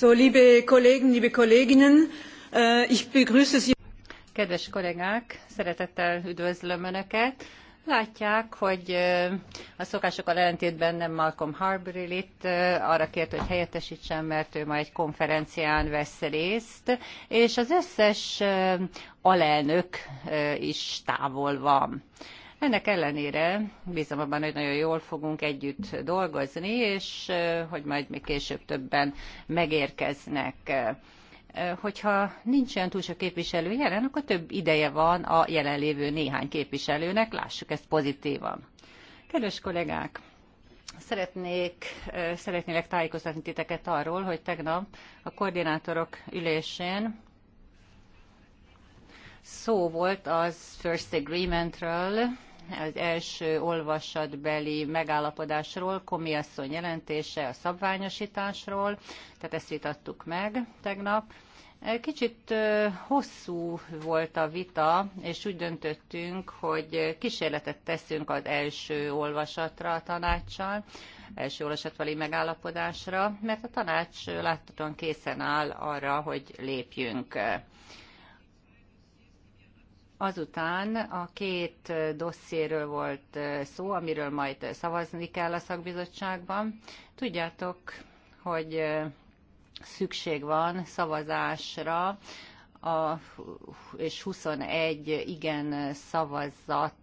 liebe Kollegen, liebe Kolleginnen, äh, ich begrüße Sie. Kedves kollégák, szeretettel üdvözlöm Önöket. Látják, hogy a szokásokkal ellentétben nem Malcolm Harbour itt arra kért, hogy helyettesítsem, mert ő ma egy konferencián vesz részt, és az összes alelnök is távol van. Ennek ellenére bízom abban, hogy nagyon jól fogunk együtt dolgozni, és hogy majd még később többen megérkeznek hogyha nincs olyan túl sok képviselő jelen, akkor több ideje van a jelenlévő néhány képviselőnek, lássuk ezt pozitívan. Kedves kollégák, szeretnék, szeretnélek tájékoztatni titeket arról, hogy tegnap a koordinátorok ülésén szó volt az First Agreementről, az első olvasatbeli megállapodásról, komiasszony jelentése a szabványosításról, tehát ezt vitattuk meg tegnap. Kicsit hosszú volt a vita, és úgy döntöttünk, hogy kísérletet teszünk az első olvasatra a tanácssal, első olvasatvali megállapodásra, mert a tanács láthatóan készen áll arra, hogy lépjünk. Azután a két dossziéről volt szó, amiről majd szavazni kell a szakbizottságban. Tudjátok, hogy szükség van szavazásra, a, és 21 igen szavazat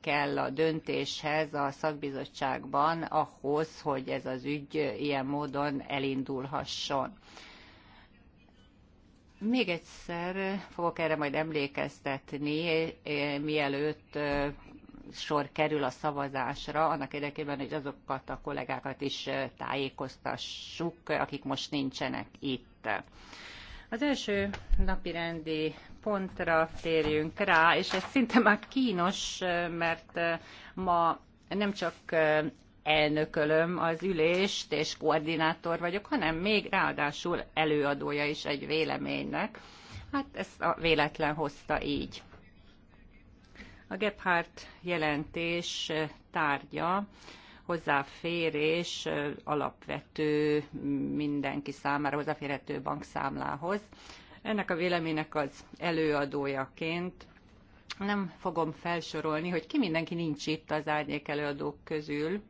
kell a döntéshez a szakbizottságban ahhoz, hogy ez az ügy ilyen módon elindulhasson. Még egyszer fogok erre majd emlékeztetni, eh, mielőtt eh, sor kerül a szavazásra, annak érdekében, hogy azokat a kollégákat is eh, tájékoztassuk, akik most nincsenek itt. Az első napi rendi pontra térjünk rá, és ez szinte már kínos, mert ma nem csak elnökölöm az ülést, és koordinátor vagyok, hanem még ráadásul előadója is egy véleménynek. Hát ezt a véletlen hozta így. A Gebhardt jelentés tárgya hozzáférés alapvető mindenki számára hozzáférhető bankszámlához. Ennek a véleménynek az előadójaként nem fogom felsorolni, hogy ki mindenki nincs itt az árnyék előadók közül,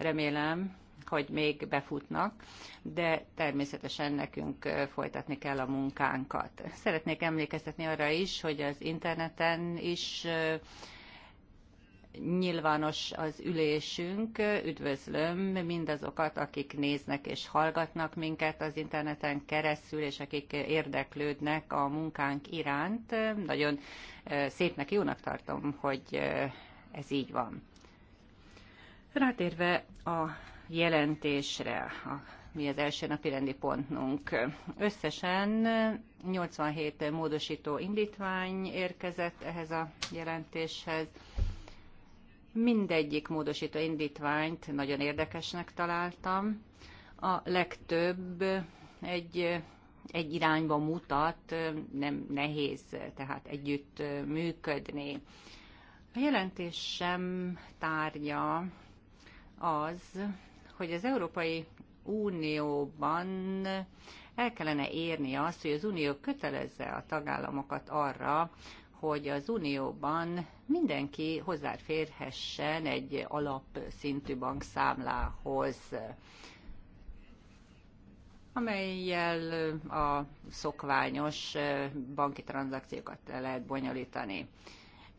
Remélem, hogy még befutnak, de természetesen nekünk folytatni kell a munkánkat. Szeretnék emlékeztetni arra is, hogy az interneten is nyilvános az ülésünk. Üdvözlöm mindazokat, akik néznek és hallgatnak minket az interneten keresztül, és akik érdeklődnek a munkánk iránt. Nagyon szépnek, jónak tartom, hogy ez így van. Rátérve a jelentésre, a mi az első napi rendi pontunk. Összesen 87 módosító indítvány érkezett ehhez a jelentéshez. Mindegyik módosító indítványt nagyon érdekesnek találtam. A legtöbb egy, egy irányba mutat, nem nehéz tehát együtt működni. A jelentés sem tárgya az, hogy az Európai Unióban el kellene érni azt, hogy az Unió kötelezze a tagállamokat arra, hogy az Unióban mindenki hozzáférhessen egy alapszintű bankszámlához, amelyel a szokványos banki tranzakciókat lehet bonyolítani.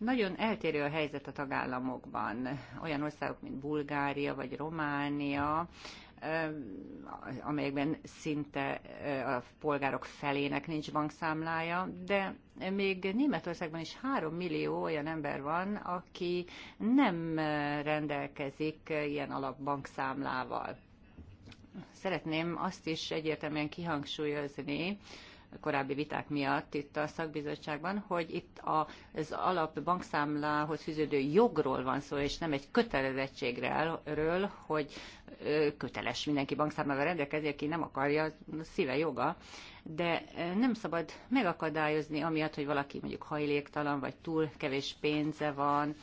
Nagyon eltérő a helyzet a tagállamokban. Olyan országok, mint Bulgária vagy Románia, eh, amelyekben szinte eh, a polgárok felének nincs bankszámlája, de még Németországban is három millió olyan ember van, aki nem eh, rendelkezik ilyen alapbankszámlával. Szeretném azt is egyértelműen kihangsúlyozni, korábbi viták miatt itt a szakbizottságban, hogy itt az alap bankszámlához fűződő jogról van szó, és nem egy kötelezettségről, hogy köteles mindenki bankszámlával rendelkezni, aki nem akarja, szíve joga de nem szabad megakadályozni amiatt, hogy valaki mondjuk hajléktalan, vagy túl kevés pénze van,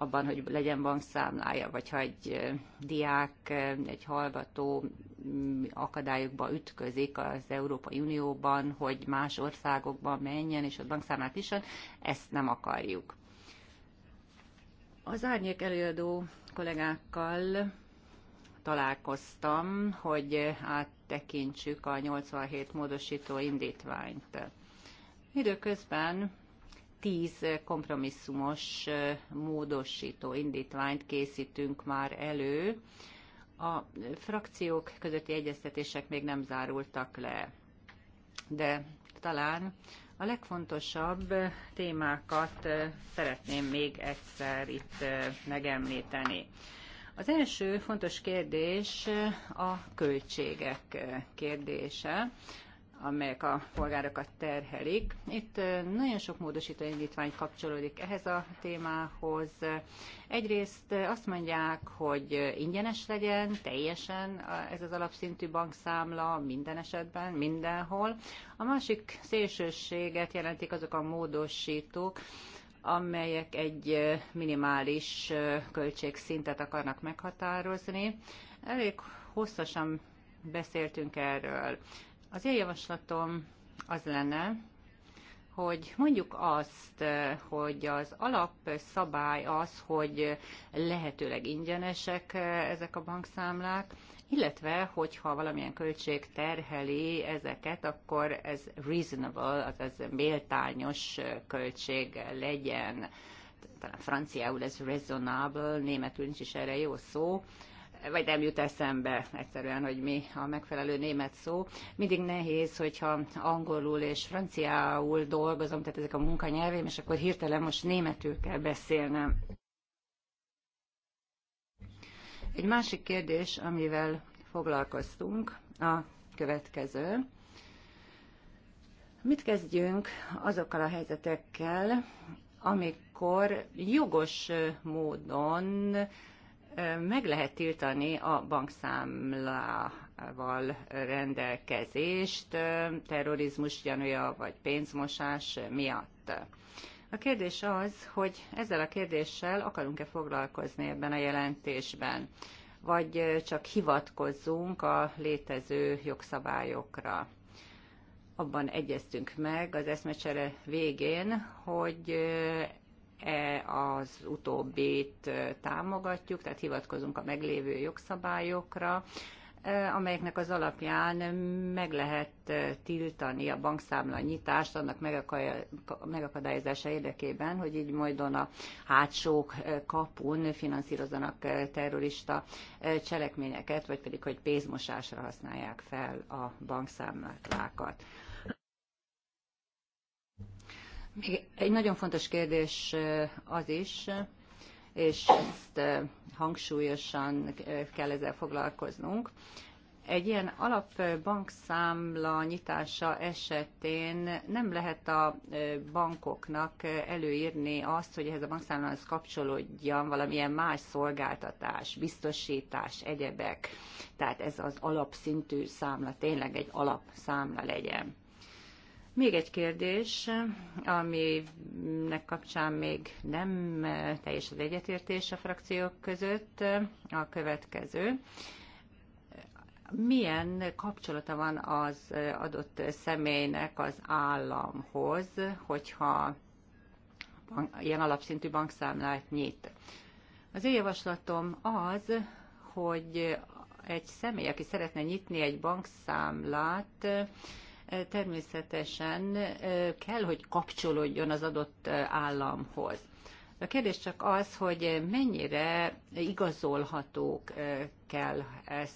abban, hogy legyen bankszámlája, vagy ha egy diák, egy hallgató mm, akadályokba ütközik az Európai Unióban, hogy más országokban menjen, és ott bankszámlát is, ezt nem akarjuk. Az árnyék előadó kollégákkal találkoztam, hogy áttekintsük a 87 módosító indítványt. Időközben tíz kompromisszumos módosító indítványt készítünk már elő. A frakciók közötti egyeztetések még nem zárultak le, de talán a legfontosabb témákat szeretném még egyszer itt megemlíteni. Az első fontos kérdés a költségek kérdése, amelyek a polgárokat terhelik. Itt nagyon sok módosító indítvány kapcsolódik ehhez a témához. Egyrészt azt mondják, hogy ingyenes legyen teljesen ez az alapszintű bankszámla minden esetben, mindenhol. A másik szélsőséget jelentik azok a módosítók, amelyek egy minimális költségszintet akarnak meghatározni. Elég hosszasan beszéltünk erről. Az én javaslatom az lenne, hogy mondjuk azt, hogy az alapszabály az, hogy lehetőleg ingyenesek ezek a bankszámlák, illetve hogyha valamilyen költség terheli ezeket, akkor ez reasonable, azaz méltányos költség legyen. Talán franciául ez reasonable, németül nincs is erre jó szó, vagy nem jut eszembe egyszerűen, hogy mi a megfelelő német szó. Mindig nehéz, hogyha angolul és franciául dolgozom, tehát ezek a munkanyelvém, és akkor hirtelen most németül kell beszélnem. Egy másik kérdés, amivel foglalkoztunk, a következő. Mit kezdjünk azokkal a helyzetekkel, amikor jogos módon meg lehet tiltani a bankszámlával rendelkezést terrorizmus gyanúja vagy pénzmosás miatt. A kérdés az, hogy ezzel a kérdéssel akarunk-e foglalkozni ebben a jelentésben, vagy csak hivatkozzunk a létező jogszabályokra. Abban egyeztünk meg az eszmecsere végén, hogy E az utóbbit e, támogatjuk, tehát hivatkozunk a meglévő jogszabályokra, e, amelyeknek az alapján meg lehet tiltani a bankszámla nyitást annak megakadályozása érdekében, hogy így majdon a hátsó kapun finanszírozzanak terrorista cselekményeket, vagy pedig, hogy pénzmosásra használják fel a bankszámlákat. Még egy nagyon fontos kérdés eh, az is, eh, és ezt eh, hangsúlyosan kell ezzel foglalkoznunk. Egy ilyen alapbankszámla nyitása esetén nem lehet a bankoknak előírni azt, hogy ehhez a bankszámlához kapcsolódjon valamilyen más szolgáltatás, biztosítás, egyebek. Tehát ez az alapszintű számla tényleg egy alapszámla legyen. Még egy kérdés, aminek kapcsán még nem eh, teljes az egyetértés a frakciók között, a következő. Milyen kapcsolata van az eh, adott személynek az államhoz, hogyha ilyen alapszintű bankszámlát nyit? Az én javaslatom az, hogy egy személy, aki szeretne nyitni egy bankszámlát, természetesen kell, hogy kapcsolódjon az adott államhoz. A kérdés csak az, hogy mennyire igazolhatók kell, ez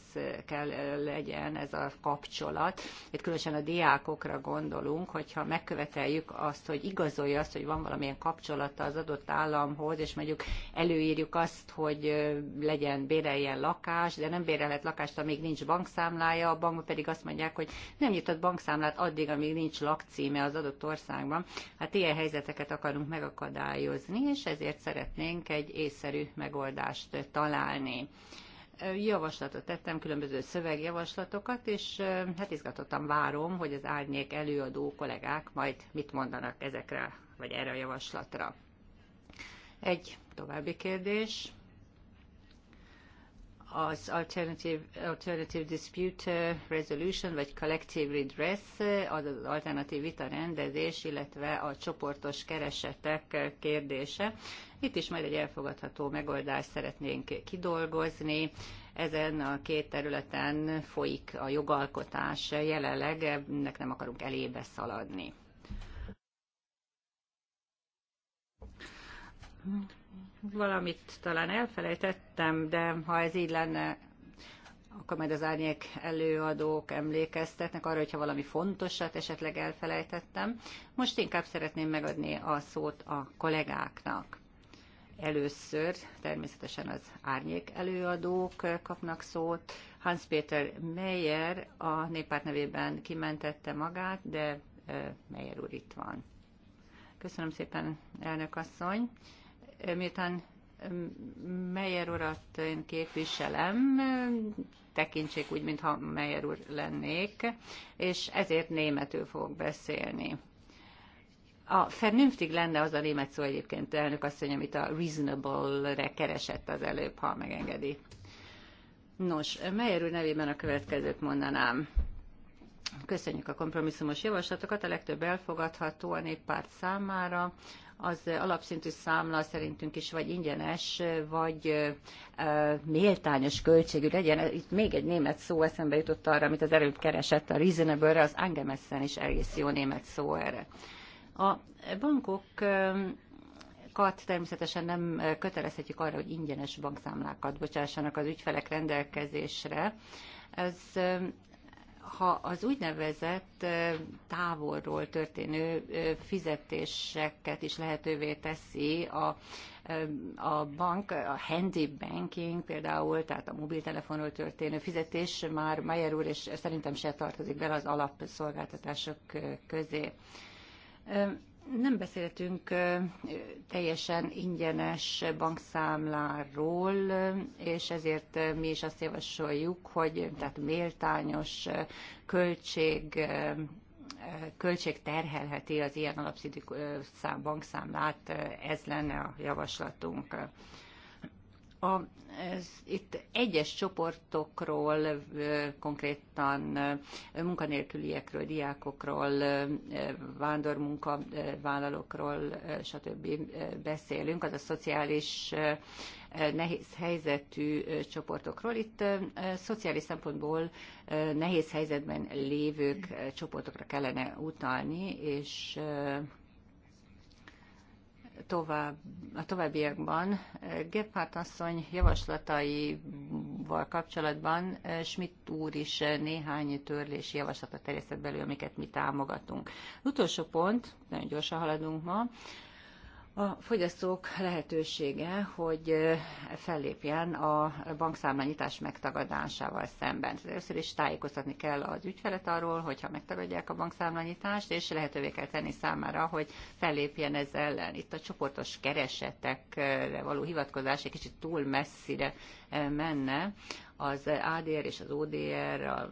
kell legyen ez a kapcsolat. Itt különösen a diákokra gondolunk, hogyha megköveteljük azt, hogy igazolja azt, hogy van valamilyen kapcsolata az adott államhoz, és mondjuk előírjuk azt, hogy legyen, béreljen lakás, de nem bérelhet lakást, amíg nincs bankszámlája, a bankban pedig azt mondják, hogy nem nyitott bankszámlát addig, amíg nincs lakcíme az adott országban. Hát ilyen helyzeteket akarunk megakadályozni, és ezért szeretnénk egy észszerű megoldást találni javaslatot tettem, különböző szövegjavaslatokat, és hát izgatottan várom, hogy az árnyék előadó kollégák majd mit mondanak ezekre, vagy erre a javaslatra. Egy további kérdés az Alternative, Alternative Dispute eh, Resolution, vagy Collective Redress, eh, az az alternatív vita rendezés, illetve a csoportos keresetek eh, kérdése. Itt is majd egy elfogadható megoldást szeretnénk kidolgozni. Ezen a két területen folyik a jogalkotás jelenleg, ennek nem akarunk elébe szaladni. Valamit talán elfelejtettem, de ha ez így lenne, akkor majd az árnyék előadók emlékeztetnek arra, hogyha valami fontosat esetleg elfelejtettem. Most inkább szeretném megadni a szót a kollégáknak. Először természetesen az árnyék előadók kapnak szót. Hans-Péter Meyer a néppárt nevében kimentette magát, de Meyer úr itt van. Köszönöm szépen, elnök asszony miután Meyer urat én képviselem, tekintsék úgy, mintha Meyer úr lennék, és ezért németül fogok beszélni. A fernünftig lenne az a német szó egyébként, elnök asszony, amit a reasonable-re keresett az előbb, ha megengedi. Nos, Meyer úr nevében a következőt mondanám. Köszönjük a kompromisszumos javaslatokat, a legtöbb elfogadható a néppárt számára az alapszintű számla szerintünk is vagy ingyenes, vagy méltányos költségű legyen. Itt még egy német szó eszembe jutott arra, amit az előbb keresett a reasonable-re, az angemessen is egész jó német szó erre. A bankok Kat, természetesen nem kötelezhetjük arra, hogy ingyenes bankszámlákat bocsássanak az ügyfelek rendelkezésre. Ez ha az úgynevezett távolról történő fizetéseket is lehetővé teszi a, a bank, a handy banking például, tehát a mobiltelefonról történő fizetés már Mayer úr, és szerintem se tartozik bele az alapszolgáltatások közé nem beszéltünk teljesen ingyenes bankszámláról, és ezért mi is azt javasoljuk, hogy tehát méltányos költség költség terhelheti az ilyen alapszintű bankszámlát, ez lenne a javaslatunk a, ez, itt egyes csoportokról, konkrétan munkanélküliekről, diákokról, vándormunkavállalókról, stb. beszélünk, az a szociális nehéz helyzetű csoportokról. Itt szociális szempontból nehéz helyzetben lévők csoportokra kellene utalni, és tovább, a továbbiakban. Gephardt asszony javaslataival kapcsolatban eh, Schmidt úr is eh, néhány törlési javaslatot terjesztett belül, amiket mi támogatunk. Az utolsó pont, nagyon gyorsan haladunk ma, a fogyasztók lehetősége, hogy fellépjen a bankszámlányítás megtagadásával szemben. Először is tájékoztatni kell az ügyfelet arról, hogyha megtagadják a bankszámlányítást, és lehetővé kell tenni számára, hogy fellépjen ez ellen. Itt a csoportos keresetekre való hivatkozás egy kicsit túl messzire menne az ADR és az ODR, a,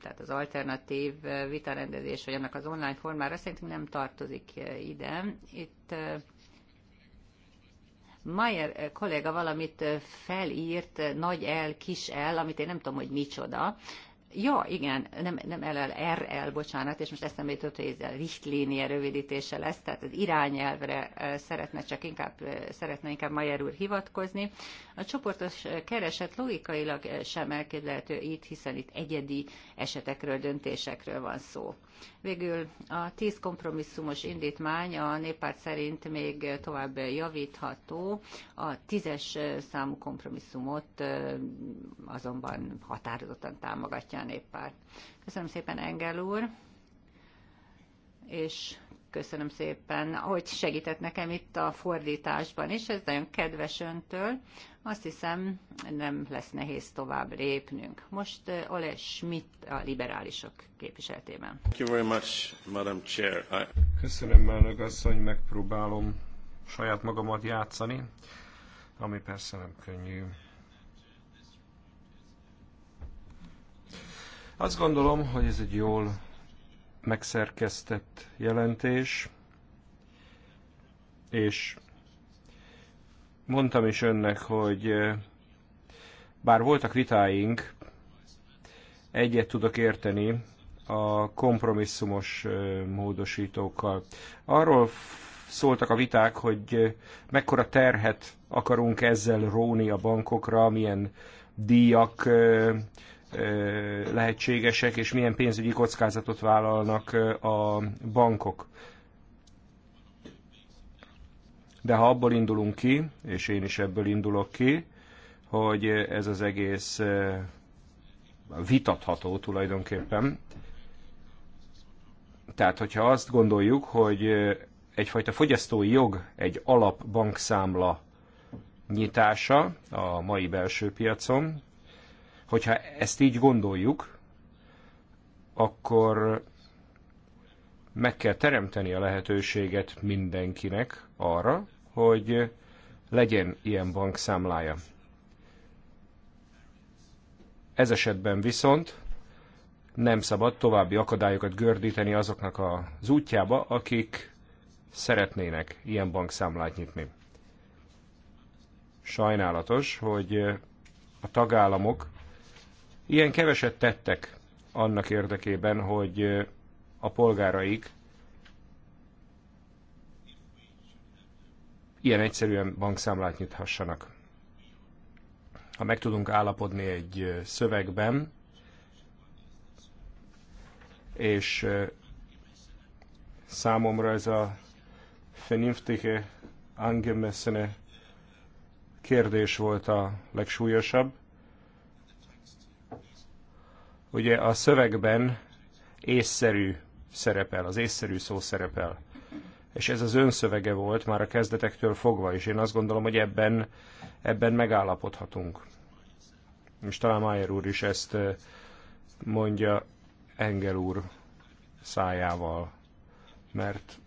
tehát az alternatív vitarendezés, vagy annak az online formára szerintem nem tartozik ide. Itt Mayer eh, kolléga valamit eh, felírt, eh, nagy el, kis el, amit én nem tudom, hogy micsoda. Ja, igen, nem, nem LL, RL, er, bocsánat, és most eszembe jutott, hogy ez a Richtlinie rövidítése lesz, tehát az irányelvre szeretne csak inkább, szeretne inkább Mayer úr hivatkozni. A csoportos kereset logikailag sem elképzelhető itt, hiszen itt egyedi esetekről, döntésekről van szó. Végül a tíz kompromisszumos indítmány a néppárt szerint még tovább javítható, a tízes számú kompromisszumot azonban határozottan támogatja a néppárt. Köszönöm szépen, Engel úr! és köszönöm szépen, hogy segített nekem itt a fordításban is, ez nagyon kedves öntől. Azt hiszem, nem lesz nehéz tovább lépnünk. Most eh, Ole Schmidt a liberálisok képviseletében. Thank you very much, Madam Chair. I... Köszönöm, elnök asszony, megpróbálom saját magamat játszani, ami persze nem könnyű. Azt gondolom, hogy ez egy jól megszerkesztett jelentés, és mondtam is önnek, hogy eh, bár voltak vitáink, egyet tudok érteni a kompromisszumos eh, módosítókkal. Arról szóltak a viták, hogy eh, mekkora terhet akarunk ezzel róni a bankokra, milyen díjak lehetségesek, és milyen pénzügyi kockázatot vállalnak a bankok. De ha abból indulunk ki, és én is ebből indulok ki, hogy ez az egész vitatható tulajdonképpen. Tehát, hogyha azt gondoljuk, hogy egyfajta fogyasztói jog egy alapbankszámla nyitása a mai belső piacon, Hogyha ezt így gondoljuk, akkor meg kell teremteni a lehetőséget mindenkinek arra, hogy legyen ilyen bankszámlája. Ez esetben viszont nem szabad további akadályokat gördíteni azoknak az útjába, akik szeretnének ilyen bankszámlát nyitni. Sajnálatos, hogy a tagállamok Ilyen keveset tettek annak érdekében, hogy a polgáraik ilyen egyszerűen bankszámlát nyithassanak. Ha meg tudunk állapodni egy szövegben, és számomra ez a fenimftike angemessene kérdés volt a legsúlyosabb. Ugye a szövegben észszerű szerepel, az észszerű szó szerepel. És ez az önszövege volt már a kezdetektől fogva, és én azt gondolom, hogy ebben, ebben megállapodhatunk. És talán Mayer úr is ezt mondja Engel úr szájával, mert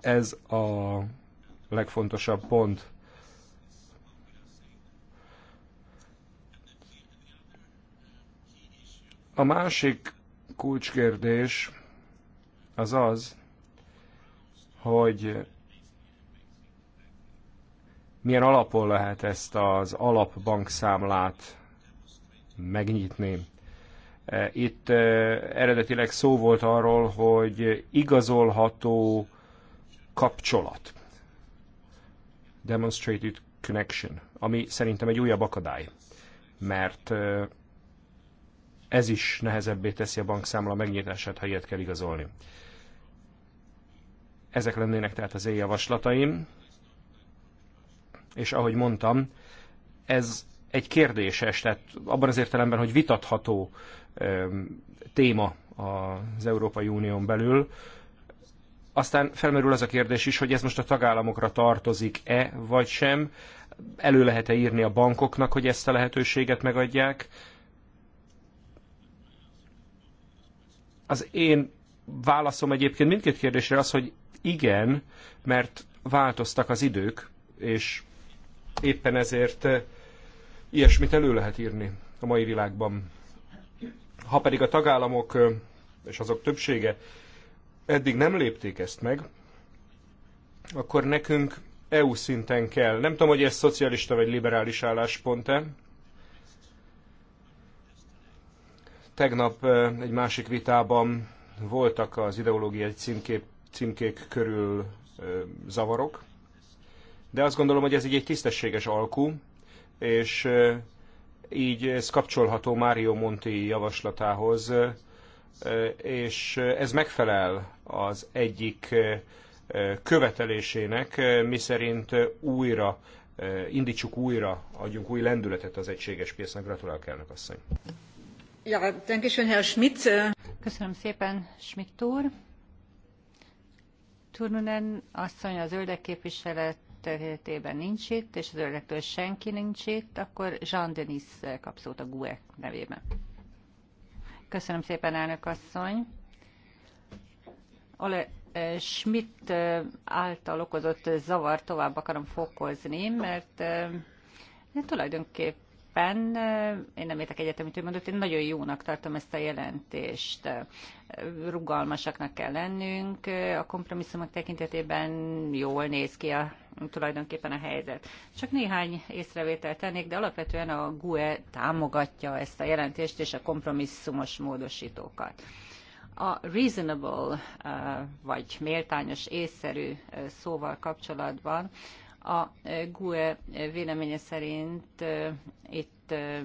ez a legfontosabb pont. A másik kulcskérdés az az, hogy milyen alapon lehet ezt az alapbankszámlát megnyitni. E, itt e, eredetileg szó volt arról, hogy igazolható kapcsolat. Demonstrated connection, ami szerintem egy újabb akadály, mert e, ez is nehezebbé teszi a bankszámla megnyitását, ha ilyet kell igazolni. Ezek lennének tehát az én javaslataim, és ahogy mondtam, ez egy kérdéses, tehát abban az értelemben, hogy vitatható téma az Európai Unión belül. Aztán felmerül az a kérdés is, hogy ez most a tagállamokra tartozik-e, vagy sem. Elő lehet-e írni a bankoknak, hogy ezt a lehetőséget megadják, Az én válaszom egyébként mindkét kérdésre az, hogy igen, mert változtak az idők, és éppen ezért eh, ilyesmit elő lehet írni a mai világban. Ha pedig a tagállamok eh, és azok többsége eddig nem lépték ezt meg, akkor nekünk EU szinten kell. Nem tudom, hogy ez szocialista vagy liberális álláspont-e, Tegnap egy másik vitában voltak az ideológiai címkép, címkék körül zavarok, de azt gondolom, hogy ez így egy tisztességes alkú, és így ez kapcsolható Mário Monti javaslatához, és ez megfelel az egyik követelésének, miszerint újra indítsuk újra, adjunk új lendületet az egységes piacnak. Gratulálok elnök asszony! Ja, Köszönöm szépen, Schmidt úr. Turunen asszony a zöldek képviseletében nincs itt, és a zöldektől senki nincs itt, akkor Jean Denis kap szót a GUE nevében. Köszönöm szépen, elnök asszony. Ole eh, Schmidt eh, által okozott zavart tovább akarom fokozni, mert eh, hát tulajdonképpen tulajdonképpen én nem értek egyet, amit ő mondott, én nagyon jónak tartom ezt a jelentést. Rugalmasaknak kell lennünk, a kompromisszumok tekintetében jól néz ki a, tulajdonképpen a helyzet. Csak néhány észrevételt tennék, de alapvetően a GUE támogatja ezt a jelentést és a kompromisszumos módosítókat a reasonable vagy méltányos észszerű szóval kapcsolatban a eh, GUE véleménye szerint eh, itt eh,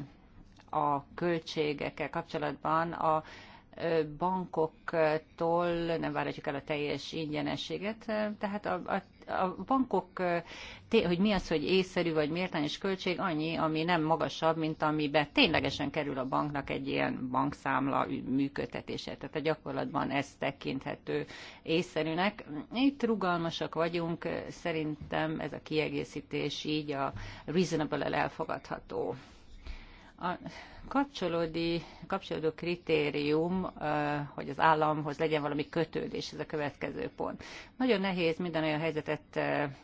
a költségekkel kapcsolatban a bankoktól nem várhatjuk el a teljes ingyenességet, tehát a, a a bankok, hogy mi az, hogy észszerű vagy mértányos költség, annyi, ami nem magasabb, mint amibe ténylegesen kerül a banknak egy ilyen bankszámla működtetése. Tehát a gyakorlatban ez tekinthető észszerűnek. Itt rugalmasak vagyunk, szerintem ez a kiegészítés így a reasonable-el elfogadható. A kapcsolódi, kapcsolódó kritérium, hogy az államhoz legyen valami kötődés, ez a következő pont. Nagyon nehéz minden olyan helyzetet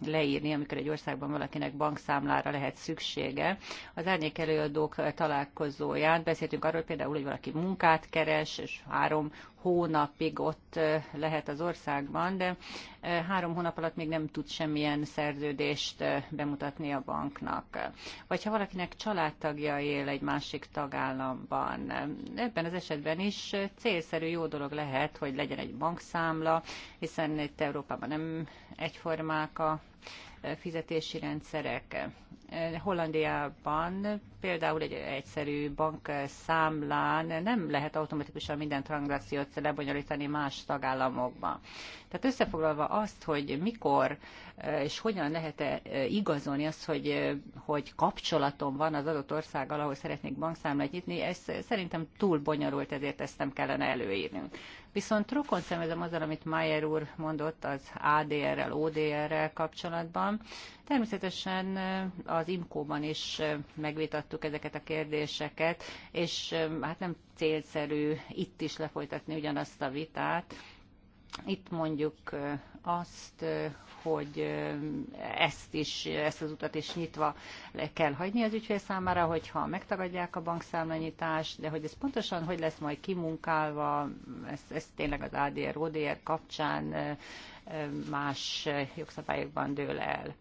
leírni, amikor egy országban valakinek bankszámlára lehet szüksége. Az árnyék előadók találkozóján beszéltünk arról például, hogy valaki munkát keres, és három hónapig ott lehet az országban, de három hónap alatt még nem tud semmilyen szerződést bemutatni a banknak. Vagy ha valakinek családtagja él egy másik tag tagállamban. Ebben az esetben is célszerű jó dolog lehet, hogy legyen egy bankszámla, hiszen itt Európában nem egyformák a fizetési rendszerek. Hollandiában például egy egyszerű bankszámlán nem lehet automatikusan minden tranzakciót lebonyolítani más tagállamokba. Tehát összefoglalva azt, hogy mikor és hogyan lehet -e igazolni azt, hogy, hogy kapcsolatom van az adott országgal, ahol szeretnék bankszámlát nyitni, ez szerintem túl bonyolult, ezért ezt nem kellene előírnünk. Viszont rokon szemezem azzal, amit Mayer úr mondott az ADR-rel, ODR-rel kapcsolatban. Természetesen eh, az IMKO-ban is eh, megvitattuk ezeket a kérdéseket, és eh, hát nem célszerű itt is lefolytatni ugyanazt a vitát. Itt mondjuk azt, hogy ezt is, ezt az utat is nyitva le kell hagyni az ügyfél számára, hogyha megtagadják a bankszámlanyítást, de hogy ez pontosan hogy lesz majd kimunkálva, ez, ez tényleg az ADR, ODR kapcsán más jogszabályokban dől el.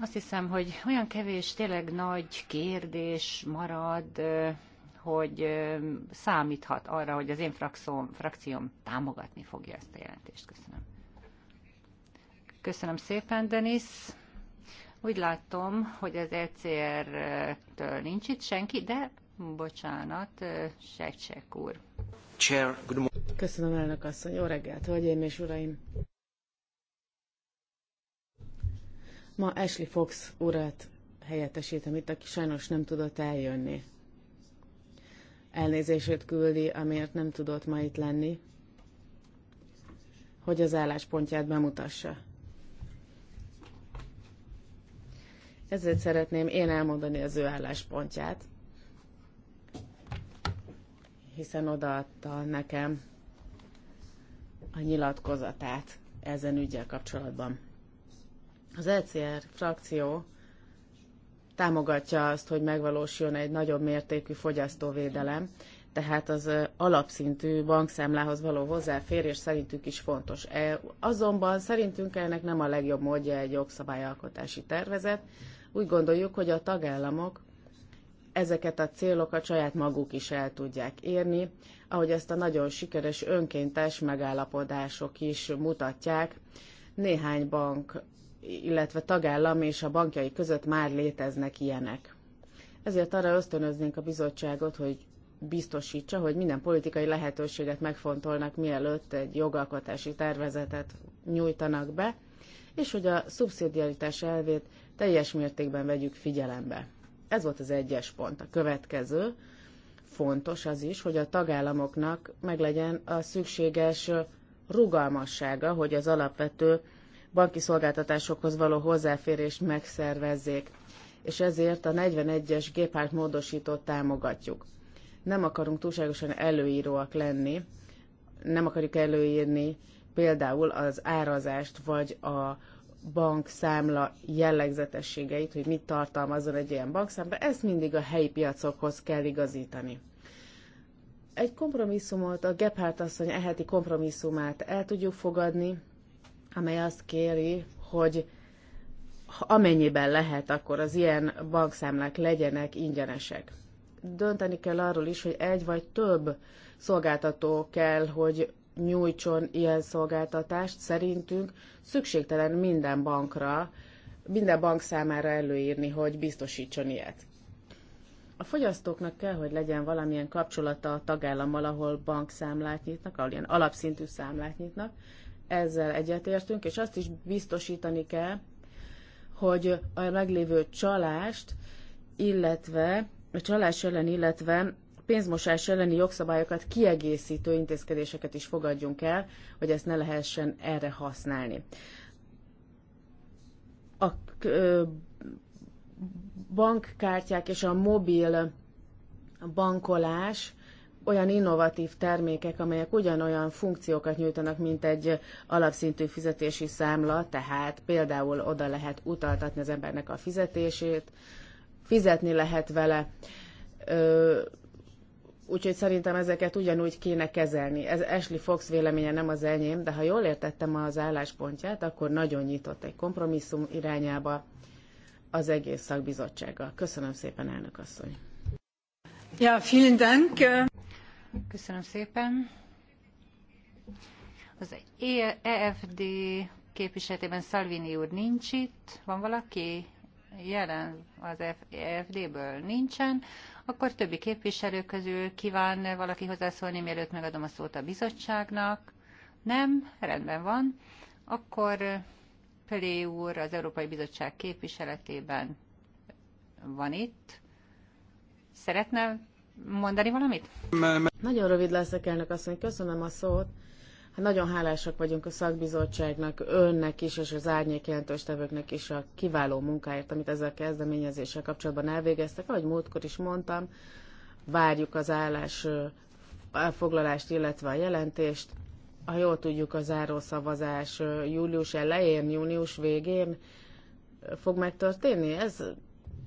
Azt hiszem, hogy olyan kevés, tényleg nagy kérdés marad, hogy számíthat arra, hogy az én frakcióm, frakcióm támogatni fogja ezt a jelentést. Köszönöm. Köszönöm szépen, Denis. Úgy látom, hogy az ECR-től nincs itt senki, de bocsánat, Sejtsek úr. Chair, good Köszönöm, elnök asszony. Jó reggelt, hölgyeim és uraim! Ma Ashley Fox urat helyettesítem itt, aki sajnos nem tudott eljönni elnézését küldi, amiért nem tudott ma itt lenni, hogy az álláspontját bemutassa. Ezért szeretném én elmondani az ő álláspontját, hiszen odaadta nekem a nyilatkozatát ezen ügyel kapcsolatban. Az ECR frakció támogatja azt, hogy megvalósuljon egy nagyobb mértékű fogyasztóvédelem, tehát az alapszintű bankszámlához való hozzáférés szerintük is fontos. E, azonban szerintünk ennek nem a legjobb módja egy jogszabályalkotási tervezet. Úgy gondoljuk, hogy a tagállamok ezeket a célokat saját maguk is el tudják érni, ahogy ezt a nagyon sikeres önkéntes megállapodások is mutatják. Néhány bank illetve tagállam és a bankjai között már léteznek ilyenek. Ezért arra ösztönöznénk a bizottságot, hogy biztosítsa, hogy minden politikai lehetőséget megfontolnak, mielőtt egy jogalkotási tervezetet nyújtanak be, és hogy a szubszidiaritás elvét teljes mértékben vegyük figyelembe. Ez volt az egyes pont. A következő fontos az is, hogy a tagállamoknak meglegyen a szükséges rugalmassága, hogy az alapvető banki szolgáltatásokhoz való hozzáférést megszervezzék, és ezért a 41-es Géphárt módosítót támogatjuk. Nem akarunk túlságosan előíróak lenni, nem akarjuk előírni például az árazást, vagy a bankszámla jellegzetességeit, hogy mit tartalmazzon egy ilyen bankszámla, ezt mindig a helyi piacokhoz kell igazítani. Egy kompromisszumot, a Gephardt asszony eheti kompromisszumát el tudjuk fogadni, amely azt kéri, hogy amennyiben lehet, akkor az ilyen bankszámlák legyenek ingyenesek. Dönteni kell arról is, hogy egy vagy több szolgáltató kell, hogy nyújtson ilyen szolgáltatást. Szerintünk szükségtelen minden bankra, minden bank számára előírni, hogy biztosítson ilyet. A fogyasztóknak kell, hogy legyen valamilyen kapcsolata a tagállammal, ahol bankszámlát nyitnak, ahol ilyen alapszintű számlát nyitnak, ezzel egyetértünk, és azt is biztosítani kell, hogy a meglévő csalást, illetve a csalás ellen, illetve pénzmosás elleni jogszabályokat kiegészítő intézkedéseket is fogadjunk el, hogy ezt ne lehessen erre használni. A bankkártyák és a mobil bankolás olyan innovatív termékek, amelyek ugyanolyan funkciókat nyújtanak, mint egy alapszintű fizetési számla, tehát például oda lehet utaltatni az embernek a fizetését, fizetni lehet vele, úgyhogy szerintem ezeket ugyanúgy kéne kezelni. Ez Ashley Fox véleménye nem az enyém, de ha jól értettem az álláspontját, akkor nagyon nyitott egy kompromisszum irányába az egész szakbizottsággal. Köszönöm szépen, elnök asszony! Ja, vielen Dank. Köszönöm szépen. Az EFD képviseletében Salvini úr nincs itt. Van valaki jelen az EFD-ből? Nincsen. Akkor többi képviselő közül kíván valaki hozzászólni, mielőtt megadom a szót a bizottságnak. Nem? Rendben van. Akkor Pelé úr az Európai Bizottság képviseletében van itt. Szeretne mondani valamit? Nagyon rövid leszek, elnök asszony. Köszönöm a szót. Hát nagyon hálásak vagyunk a szakbizottságnak, önnek is, és az árnyék jelentőstevőknek is a kiváló munkáért, amit ezzel a kezdeményezéssel kapcsolatban elvégeztek. Ahogy múltkor is mondtam, várjuk az állás elfoglalást, illetve a jelentést. Ha jól tudjuk, a zárószavazás július elején, június végén fog megtörténni. Ez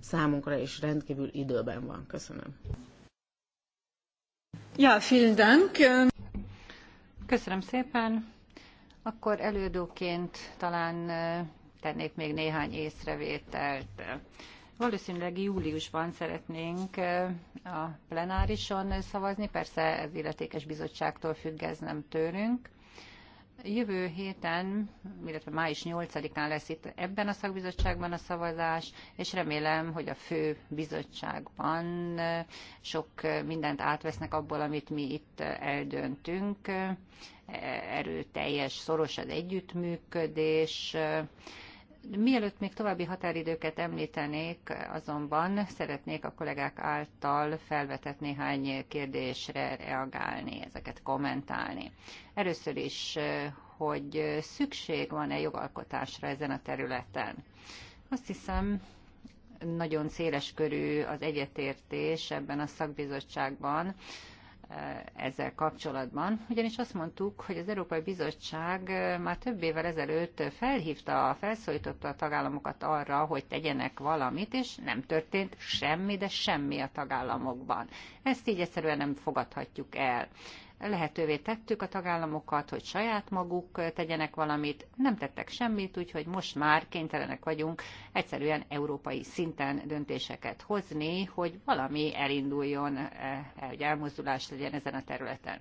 számunkra is rendkívül időben van. Köszönöm. Ja, Köszönöm szépen. Akkor előadóként talán tennék még néhány észrevételt. Valószínűleg júliusban szeretnénk a plenárison szavazni, persze ez illetékes bizottságtól függ, ez nem tőlünk. Jövő héten, illetve május 8-án lesz itt ebben a szakbizottságban a szavazás, és remélem, hogy a fő bizottságban sok mindent átvesznek abból, amit mi itt eldöntünk. Erőteljes, szoros az együttműködés, Mielőtt még további határidőket említenék, azonban szeretnék a kollégák által felvetett néhány kérdésre reagálni, ezeket kommentálni. Először is, hogy szükség van-e jogalkotásra ezen a területen. Azt hiszem, nagyon széles körű az egyetértés ebben a szakbizottságban, Eh, ezzel kapcsolatban, ugyanis azt mondtuk, hogy az Európai Bizottság eh, már több évvel ezelőtt felhívta, felszólította a tagállamokat arra, hogy tegyenek valamit, és nem történt semmi, de semmi a tagállamokban. Ezt így egyszerűen nem fogadhatjuk el lehetővé tettük a tagállamokat, hogy saját maguk tegyenek valamit, nem tettek semmit, úgyhogy most már kénytelenek vagyunk egyszerűen európai szinten döntéseket hozni, hogy valami elinduljon, e, e, hogy elmozdulás legyen ezen a területen.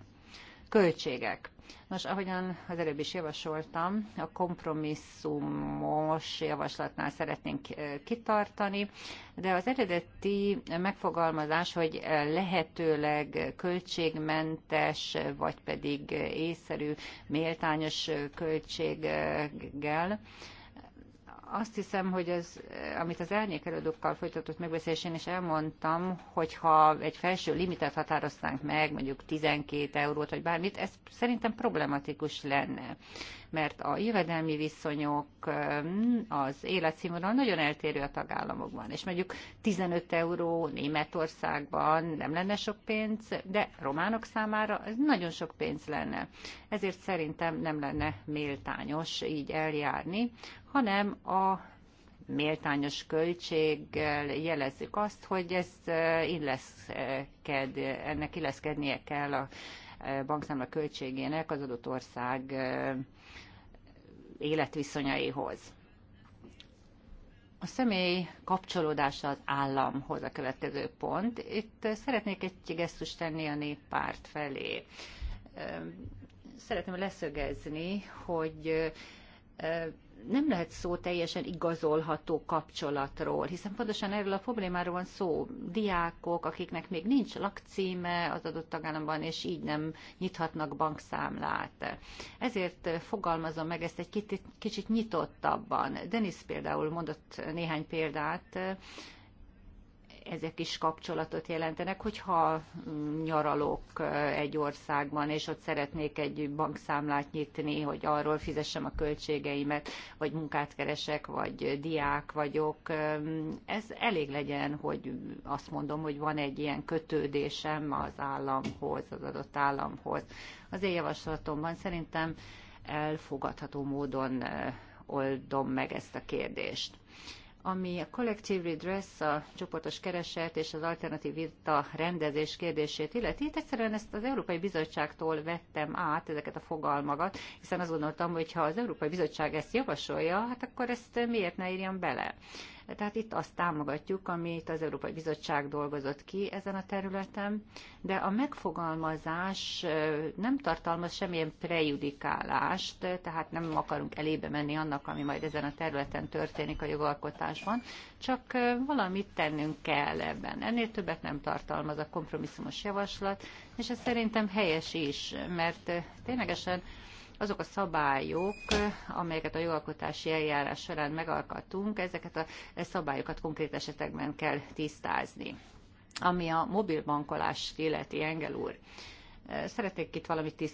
Költségek. Nos, ahogyan az előbb is javasoltam, a kompromisszumos javaslatnál szeretnénk kitartani, de az eredeti megfogalmazás, hogy lehetőleg költségmentes, vagy pedig észszerű, méltányos költséggel, azt hiszem, hogy ez, amit az elnyékelődőkkal folytatott megbeszélésén is elmondtam, hogyha egy felső limitet határoztánk meg, mondjuk 12 eurót, vagy bármit, ez szerintem problematikus lenne mert a jövedelmi viszonyok, az életszínvonal nagyon eltérő a tagállamokban, és mondjuk 15 euró Németországban nem lenne sok pénz, de románok számára ez nagyon sok pénz lenne. Ezért szerintem nem lenne méltányos így eljárni, hanem a méltányos költséggel jelezzük azt, hogy ez illeszked, ennek illeszkednie kell a bankszámla költségének az adott ország életviszonyaihoz. A személy kapcsolódása az államhoz a következő pont. Itt szeretnék egy gesztust tenni a néppárt felé. Szeretném leszögezni, hogy nem lehet szó teljesen igazolható kapcsolatról, hiszen pontosan erről a problémáról van szó. Diákok, akiknek még nincs lakcíme az adott tagállamban, és így nem nyithatnak bankszámlát. Ezért fogalmazom meg ezt egy kicsit nyitottabban. Denis például mondott néhány példát ezek is kapcsolatot jelentenek, hogyha mm, nyaralok egy országban, és ott szeretnék egy bankszámlát nyitni, hogy arról fizessem a költségeimet, vagy munkát keresek, vagy diák vagyok. Ez elég legyen, hogy azt mondom, hogy van egy ilyen kötődésem az államhoz, az adott államhoz. Az én javaslatomban szerintem elfogadható módon oldom meg ezt a kérdést ami a collective redress, a csoportos kereset és az alternatív vita rendezés kérdését illeti. Itt egyszerűen ezt az Európai Bizottságtól vettem át ezeket a fogalmakat, hiszen azt gondoltam, hogy ha az Európai Bizottság ezt javasolja, hát akkor ezt miért ne írjam bele. Tehát itt azt támogatjuk, amit az Európai Bizottság dolgozott ki ezen a területen, de a megfogalmazás nem tartalmaz semmilyen prejudikálást, tehát nem akarunk elébe menni annak, ami majd ezen a területen történik a jogalkotásban, csak valamit tennünk kell ebben. Ennél többet nem tartalmaz a kompromisszumos javaslat, és ez szerintem helyes is, mert ténylegesen azok a szabályok, amelyeket a jogalkotási eljárás során megalkattunk, ezeket a szabályokat konkrét esetekben kell tisztázni. Ami a mobil bankolás illeti, Engel úr, Szeretnék itt valamit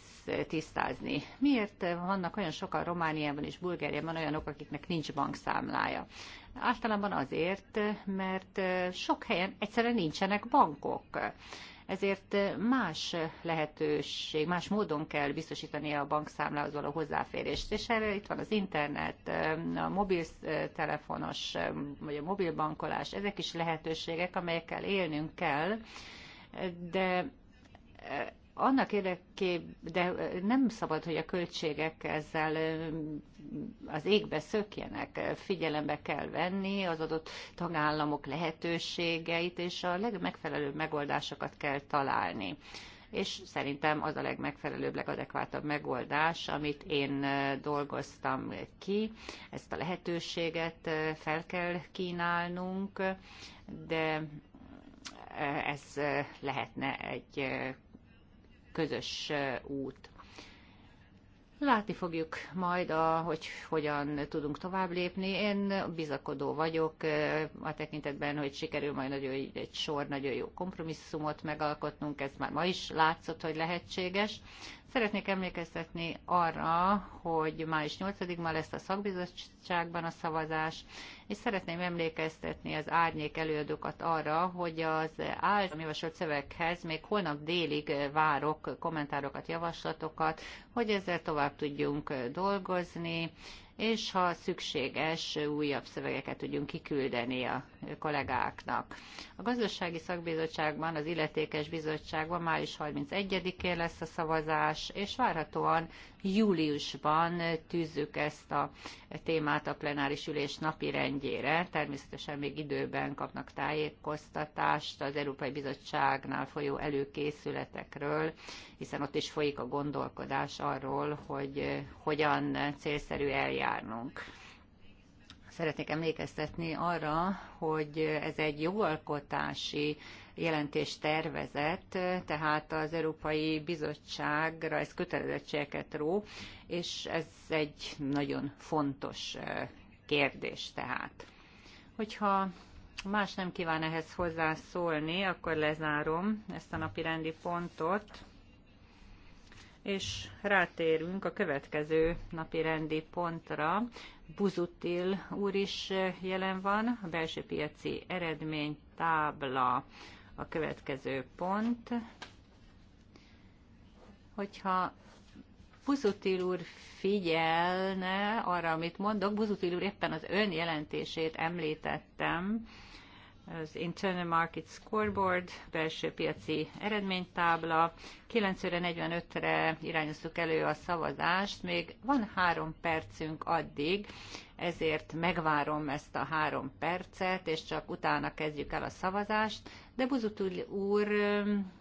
tisztázni. Miért vannak olyan sokan Romániában és Bulgáriában olyanok, akiknek nincs bankszámlája? Általában azért, mert sok helyen egyszerűen nincsenek bankok ezért más lehetőség, más módon kell biztosítani a bankszámlához való hozzáférést. És erre itt van az internet, a mobiltelefonos vagy a mobilbankolás, ezek is lehetőségek, amelyekkel élnünk kell, de annak érdekében, de nem szabad, hogy a költségek ezzel az égbe szökjenek. Figyelembe kell venni az adott tagállamok lehetőségeit, és a legmegfelelőbb megoldásokat kell találni és szerintem az a legmegfelelőbb, legadekvátabb megoldás, amit én dolgoztam ki. Ezt a lehetőséget fel kell kínálnunk, de ez lehetne egy közös út. Látni fogjuk majd, a, hogy hogyan tudunk tovább lépni. Én bizakodó vagyok a tekintetben, hogy sikerül majd nagyon, egy sor nagyon jó kompromisszumot megalkotnunk. Ez már ma is látszott, hogy lehetséges. Szeretnék emlékeztetni arra, hogy május 8 ma lesz a szakbizottságban a szavazás, és szeretném emlékeztetni az árnyék előadókat arra, hogy az általam javasolt szöveghez még holnap délig várok kommentárokat, javaslatokat, hogy ezzel tovább tudjunk dolgozni, és ha szükséges, újabb szövegeket tudjunk kiküldeni a kollégáknak. A gazdasági szakbizottságban, az illetékes bizottságban május 31-én lesz a szavazás, és várhatóan júliusban tűzzük ezt a témát a plenáris ülés napi rendjére. Természetesen még időben kapnak tájékoztatást az Európai Bizottságnál folyó előkészületekről, hiszen ott is folyik a gondolkodás arról, hogy hogyan célszerű eljárnunk. Szeretnék emlékeztetni arra, hogy ez egy jogalkotási jelentés tervezett, tehát az Európai Bizottságra ez kötelezettségeket ró, és ez egy nagyon fontos kérdés tehát. Hogyha más nem kíván ehhez hozzászólni, akkor lezárom ezt a napi rendi pontot, és rátérünk a következő napi rendi pontra. Buzutil úr is jelen van, a belső piaci eredménytábla a következő pont, hogyha Buzutil úr figyelne arra, amit mondok, Buzutil úr éppen az ön jelentését említettem, az Internal Market Scoreboard, belső piaci eredménytábla. 9-re, re irányoztuk elő a szavazást, még van három percünk addig, ezért megvárom ezt a három percet, és csak utána kezdjük el a szavazást. De Buzutul úr,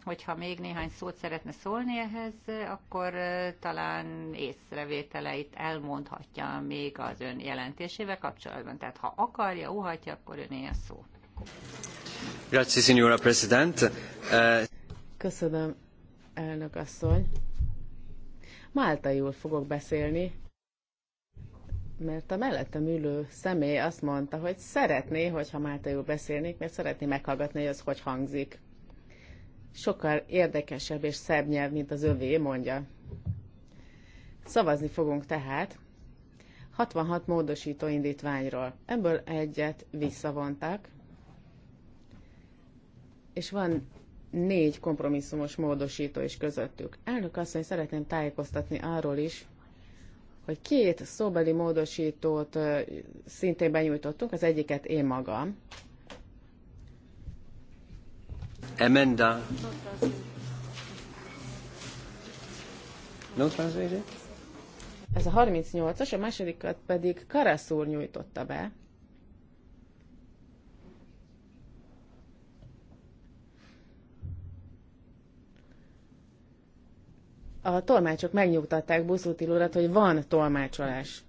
hogyha még néhány szót szeretne szólni ehhez, akkor talán észrevételeit elmondhatja még az ön jelentésével kapcsolatban. Tehát ha akarja, óhatja, akkor öné a szó. Grazie, signora President. Eh, Köszönöm, elnök asszony. jól fogok beszélni, mert a mellettem ülő személy azt mondta, hogy szeretné, hogyha Málta jól beszélnék, mert szeretné meghallgatni, hogy az hogy hangzik. Sokkal érdekesebb és szebb nyelv, mint az övé, mondja. Szavazni fogunk tehát 66 módosító indítványról. Ebből egyet visszavontak. és van négy kompromisszumos módosító is közöttük. Elnök asszony, szeretném tájékoztatni arról is, hogy két szóbeli módosítót szintén benyújtottunk, az egyiket én magam. Emenda. No Ez a 38-as, a másodikat pedig Karaszúr nyújtotta be. a tolmácsok megnyugtatták Buszúti urat, hogy van tolmácsolás.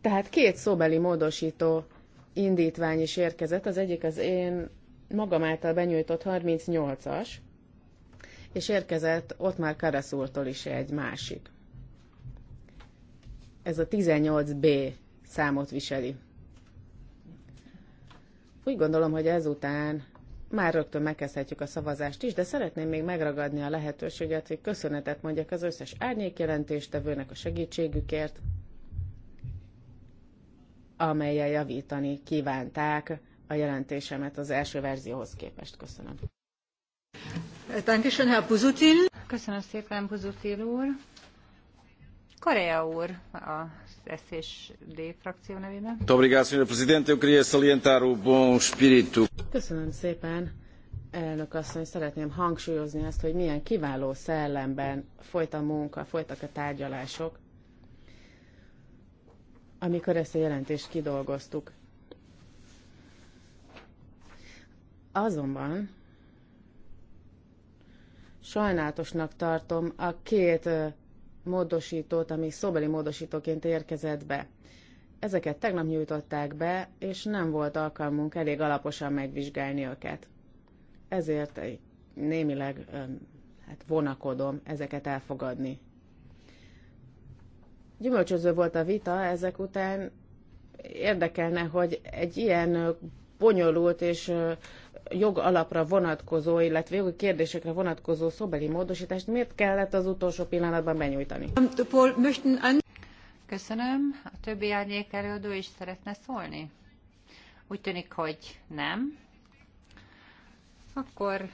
Tehát két szóbeli módosító indítvány is érkezett, az egyik az én magam által benyújtott 38-as, és érkezett ott már Karaszúrtól is egy másik. Ez a 18B számot viseli. Úgy gondolom, hogy ezután már rögtön megkezdhetjük a szavazást is, de szeretném még megragadni a lehetőséget, hogy köszönetet mondjak az összes árnyékjelentéstevőnek a segítségükért, amelyel javítani kívánták a jelentésemet az első verzióhoz képest. Köszönöm. Köszönöm szépen, Buzutil úr. Korea úr a SZSD frakció nevében. Köszönöm szépen, elnök asszony, szeretném hangsúlyozni azt, hogy milyen kiváló szellemben folyt a munka, folytak a tárgyalások, amikor ezt a jelentést kidolgoztuk. Azonban sajnálatosnak tartom a két módosítót, ami szóbeli módosítóként érkezett be. Ezeket tegnap nyújtották be, és nem volt alkalmunk elég alaposan megvizsgálni őket. Ezért némileg hát vonakodom ezeket elfogadni. Gyümölcsöző volt a vita, ezek után érdekelne, hogy egy ilyen bonyolult és jogalapra vonatkozó, illetve jogi kérdésekre vonatkozó szobeli módosítást miért kellett az utolsó pillanatban benyújtani? Um, Köszönöm. A többi árnyék előadó is szeretne szólni? Úgy tűnik, hogy nem. Akkor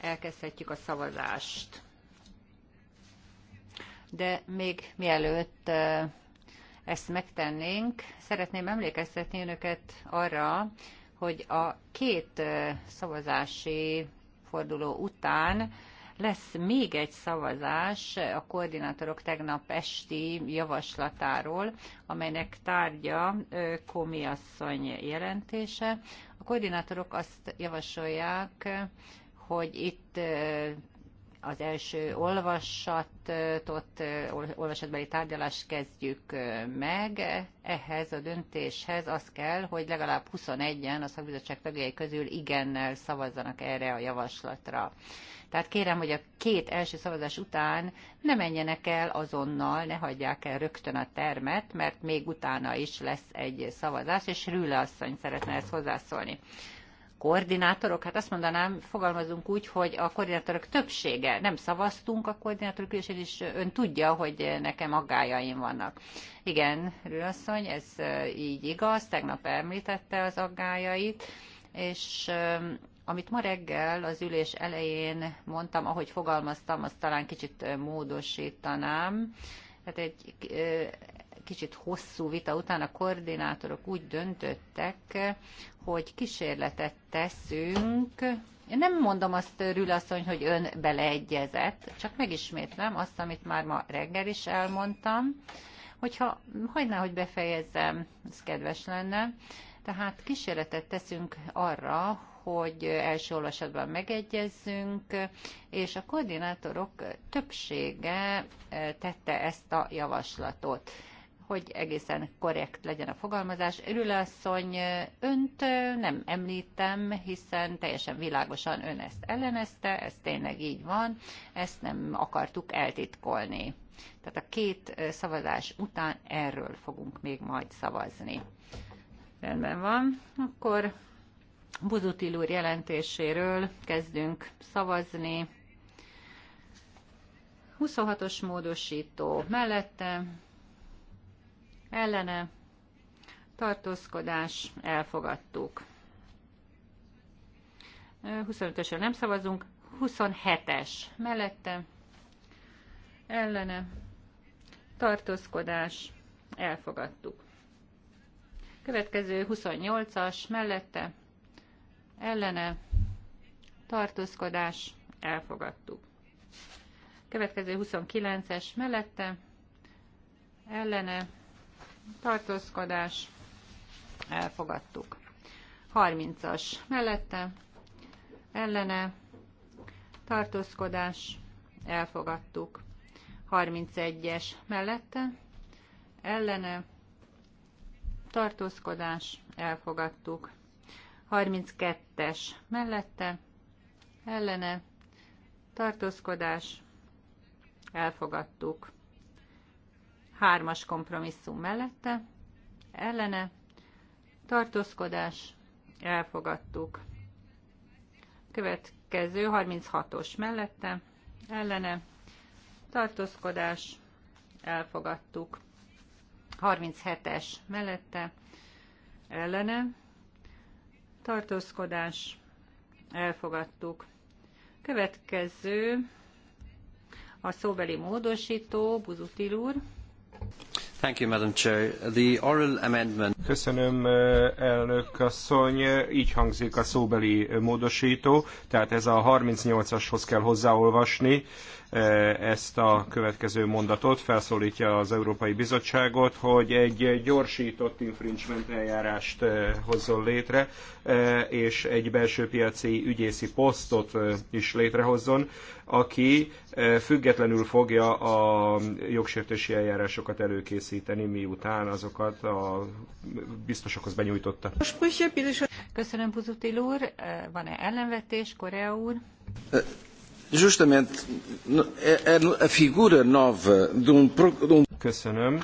elkezdhetjük a szavazást. De még mielőtt eh, ezt megtennénk, szeretném emlékeztetni önöket arra, hogy a két szavazási forduló után lesz még egy szavazás a koordinátorok tegnap esti javaslatáról, amelynek tárgya Komi asszony jelentése. A koordinátorok azt javasolják, hogy itt az első olvasatot, olvasatbeli tárgyalást kezdjük meg. Ehhez a döntéshez az kell, hogy legalább 21-en a szakbizottság tagjai közül igennel szavazzanak erre a javaslatra. Tehát kérem, hogy a két első szavazás után ne menjenek el azonnal, ne hagyják el rögtön a termet, mert még utána is lesz egy szavazás, és Rüle asszony szeretne ezt hozzászólni koordinátorok, hát azt mondanám, fogalmazunk úgy, hogy a koordinátorok többsége, nem szavaztunk a koordinátorok ülésén, és ön tudja, hogy nekem aggájaim vannak. Igen, Rülasszony, ez így igaz, tegnap említette az aggájait, és amit ma reggel az ülés elején mondtam, ahogy fogalmaztam, azt talán kicsit módosítanám. Tehát egy kicsit hosszú vita után a koordinátorok úgy döntöttek, hogy kísérletet teszünk. Én nem mondom azt, Rülasszony, hogy ön beleegyezett, csak megismétlem azt, amit már ma reggel is elmondtam, hogyha hagyná, hogy befejezzem, ez kedves lenne. Tehát kísérletet teszünk arra, hogy első olvasatban megegyezzünk, és a koordinátorok többsége eh, tette ezt a javaslatot hogy egészen korrekt legyen a fogalmazás. Rülasszony, önt nem említem, hiszen teljesen világosan ön ezt ellenezte, ez tényleg így van, ezt nem akartuk eltitkolni. Tehát a két szavazás után erről fogunk még majd szavazni. Rendben van. Akkor Buzutil úr jelentéséről kezdünk szavazni. 26-os módosító mellette ellene tartózkodás elfogadtuk. 25-ösről nem szavazunk, 27-es mellette ellene tartózkodás elfogadtuk. Következő 28-as mellette ellene tartózkodás elfogadtuk. Következő 29-es mellette ellene tartózkodás, elfogadtuk. 30-as mellette, ellene, tartózkodás, elfogadtuk. 31-es mellette, ellene, tartózkodás, elfogadtuk. 32-es mellette, ellene, tartózkodás, elfogadtuk. Hármas kompromisszum mellette, ellene, tartózkodás, elfogadtuk. Következő 36-os mellette, ellene, tartózkodás, elfogadtuk. 37-es mellette, ellene, tartózkodás, elfogadtuk. Következő a szóbeli módosító, Buzutil úr, Thank you, Madam Chair. The oral amendment Köszönöm, elnök asszony. Így hangzik a szóbeli módosító, tehát ez a 38-ashoz kell hozzáolvasni ezt a következő mondatot, felszólítja az Európai Bizottságot, hogy egy gyorsított infringement eljárást hozzon létre, és egy belső piaci ügyészi posztot is létrehozzon, aki függetlenül fogja a jogsértési eljárásokat előkészíteni, miután azokat a biztosokhoz benyújtotta. Köszönöm, Buzutil úr. Van-e ellenvetés, Korea úr? Justamente, e, a figura nova um de um... Köszönöm.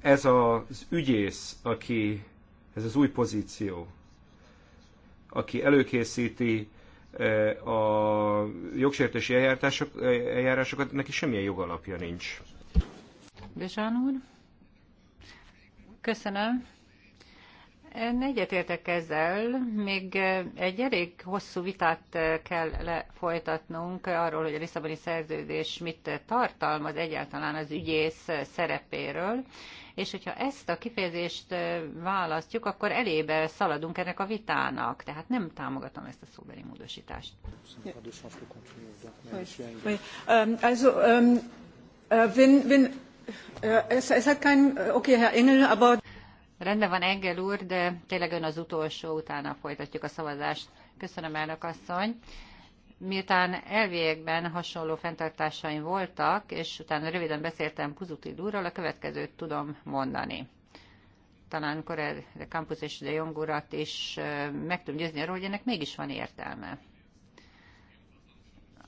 Ez az ügyész, aki, ez az új pozíció, aki előkészíti a jogsértési eljárásokat, neki semmilyen jogalapja nincs. Bézsán úr. Köszönöm. egyetértek ezzel, még egy elég hosszú vitát kell lefolytatnunk arról, hogy a Lisszaboni szerződés mit tartalmaz egyáltalán az ügyész szerepéről, és hogyha ezt a kifejezést választjuk, akkor elébe szaladunk ennek a vitának, tehát nem támogatom ezt a szóbeli módosítást. Ja. Hát hát Rendben van Engel úr, de tényleg ön az utolsó, utána folytatjuk a szavazást. Köszönöm, elnök asszony. Miután elviekben hasonló fenntartásaim voltak, és utána röviden beszéltem Puzutil úrral, a következőt tudom mondani. Talán Korer Campus és de Jong urat is meg tudom győzni arról, hogy ennek mégis van értelme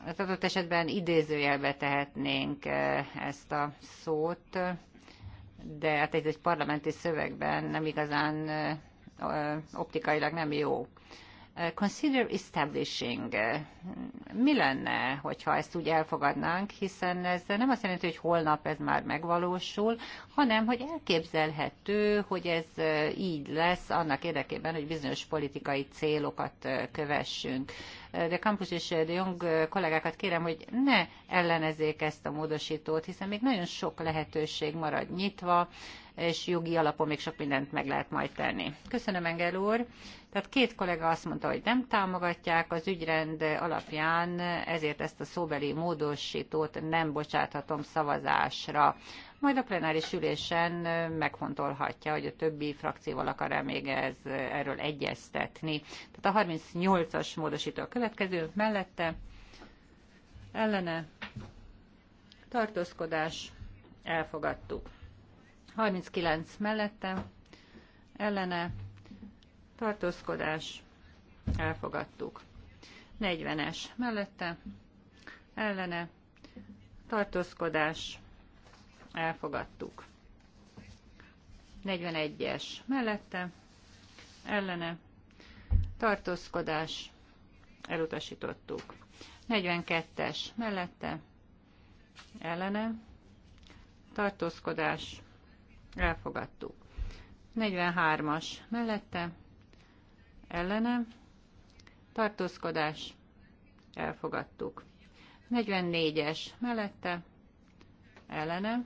az adott esetben idézőjelbe tehetnénk eh, ezt a szót, de hát ez egy parlamenti szövegben nem igazán eh, eh, optikailag nem jó. Consider establishing. Eh, mi lenne, hogyha ezt úgy elfogadnánk, hiszen ez nem azt jelenti, hogy holnap ez már megvalósul, hanem hogy elképzelhető, hogy ez eh, így lesz annak érdekében, hogy bizonyos politikai célokat eh, kövessünk. De Campus és de Jong kollégákat kérem, hogy ne ellenezzék ezt a módosítót, hiszen még nagyon sok lehetőség marad nyitva, és jogi alapon még sok mindent meg lehet majd tenni. Köszönöm, Engel úr! Tehát két kollega azt mondta, hogy nem támogatják az ügyrend alapján, ezért ezt a szóbeli módosítót nem bocsáthatom szavazásra. Majd a plenáris ülésen megfontolhatja, hogy a többi frakcióval akar-e még ez, erről egyeztetni. Tehát a 38-as módosító a következő, mellette ellene tartózkodás elfogadtuk. 39 mellette ellene tartózkodás, elfogadtuk. 40-es mellette, ellene, tartózkodás, elfogadtuk. 41-es mellette, ellene, tartózkodás, elutasítottuk. 42-es mellette, ellene, tartózkodás, elfogadtuk. 43-as mellette, ellene, tartózkodás, elfogadtuk. 44-es mellette, ellene,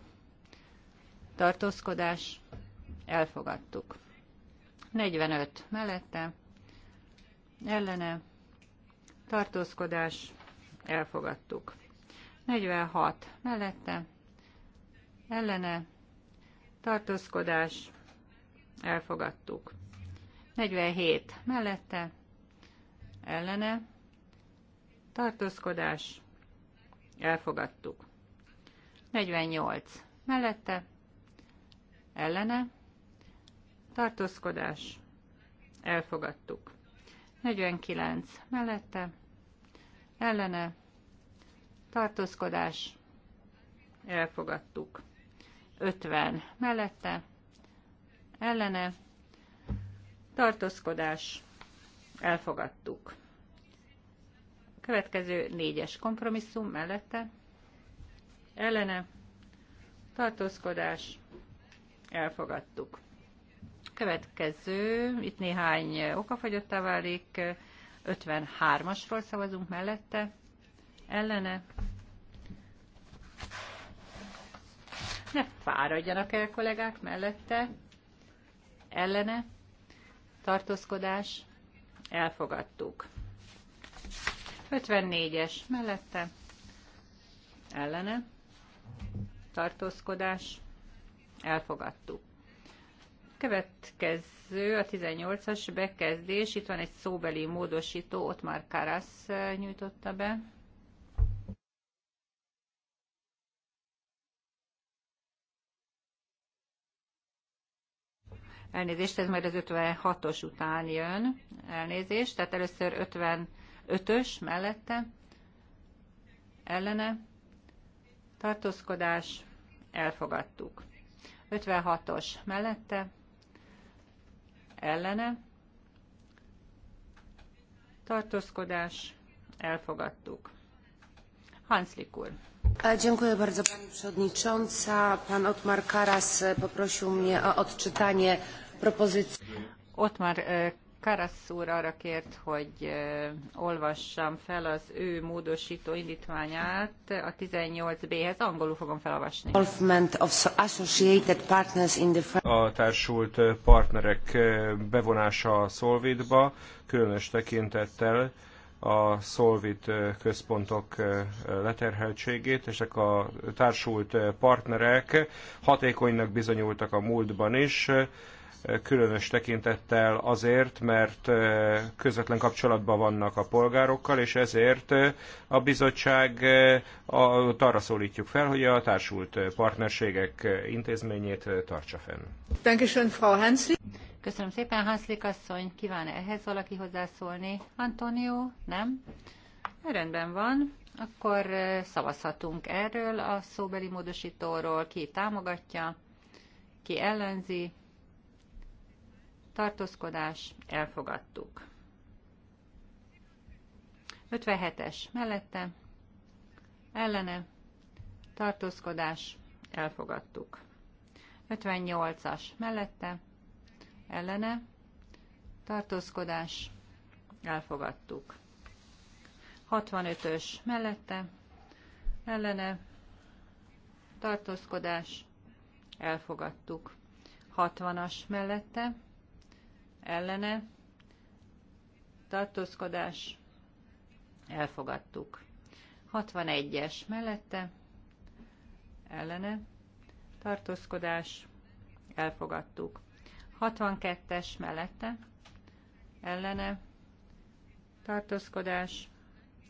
tartózkodás, elfogadtuk. 45 mellette, ellene, tartózkodás, elfogadtuk. 46 mellette, ellene, tartózkodás, elfogadtuk. 47 mellette, ellene, tartózkodás, elfogadtuk. 48 mellette, ellene, tartózkodás, elfogadtuk. 49 mellette, ellene, tartózkodás, elfogadtuk. 50 mellette, ellene, tartózkodás, elfogadtuk. Következő négyes kompromisszum mellette, ellene, tartózkodás, elfogadtuk. Következő, itt néhány okafagyottá válik, 53-asról szavazunk mellette, ellene. Ne fáradjanak el kollégák mellette, ellene tartózkodás, elfogadtuk. 54-es mellette, ellene, tartózkodás, elfogadtuk. Következő a 18-as bekezdés, itt van egy szóbeli módosító, ott már Karasz nyújtotta be. Elnézést, ez majd az 56-os után jön. Elnézést, tehát először 55-ös mellette. Ellene. Tartózkodás. Elfogadtuk. 56-os mellette. Ellene. Tartózkodás. Elfogadtuk. Hanslik úr. Pani Przewodnicząca. Pan othmar Karas e, poprosił mnie o odczytanie propozycji. othmar e, karas úr arra kért, hogy e, olvassam fel az ő módostó indítványát a 18b-hez. Angolul fogom felolvasni. A társult partnerek bevonása a Solvitba, különös tekintettel a Solvit központok leterheltségét, és ezek a társult partnerek hatékonynak bizonyultak a múltban is, különös tekintettel azért, mert közvetlen kapcsolatban vannak a polgárokkal, és ezért a bizottság arra szólítjuk fel, hogy a társult partnerségek intézményét tartsa fenn. Dankeschön, Frau Hansli. Köszönöm szépen, Hanszlik asszony. Kíván ehhez valaki hozzászólni? Antonio? Nem? Rendben van. Akkor szavazhatunk erről a szóbeli módosítóról. Ki támogatja? Ki ellenzi? Tartózkodás. Elfogadtuk. 57-es mellette, ellene, tartózkodás, elfogadtuk. 58-as mellette, ellene, tartózkodás, elfogadtuk. 65-ös mellette, ellene, tartózkodás, elfogadtuk. 60-as mellette, ellene, tartózkodás, elfogadtuk. 61-es mellette, ellene, tartózkodás, elfogadtuk. 62-es mellette ellene tartózkodás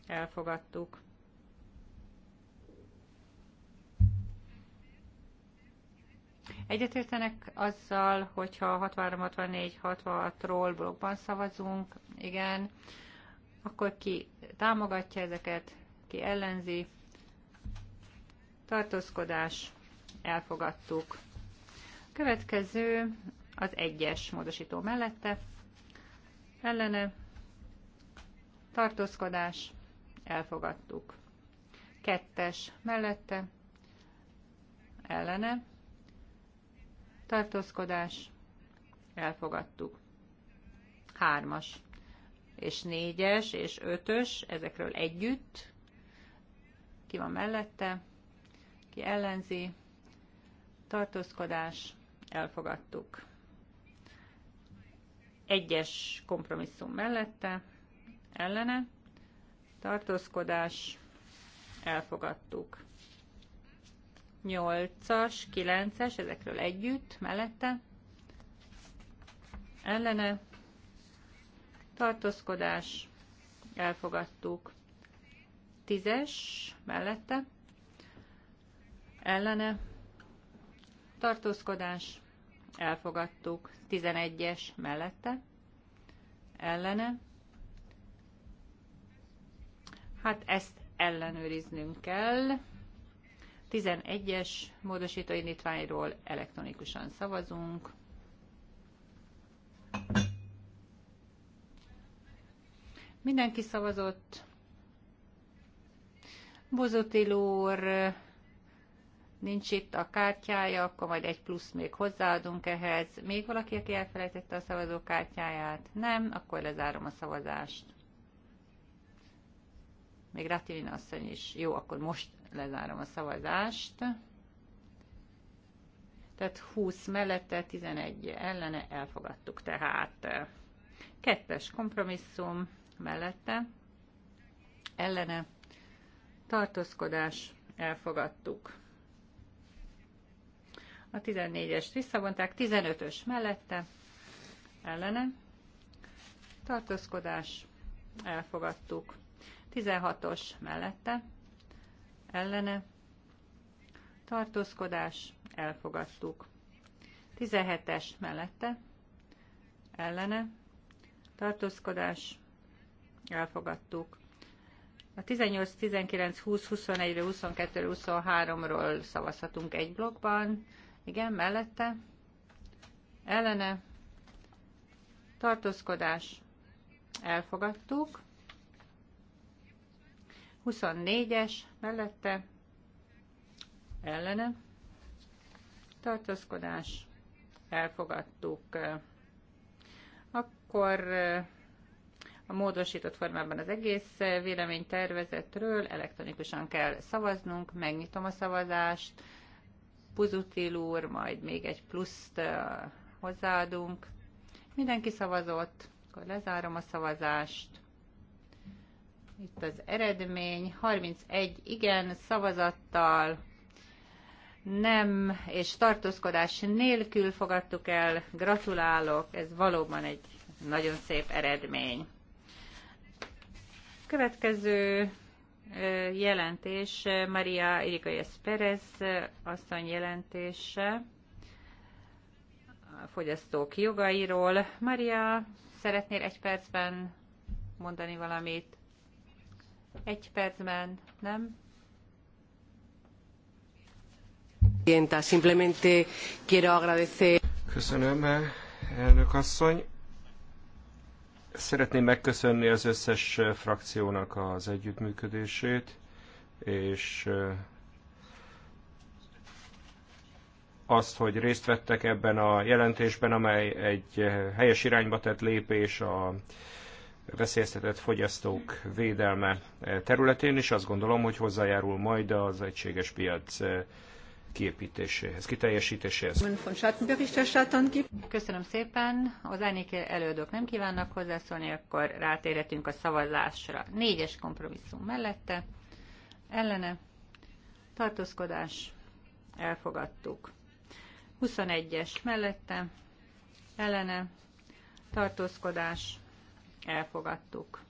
elfogadtuk. Egyetértenek azzal, hogyha 63, 64, 66-ról blogban szavazunk, igen, akkor ki támogatja ezeket, ki ellenzi. Tartózkodás, elfogadtuk. Következő az egyes módosító mellette, ellene, tartózkodás, elfogadtuk. Kettes mellette, ellene, tartózkodás, elfogadtuk. Hármas és négyes és ötös, ezekről együtt, ki van mellette, ki ellenzi, tartózkodás, elfogadtuk. Egyes kompromisszum mellette, ellene, tartózkodás, elfogadtuk. 8-as, 9-es, ezekről együtt, mellette, ellene, tartózkodás, elfogadtuk. 10-es, mellette, ellene, tartózkodás, elfogadtuk elfogadtuk. 11-es mellette, ellene. Hát ezt ellenőriznünk kell. 11-es módosító indítványról elektronikusan szavazunk. Mindenki szavazott. Bozotil úr nincs itt a kártyája, akkor majd egy plusz még hozzáadunk ehhez. Még valaki, aki elfelejtette a szavazókártyáját? Nem, akkor lezárom a szavazást. Még Rativin asszony is. Jó, akkor most lezárom a szavazást. Tehát 20 mellette, 11 ellene elfogadtuk tehát. Kettes kompromisszum mellette, ellene, tartózkodás, elfogadtuk. A 14 es visszavonták, 15-ös mellette, ellene, tartózkodás, elfogadtuk. 16-os mellette, ellene, tartózkodás, elfogadtuk. 17-es mellette, ellene, tartózkodás, elfogadtuk. A 18, 19, 20, 21 22 23-ról szavazhatunk egy blokkban, igen, mellette. Ellene. Tartózkodás. Elfogadtuk. 24-es mellette ellene tartózkodás elfogadtuk. Akkor a módosított formában az egész véleménytervezetről elektronikusan kell szavaznunk, megnyitom a szavazást, Puzutil úr, majd még egy pluszt hozzáadunk. Mindenki szavazott, akkor lezárom a szavazást. Itt az eredmény, 31 igen szavazattal, nem és tartózkodás nélkül fogadtuk el. Gratulálok, ez valóban egy nagyon szép eredmény. Következő jelentés, Maria Irigoyes Perez asszony jelentése a fogyasztók jogairól. Maria, szeretnél egy percben mondani valamit? Egy percben, nem? Simplemente quiero agradecer. Köszönöm, elnök asszony. Szeretném megköszönni az összes frakciónak az együttműködését, és azt, hogy részt vettek ebben a jelentésben, amely egy helyes irányba tett lépés a veszélyeztetett fogyasztók védelme területén, és azt gondolom, hogy hozzájárul majd az egységes piac kiépítéséhez, kiteljesítéséhez. Köszönöm szépen. Az elnéki előadók nem kívánnak hozzászólni, akkor rátérhetünk a szavazásra. Négyes kompromisszum mellette, ellene, tartózkodás, elfogadtuk. 21-es mellette, ellene, tartózkodás, elfogadtuk.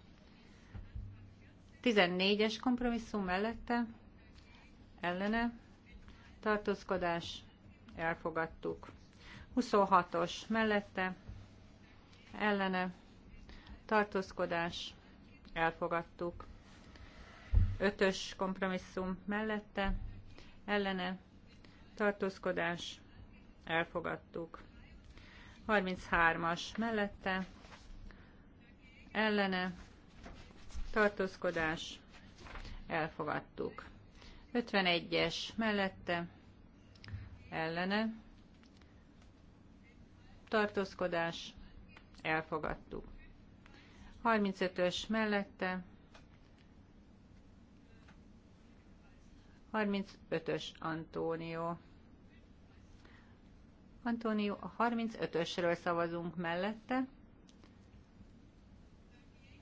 14-es kompromisszum mellette, ellene, tartózkodás, elfogadtuk. 26-os mellette, ellene, tartózkodás, elfogadtuk. 5-ös kompromisszum mellette, ellene, tartózkodás, elfogadtuk. 33-as mellette, ellene, tartózkodás, elfogadtuk. 51-es mellette ellene tartózkodás elfogadtuk. 35-ös mellette 35-ös Antónió. Antónió, a 35-ösről szavazunk mellette,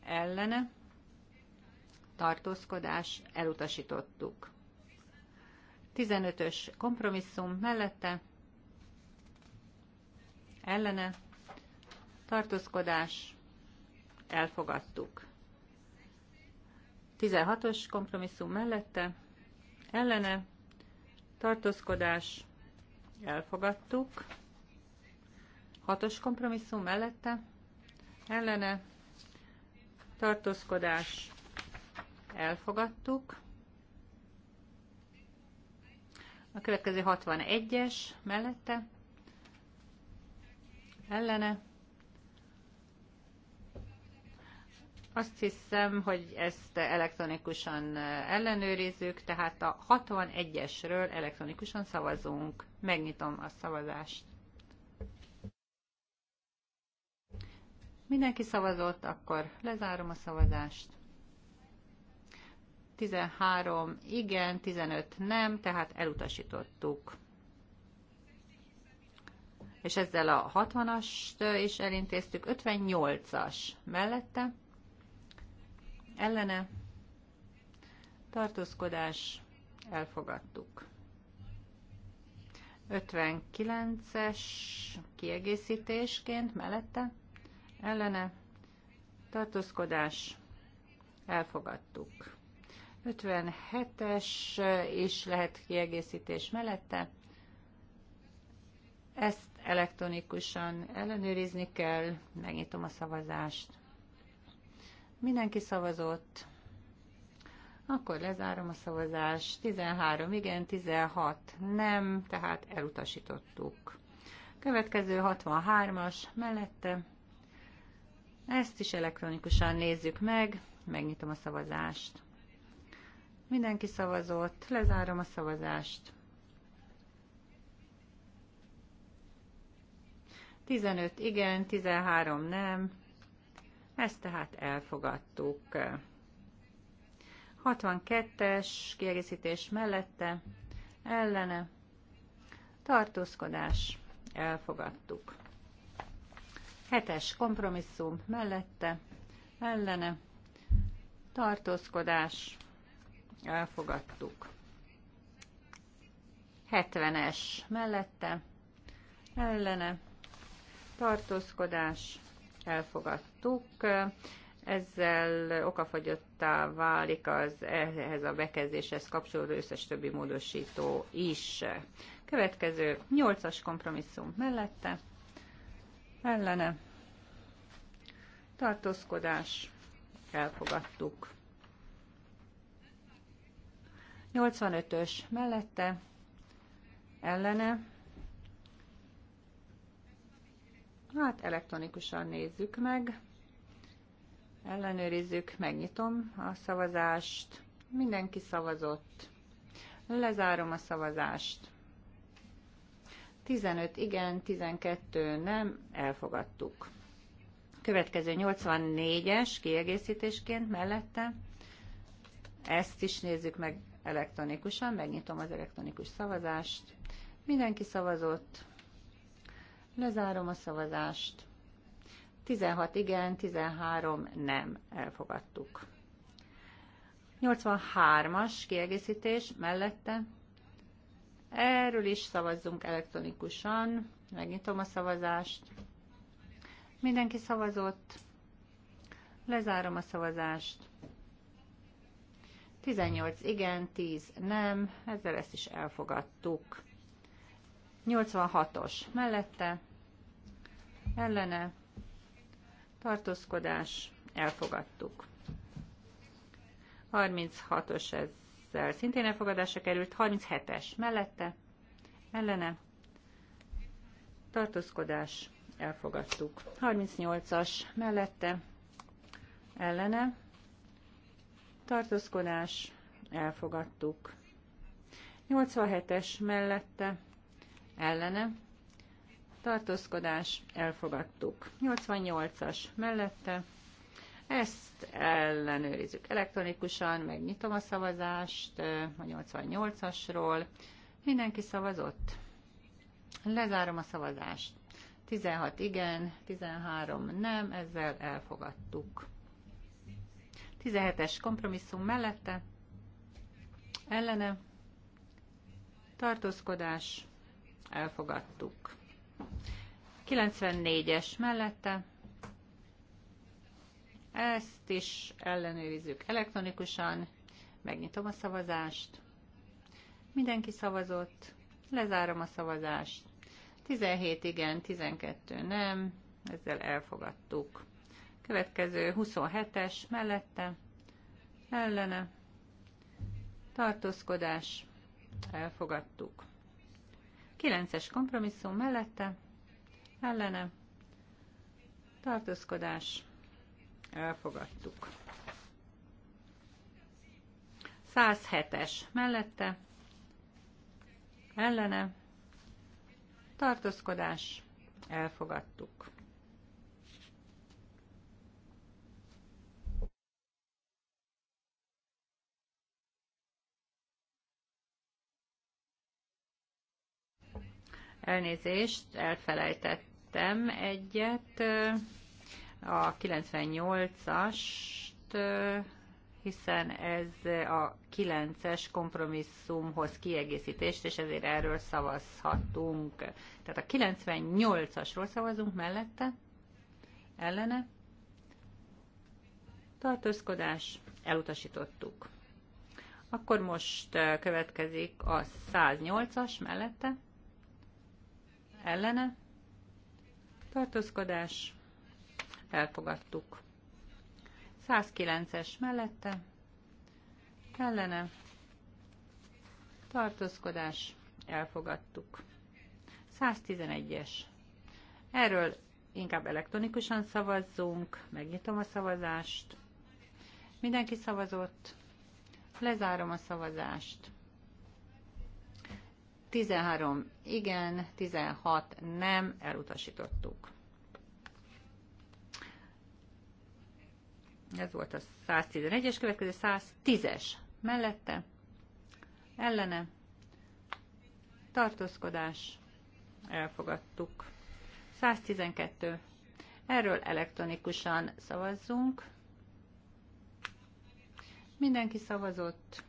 ellene, tartózkodás, elutasítottuk. 15-ös kompromisszum mellette, ellene, tartózkodás, elfogadtuk. 16-os kompromisszum mellette, ellene, tartózkodás, elfogadtuk. 6-os kompromisszum mellette, ellene, tartózkodás, elfogadtuk. A következő 61-es mellette, ellene. Azt hiszem, hogy ezt elektronikusan ellenőrizzük, tehát a 61-esről elektronikusan szavazunk. Megnyitom a szavazást. Mindenki szavazott, akkor lezárom a szavazást. 13 igen, 15 nem, tehát elutasítottuk. És ezzel a 60-ast is elintéztük, 58-as mellette, ellene, tartózkodás, elfogadtuk. 59-es kiegészítésként mellette, ellene, tartózkodás, elfogadtuk. 57-es is lehet kiegészítés mellette. Ezt elektronikusan ellenőrizni kell. Megnyitom a szavazást. Mindenki szavazott. Akkor lezárom a szavazást. 13 igen, 16 nem, tehát elutasítottuk. Következő 63-as mellette. Ezt is elektronikusan nézzük meg. Megnyitom a szavazást. Mindenki szavazott. Lezárom a szavazást. 15 igen, 13 nem. Ezt tehát elfogadtuk. 62-es kiegészítés mellette, ellene, tartózkodás, elfogadtuk. 7-es kompromisszum mellette, ellene, tartózkodás, elfogadtuk. 70-es mellette, ellene, tartózkodás, elfogadtuk. Ezzel okafogyottá válik az ehhez a bekezdéshez kapcsolódó összes többi módosító is. Következő 8-as kompromisszum mellette, ellene, tartózkodás, elfogadtuk. 85-ös mellette, ellene. Hát elektronikusan nézzük meg, ellenőrizzük, megnyitom a szavazást. Mindenki szavazott. Lezárom a szavazást. 15 igen, 12 nem, elfogadtuk. Következő 84-es kiegészítésként mellette. Ezt is nézzük meg elektronikusan. Megnyitom az elektronikus szavazást. Mindenki szavazott. Lezárom a szavazást. 16 igen, 13 nem elfogadtuk. 83-as kiegészítés mellette. Erről is szavazzunk elektronikusan. Megnyitom a szavazást. Mindenki szavazott. Lezárom a szavazást. 18 igen, 10 nem, ezzel ezt is elfogadtuk. 86-os mellette, ellene, tartózkodás, elfogadtuk. 36-os ezzel szintén elfogadásra került, 37-es mellette, ellene, tartózkodás, elfogadtuk. 38-as mellette, ellene, tartózkodás, elfogadtuk. 87-es mellette, ellene, tartózkodás, elfogadtuk. 88-as mellette, ezt ellenőrizzük elektronikusan, megnyitom a szavazást eh, a 88-asról. Mindenki szavazott? Lezárom a szavazást. 16 igen, 13 nem, ezzel elfogadtuk. 17-es kompromisszum mellette ellene tartózkodás elfogadtuk. 94-es mellette ezt is ellenőrizzük elektronikusan. Megnyitom a szavazást. Mindenki szavazott. Lezárom a szavazást. 17 igen, 12 nem. Ezzel elfogadtuk. Következő 27-es mellette, ellene, tartózkodás, elfogadtuk. 9-es kompromisszum mellette, ellene, tartózkodás, elfogadtuk. 107-es mellette, ellene, tartózkodás, elfogadtuk. Elnézést, elfelejtettem egyet. A 98-ast, hiszen ez a 9-es kompromisszumhoz kiegészítést, és ezért erről szavazhatunk. Tehát a 98-asról szavazunk mellette, ellene. Tartózkodás, elutasítottuk. Akkor most következik a 108-as mellette ellene, tartózkodás, elfogadtuk. 109-es mellette, ellene, tartózkodás, elfogadtuk. 111-es. Erről inkább elektronikusan szavazzunk, megnyitom a szavazást. Mindenki szavazott, lezárom a szavazást. 13 igen, 16 nem, elutasítottuk. Ez volt a 111-es, következő 110-es mellette, ellene, tartózkodás, elfogadtuk. 112. Erről elektronikusan szavazzunk. Mindenki szavazott.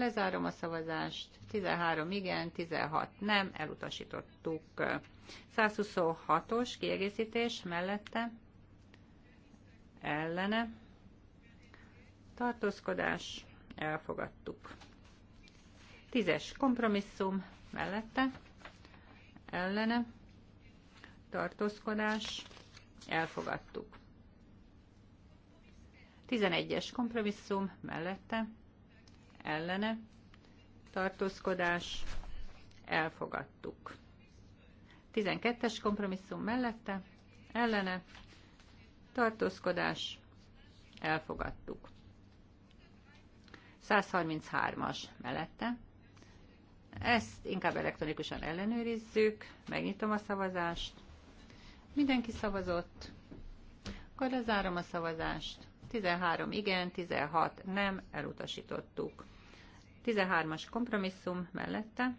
Lezárom a szavazást. 13 igen, 16 nem, elutasítottuk. 126-os kiegészítés mellette, ellene, tartózkodás, elfogadtuk. 10-es kompromisszum mellette, ellene, tartózkodás, elfogadtuk. 11-es kompromisszum mellette, ellene, tartózkodás, elfogadtuk. 12-es kompromisszum mellette, ellene, tartózkodás, elfogadtuk. 133-as mellette. Ezt inkább elektronikusan ellenőrizzük, megnyitom a szavazást. Mindenki szavazott. Akkor lezárom a szavazást. 13 igen, 16 nem, elutasítottuk. 13-as kompromisszum mellette,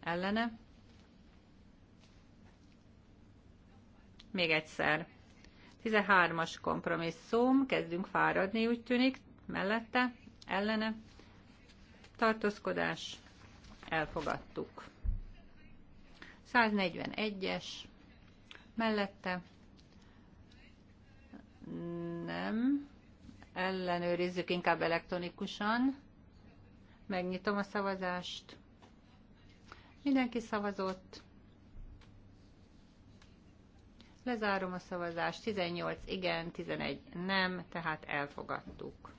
ellene. Még egyszer. 13-as kompromisszum, kezdünk fáradni, úgy tűnik, mellette, ellene. Tartózkodás, elfogadtuk. 141-es, mellette, nem, ellenőrizzük inkább elektronikusan. Megnyitom a szavazást. Mindenki szavazott. Lezárom a szavazást. 18 igen, 11 nem, tehát elfogadtuk.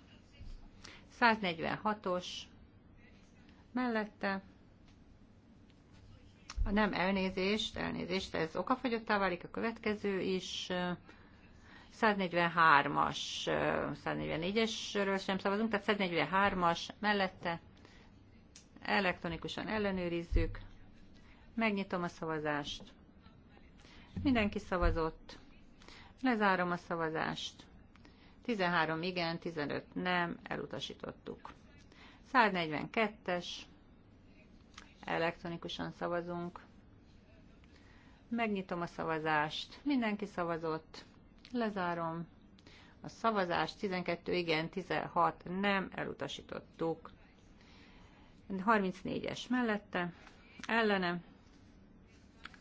146-os mellette. A nem elnézést, elnézést, ez okafagyottá válik a következő is. 143-as, 144-esről sem szavazunk, tehát 143-as mellette elektronikusan ellenőrizzük. Megnyitom a szavazást. Mindenki szavazott. Lezárom a szavazást. 13 igen, 15 nem, elutasítottuk. 142-es, elektronikusan szavazunk. Megnyitom a szavazást. Mindenki szavazott. Lezárom. A szavazást 12 igen, 16 nem, elutasítottuk. 34-es mellette, ellene,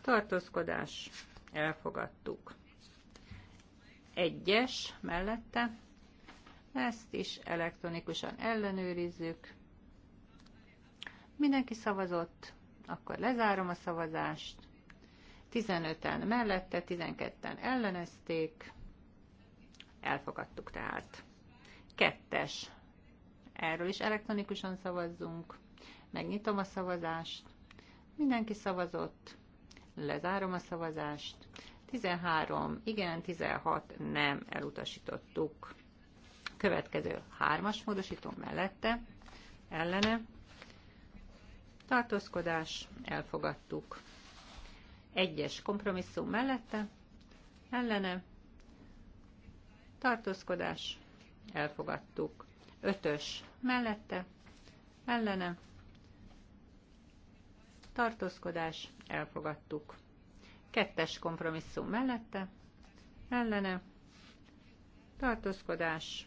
tartózkodás, elfogadtuk. Egyes mellette, ezt is elektronikusan ellenőrizzük. Mindenki szavazott, akkor lezárom a szavazást. 15-en mellette, 12-en ellenezték. Elfogadtuk tehát. Kettes. Erről is elektronikusan szavazzunk. Megnyitom a szavazást. Mindenki szavazott. Lezárom a szavazást. 13, igen, 16, nem, elutasítottuk. Következő hármas módosító mellette, ellene. Tartózkodás, elfogadtuk. Egyes kompromisszum mellette, ellene. Tartózkodás, elfogadtuk. Ötös mellette, ellene tartózkodás, elfogadtuk. Kettes kompromisszum mellette, ellene, tartózkodás,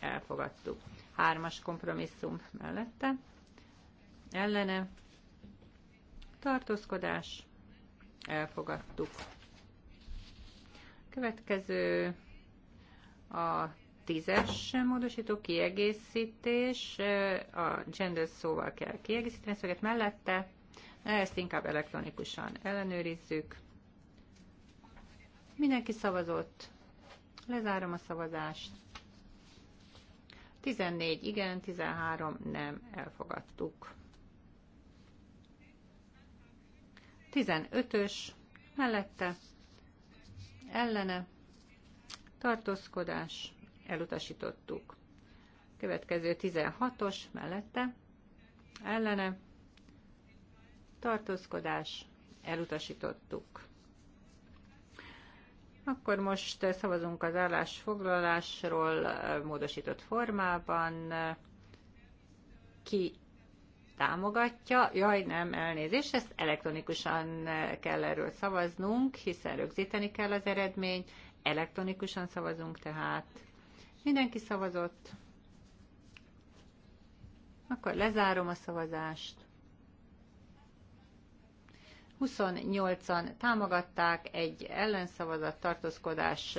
elfogadtuk. Hármas kompromisszum mellette, ellene, tartózkodás, elfogadtuk. Következő a tízes módosító kiegészítés, a gender szóval kell kiegészíteni szöget mellette, ezt inkább elektronikusan ellenőrizzük. Mindenki szavazott. Lezárom a szavazást. 14 igen, 13 nem elfogadtuk. 15-ös mellette ellene tartózkodás elutasítottuk. Következő 16-os mellette ellene tartózkodás, elutasítottuk. Akkor most szavazunk az állásfoglalásról módosított formában. Ki támogatja? Jaj, nem, elnézést, ezt elektronikusan kell erről szavaznunk, hiszen rögzíteni kell az eredményt. Elektronikusan szavazunk tehát. Mindenki szavazott. Akkor lezárom a szavazást. 28-an támogatták, egy ellenszavazat tartózkodás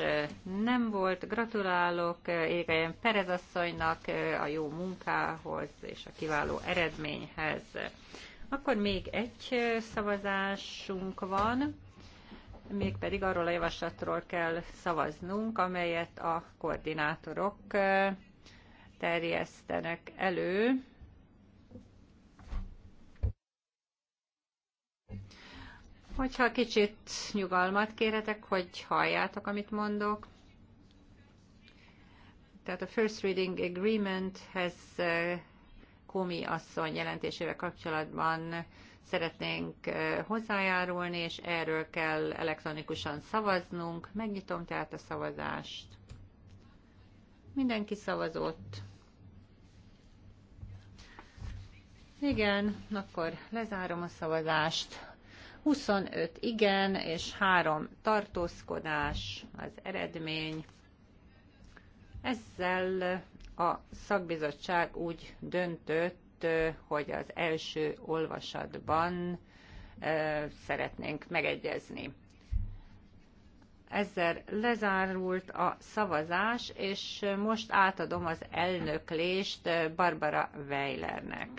nem volt. Gratulálok Égejen Perez asszonynak a jó munkához és a kiváló eredményhez. Akkor még egy szavazásunk van, mégpedig arról a javaslatról kell szavaznunk, amelyet a koordinátorok terjesztenek elő Hogyha kicsit nyugalmat kérhetek, hogy halljátok, amit mondok. Tehát a First Reading agreement has eh, Komi asszony jelentésével kapcsolatban szeretnénk eh, hozzájárulni, és erről kell elektronikusan szavaznunk. Megnyitom tehát a szavazást. Mindenki szavazott. Igen, akkor lezárom a szavazást. 25 igen és 3 tartózkodás az eredmény. Ezzel a szakbizottság úgy döntött, hogy az első olvasatban szeretnénk megegyezni. Ezzel lezárult a szavazás, és most átadom az elnöklést Barbara Weilernek.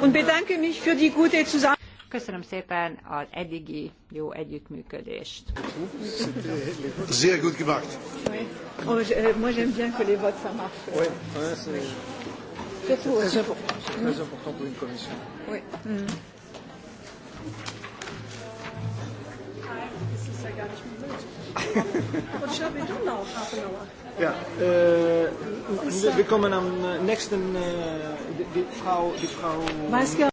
Und bedanke mich für die gute Zusammenarbeit. Köszönöm szépen az eddigi jó együttműködést. Sehr gut gemacht. Oh, euh, moi j'aime bien que les votes ça marche. Oui, c'est très important. Très important pour une commission. Oui. Mm. Wat kör vi då now, half Ja, uh, vi kommer nästa, die, die vrouw... Die vrouw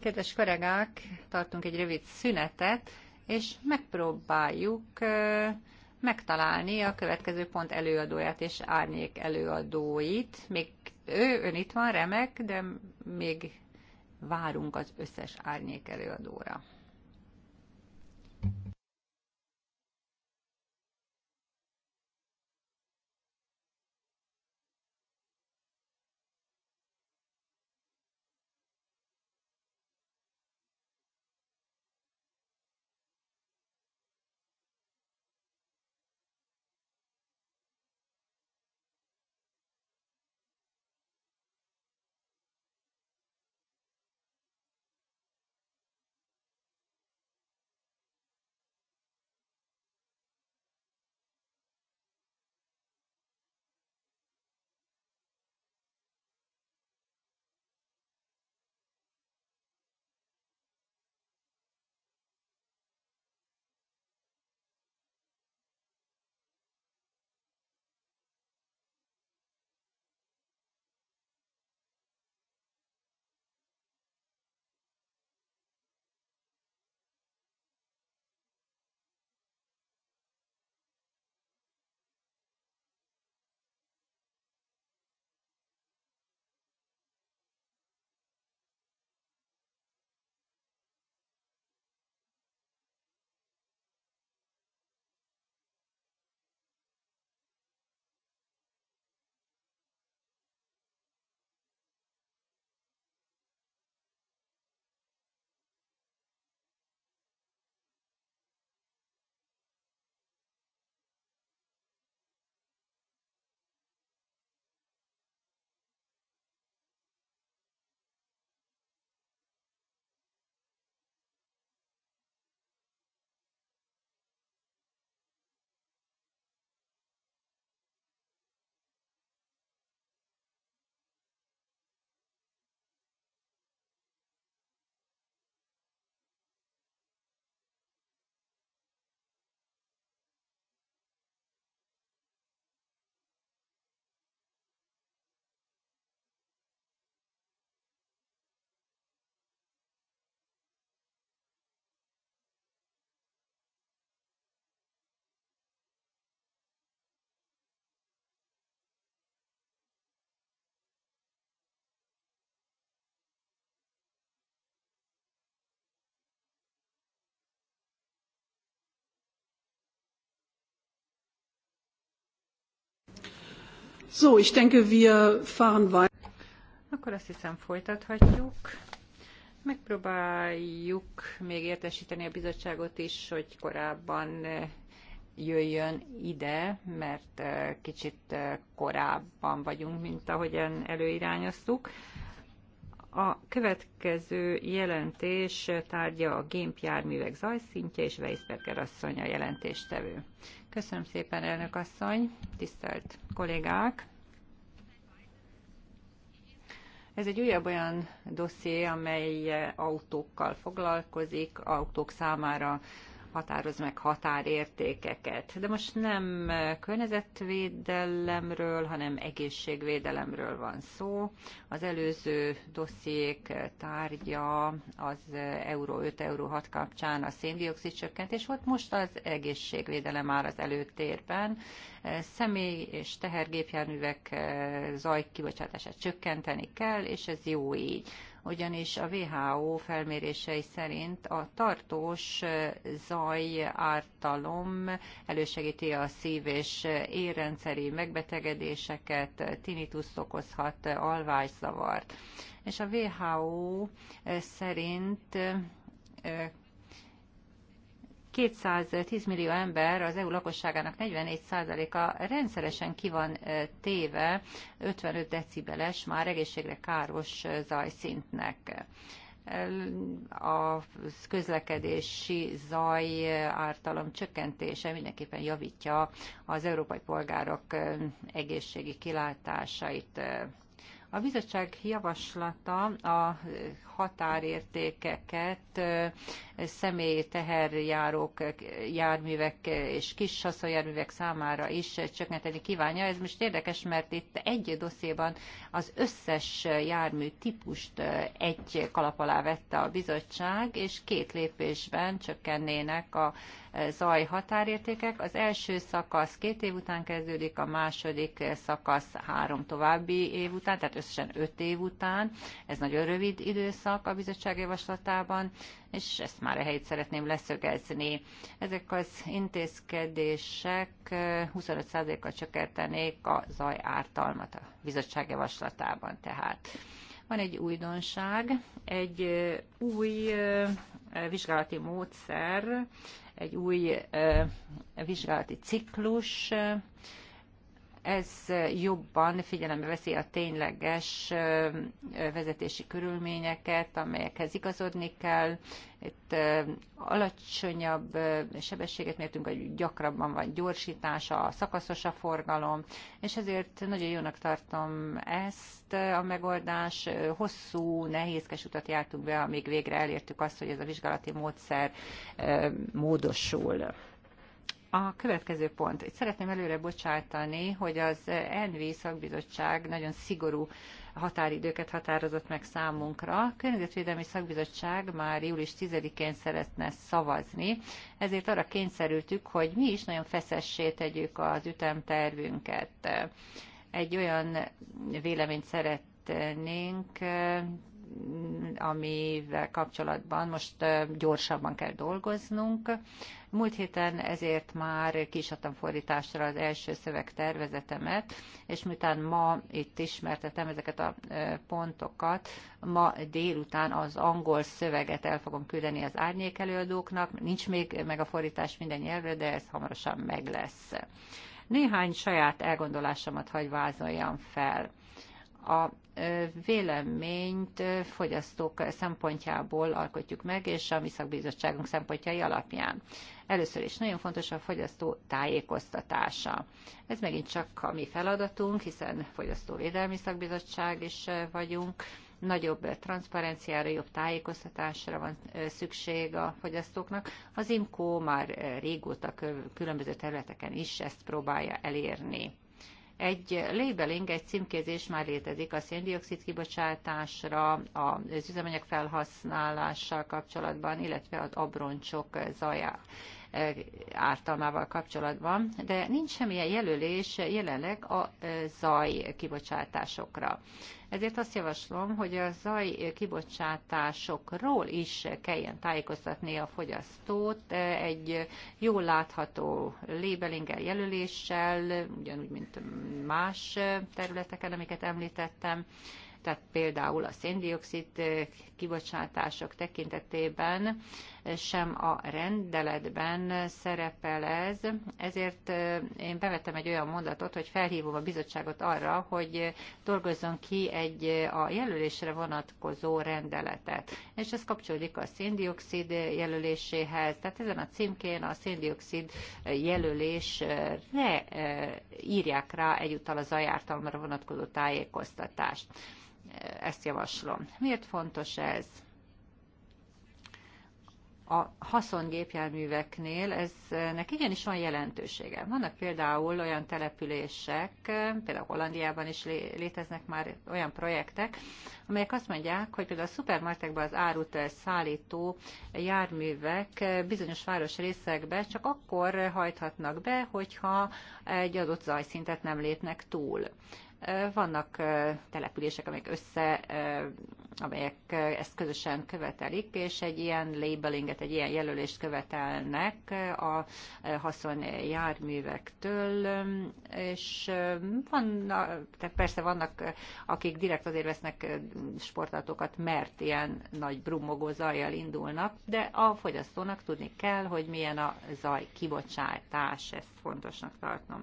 Kedves kollégák, tartunk egy rövid szünetet, és megpróbáljuk megtalálni a következő pont előadóját és árnyék előadóit. Még ő, ön itt van, remek, de még várunk az összes árnyék előadóra. So, ich denke, wir fahren weiter. Akkor azt hiszem folytathatjuk. Megpróbáljuk még értesíteni a bizottságot is, hogy korábban eh, jöjjön ide, mert eh, kicsit eh, korábban vagyunk, mint ahogyan előirányoztuk. A következő jelentés tárgya a gépjárművek zajszintje, és Weisberger asszony a jelentéstevő. Köszönöm szépen, elnök asszony, tisztelt kollégák! Ez egy újabb olyan dosszié, amely autókkal foglalkozik, autók számára határoz meg határértékeket. De most nem környezetvédelemről, hanem egészségvédelemről van szó. Az előző dossziék tárgya az Euró 5, Euró 6 kapcsán a széndiokszid csökkentés volt, most az egészségvédelem áll az előtérben. Személy és tehergépjárművek zajkibocsátását csökkenteni kell, és ez jó így ugyanis a WHO felmérései szerint a tartós zaj ártalom elősegíti a szív- és érrendszeri megbetegedéseket, tinituszt okozhat, alvászavart. És a WHO szerint 210 millió ember, az EU lakosságának 44%-a rendszeresen ki van téve 55 decibeles, már egészségre káros zajszintnek a közlekedési zaj ártalom csökkentése mindenképpen javítja az európai polgárok egészségi kilátásait. A bizottság javaslata a határértékeket személy teherjárók, járművek és kis haszonjárművek számára is csökkenteni kívánja. Ez most érdekes, mert itt egy dosszéban az összes jármű típust egy kalap alá vette a bizottság, és két lépésben csökkennének a zaj határértékek. Az első szakasz két év után kezdődik, a második szakasz három további év után, tehát összesen öt év után. Ez nagyon rövid időszak a bizottság javaslatában, és ezt már a helyét szeretném leszögezni. Ezek az intézkedések 25%-kal csökkentenék a zaj ártalmat a bizottság javaslatában tehát. Van egy újdonság, egy új vizsgálati módszer, egy új vizsgálati ciklus, ez jobban figyelembe veszi a tényleges vezetési körülményeket, amelyekhez igazodni kell. Itt alacsonyabb sebességet mértünk, hogy gyakrabban van gyorsítása, szakaszos a forgalom, és ezért nagyon jónak tartom ezt a megoldás. Hosszú, nehézkes utat jártunk be, amíg végre elértük azt, hogy ez a vizsgálati módszer módosul. A következő pont. Itt szeretném előre bocsátani, hogy az ENVI szakbizottság nagyon szigorú határidőket határozott meg számunkra. A Környezetvédelmi Szakbizottság már július 10-én szeretne szavazni, ezért arra kényszerültük, hogy mi is nagyon feszessé tegyük az ütemtervünket. Egy olyan véleményt szeretnénk amivel kapcsolatban most gyorsabban kell dolgoznunk. Múlt héten ezért már kisadtam fordításra az első szövegtervezetemet, és miután ma itt ismertetem ezeket a pontokat, ma délután az angol szöveget el fogom küldeni az árnyék előadóknak. Nincs még meg a fordítás minden nyelvre, de ez hamarosan meg lesz. Néhány saját elgondolásomat hagy vázoljam fel. A véleményt fogyasztók szempontjából alkotjuk meg, és a mi szakbizottságunk szempontjai alapján. Először is nagyon fontos a fogyasztó tájékoztatása. Ez megint csak a mi feladatunk, hiszen fogyasztóvédelmi szakbizottság is vagyunk, nagyobb transzparenciára, jobb tájékoztatásra van szükség a fogyasztóknak. Az IMCO már régóta különböző területeken is ezt próbálja elérni. Egy labeling, egy címkézés már létezik a széndiokszid kibocsátásra, az üzemanyag felhasználással kapcsolatban, illetve az abroncsok zajá ártalmával kapcsolatban, de nincs semmilyen jelölés jelenleg a zaj kibocsátásokra. Ezért azt javaslom, hogy a zaj kibocsátásokról is kelljen tájékoztatni a fogyasztót egy jól látható labelinggel, jelöléssel, ugyanúgy, mint más területeken, amiket említettem, tehát például a széndiokszid kibocsátások tekintetében sem a rendeletben szerepel ez, ezért én bevettem egy olyan mondatot, hogy felhívom a bizottságot arra, hogy dolgozzon ki egy a jelölésre vonatkozó rendeletet. És ez kapcsolódik a széndiokszid jelöléséhez, tehát ezen a címkén a széndiokszid jelölésre írják rá egyúttal az ajártalmra vonatkozó tájékoztatást. Ezt javaslom. Miért fontos ez? a haszongépjárműveknél eznek igenis van jelentősége. Vannak például olyan települések, például Hollandiában is léteznek már olyan projektek, amelyek azt mondják, hogy például a szupermarketekben az árut szállító járművek bizonyos részekbe csak akkor hajthatnak be, hogyha egy adott zajszintet nem lépnek túl. Vannak települések, amelyek össze, amelyek ezt közösen követelik, és egy ilyen labelinget, egy ilyen jelölést követelnek a haszon járművektől, és van, tehát persze vannak, akik direkt azért vesznek sportautókat, mert ilyen nagy brummogó zajjal indulnak, de a fogyasztónak tudni kell, hogy milyen a zaj kibocsátás, ezt fontosnak tartom.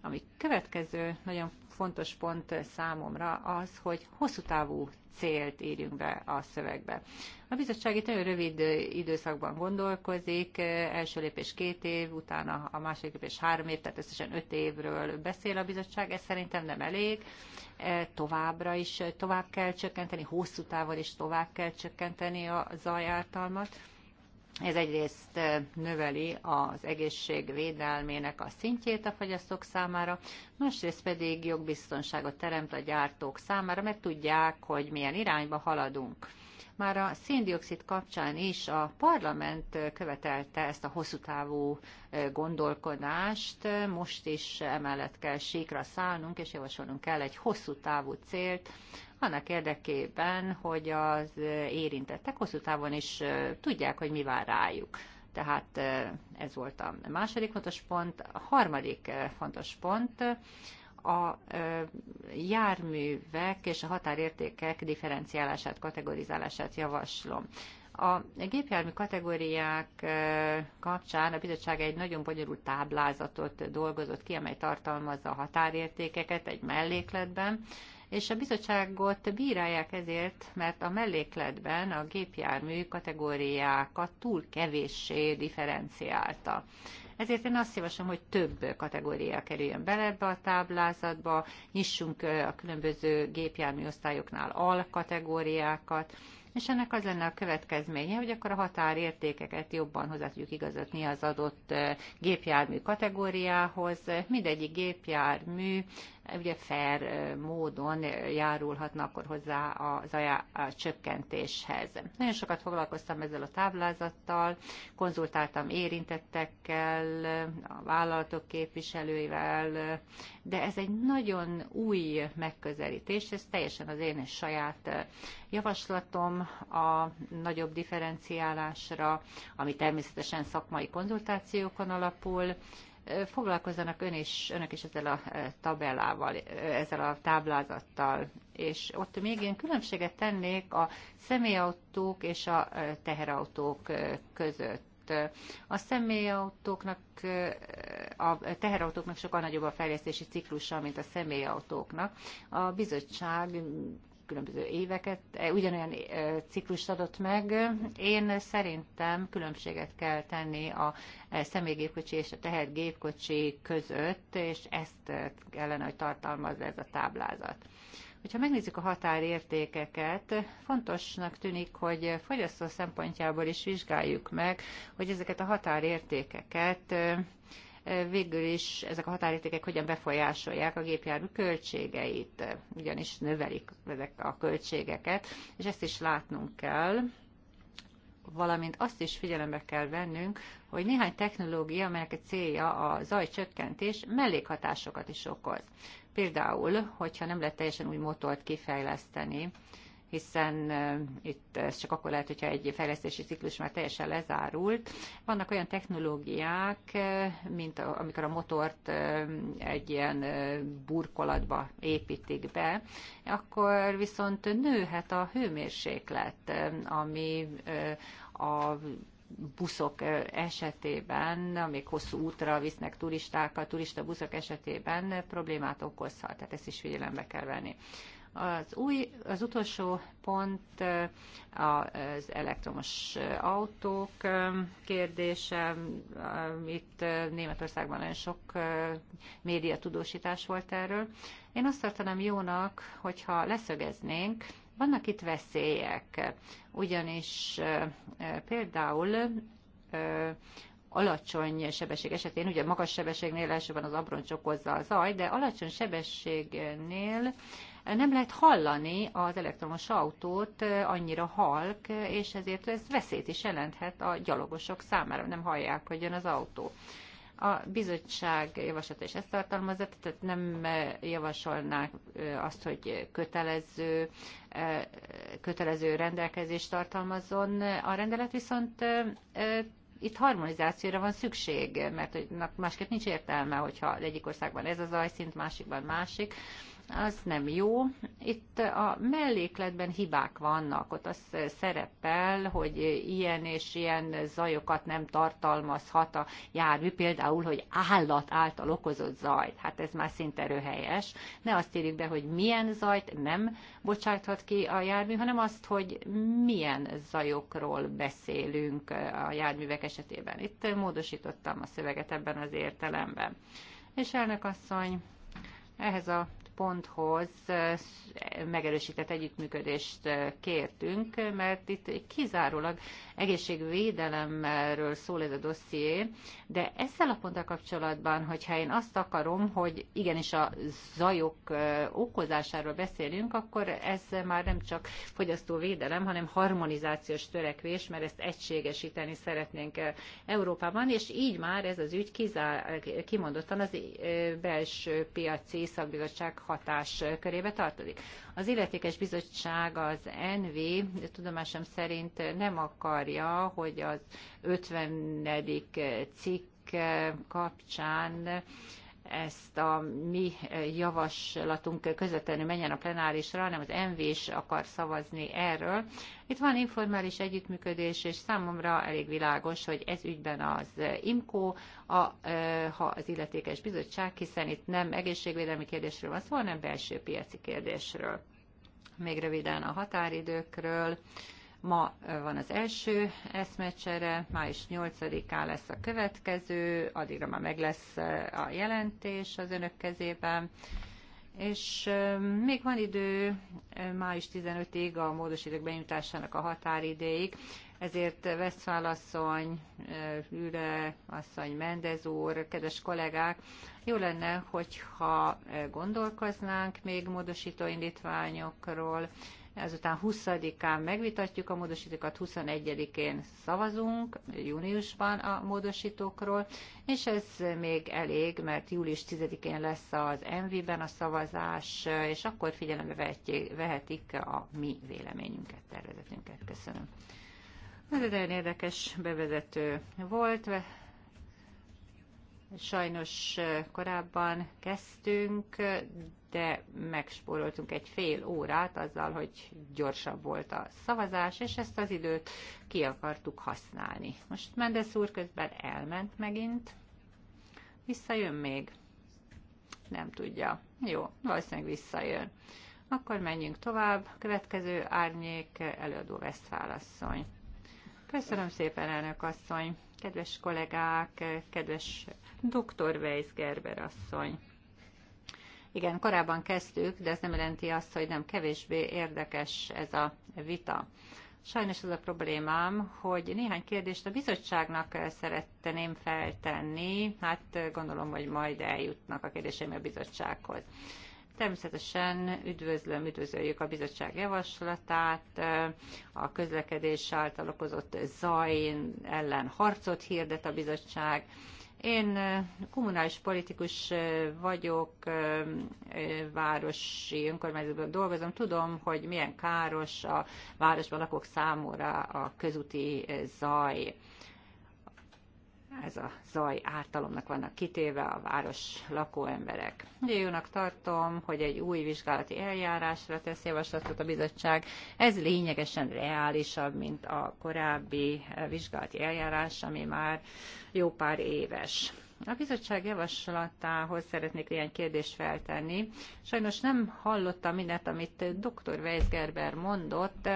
Ami következő nagyon fontos pont számomra az, hogy hosszú távú célt írjunk be a szövegbe. A bizottság itt nagyon rövid időszakban gondolkozik, első lépés két év, utána a második lépés három év, tehát összesen öt évről beszél a bizottság, ez szerintem nem elég, e, továbbra is tovább kell csökkenteni, hosszú távon is tovább kell csökkenteni a zajártalmat, ez egyrészt növeli az egészség védelmének a szintjét a fogyasztók számára, másrészt pedig jogbiztonságot teremt a gyártók számára, mert tudják, hogy milyen irányba haladunk. Már a széndiokszid kapcsán is a parlament követelte ezt a hosszú távú gondolkodást, most is emellett kell síkra szállnunk, és javasolnunk kell egy hosszú távú célt, annak érdekében, hogy az érintettek hosszú távon is tudják, hogy mi vár rájuk. Tehát ez volt a második fontos pont. A harmadik fontos pont a járművek és a határértékek differenciálását, kategorizálását javaslom. A gépjármű kategóriák kapcsán a bizottság egy nagyon bonyolult táblázatot dolgozott ki, amely tartalmazza a határértékeket egy mellékletben, és a bizottságot bírálják ezért, mert a mellékletben a gépjármű kategóriákat túl kevéssé differenciálta. Ezért én azt javaslom, hogy több kategória kerüljön bele ebbe a táblázatba, nyissunk a különböző gépjármű osztályoknál alkategóriákat, és ennek az lenne a következménye, hogy akkor a határértékeket jobban hozzá tudjuk igazodni az adott gépjármű kategóriához. Mindegyik gépjármű ugye fair módon járulhatnak akkor hozzá a, zaja csökkentéshez. Nagyon sokat foglalkoztam ezzel a táblázattal, konzultáltam érintettekkel, a vállalatok képviselőivel, de ez egy nagyon új megközelítés, ez teljesen az én saját javaslatom a nagyobb differenciálásra, ami természetesen szakmai konzultációkon alapul, foglalkozzanak ön is, önök is ezzel a eh, tabellával, eh, ezzel a táblázattal, és ott még én különbséget tennék a személyautók és a eh, teherautók között. A személyautóknak, a teherautóknak sokkal nagyobb a fejlesztési ciklusa, mint a személyautóknak. A bizottság különböző éveket, e, ugyanolyan e, ciklust adott meg. Én szerintem különbséget kell tenni a e, személygépkocsi és a tehergépkocsi között, és ezt kellene, hogy tartalmazza ez a táblázat. Hogyha megnézzük a határértékeket, fontosnak tűnik, hogy fogyasztó szempontjából is vizsgáljuk meg, hogy ezeket a határértékeket végül is ezek a határértékek hogyan befolyásolják a gépjármű költségeit, ugyanis növelik ezek a költségeket, és ezt is látnunk kell valamint azt is figyelembe kell vennünk, hogy néhány technológia, amelyek a célja a zajcsökkentés, mellékhatásokat is okoz. Például, hogyha nem lehet teljesen új motort kifejleszteni, hiszen itt ez csak akkor lehet, hogyha egy fejlesztési ciklus már teljesen lezárult. Vannak olyan technológiák, mint amikor a motort egy ilyen burkolatba építik be, akkor viszont nőhet a hőmérséklet, ami a buszok esetében, amik hosszú útra visznek turistákat, turista buszok esetében problémát okozhat, tehát ezt is figyelembe kell venni. Az, új, az utolsó pont eh, az elektromos autók eh, kérdése. Eh, itt Németországban nagyon sok média tudósítás volt erről. Én azt tartanám jónak, hogyha leszögeznénk, vannak itt veszélyek, ugyanis például alacsony sebesség esetén, ugye magas sebességnél elsőben az abroncs okozza a zaj, de alacsony sebességnél nem lehet hallani az elektromos autót, annyira halk, és ezért ez veszélyt is jelenthet a gyalogosok számára, nem hallják, hogy jön az autó. A bizottság javaslata is ezt tartalmazza, tehát nem javasolnák azt, hogy kötelező, kötelező rendelkezést tartalmazzon. A rendelet viszont itt harmonizációra van szükség, mert másképp nincs értelme, hogyha egyik országban ez az ajszint, másikban másik az nem jó. Itt a mellékletben hibák vannak, ott az szerepel, hogy ilyen és ilyen zajokat nem tartalmazhat a jármű, például, hogy állat által okozott zajt. Hát ez már szinte röhelyes. Ne azt írjuk be, hogy milyen zajt nem bocsáthat ki a jármű, hanem azt, hogy milyen zajokról beszélünk a járművek esetében. Itt módosítottam a szöveget ebben az értelemben. És elnök asszony, ehhez a ponthoz megerősített együttműködést kértünk, mert itt kizárólag egészségvédelemről szól ez a dosszié, de ezzel a ponttal kapcsolatban, hogyha én azt akarom, hogy igenis a zajok okozásáról beszélünk, akkor ez már nem csak fogyasztóvédelem, hanem harmonizációs törekvés, mert ezt egységesíteni szeretnénk Európában, és így már ez az ügy kizá, kimondottan az belső piaci szakbizottság hatás körébe tartozik. Az illetékes bizottság, az NV tudomásom szerint nem akarja, hogy az 50. cikk kapcsán ezt a mi eh, javaslatunk közvetlenül menjen a plenárisra, hanem az MV is akar szavazni erről. Itt van informális együttműködés, és számomra elég világos, hogy ez ügyben az IMCO, a, eh, ha az illetékes bizottság, hiszen itt nem egészségvédelmi kérdésről van szó, hanem belső piaci kérdésről. Még röviden a határidőkről. Ma van az első eszmecsere, május 8-án lesz a következő, addigra már meg lesz a jelentés az önök kezében. És még van idő május 15-ig a módosítók benyújtásának a határidéig, ezért Veszfál asszony, Hüle asszony, Mendez úr, kedves kollégák, jó lenne, hogyha gondolkoznánk még módosító indítványokról, ezután 20-án megvitatjuk a módosítókat, 21-én szavazunk, júniusban a módosítókról, és ez még elég, mert július 10-én lesz az MV-ben a szavazás, és akkor figyelembe vehetik a mi véleményünket, tervezetünket. Köszönöm. Ez egy nagyon érdekes bevezető volt, sajnos korábban kezdtünk, de megspóroltunk egy fél órát azzal, hogy gyorsabb volt a szavazás, és ezt az időt ki akartuk használni. Most Mendes úr közben elment megint. Visszajön még? Nem tudja. Jó, valószínűleg visszajön. Akkor menjünk tovább. Következő árnyék előadó Vesztfálasszony. Köszönöm szépen, elnök asszony, kedves kollégák, kedves dr. Weiss Gerber asszony. Igen, korábban kezdtük, de ez nem jelenti azt, hogy nem kevésbé érdekes ez a vita. Sajnos az a problémám, hogy néhány kérdést a bizottságnak szeretteném feltenni, hát gondolom, hogy majd eljutnak a kérdéseim a bizottsághoz. Természetesen üdvözlöm, üdvözöljük a bizottság javaslatát, a közlekedés által okozott zaj ellen harcot hirdet a bizottság, én kommunális politikus vagyok, városi önkormányzatban dolgozom, tudom, hogy milyen káros a városban lakók számára a közúti zaj ez a zaj ártalomnak vannak kitéve a város lakóemberek. Jónak tartom, hogy egy új vizsgálati eljárásra tesz javaslatot a bizottság. Ez lényegesen reálisabb, mint a korábbi vizsgálati eljárás, ami már jó pár éves. A bizottság javaslatához szeretnék ilyen kérdést feltenni. Sajnos nem hallottam mindent, amit dr. Weisgerber mondott,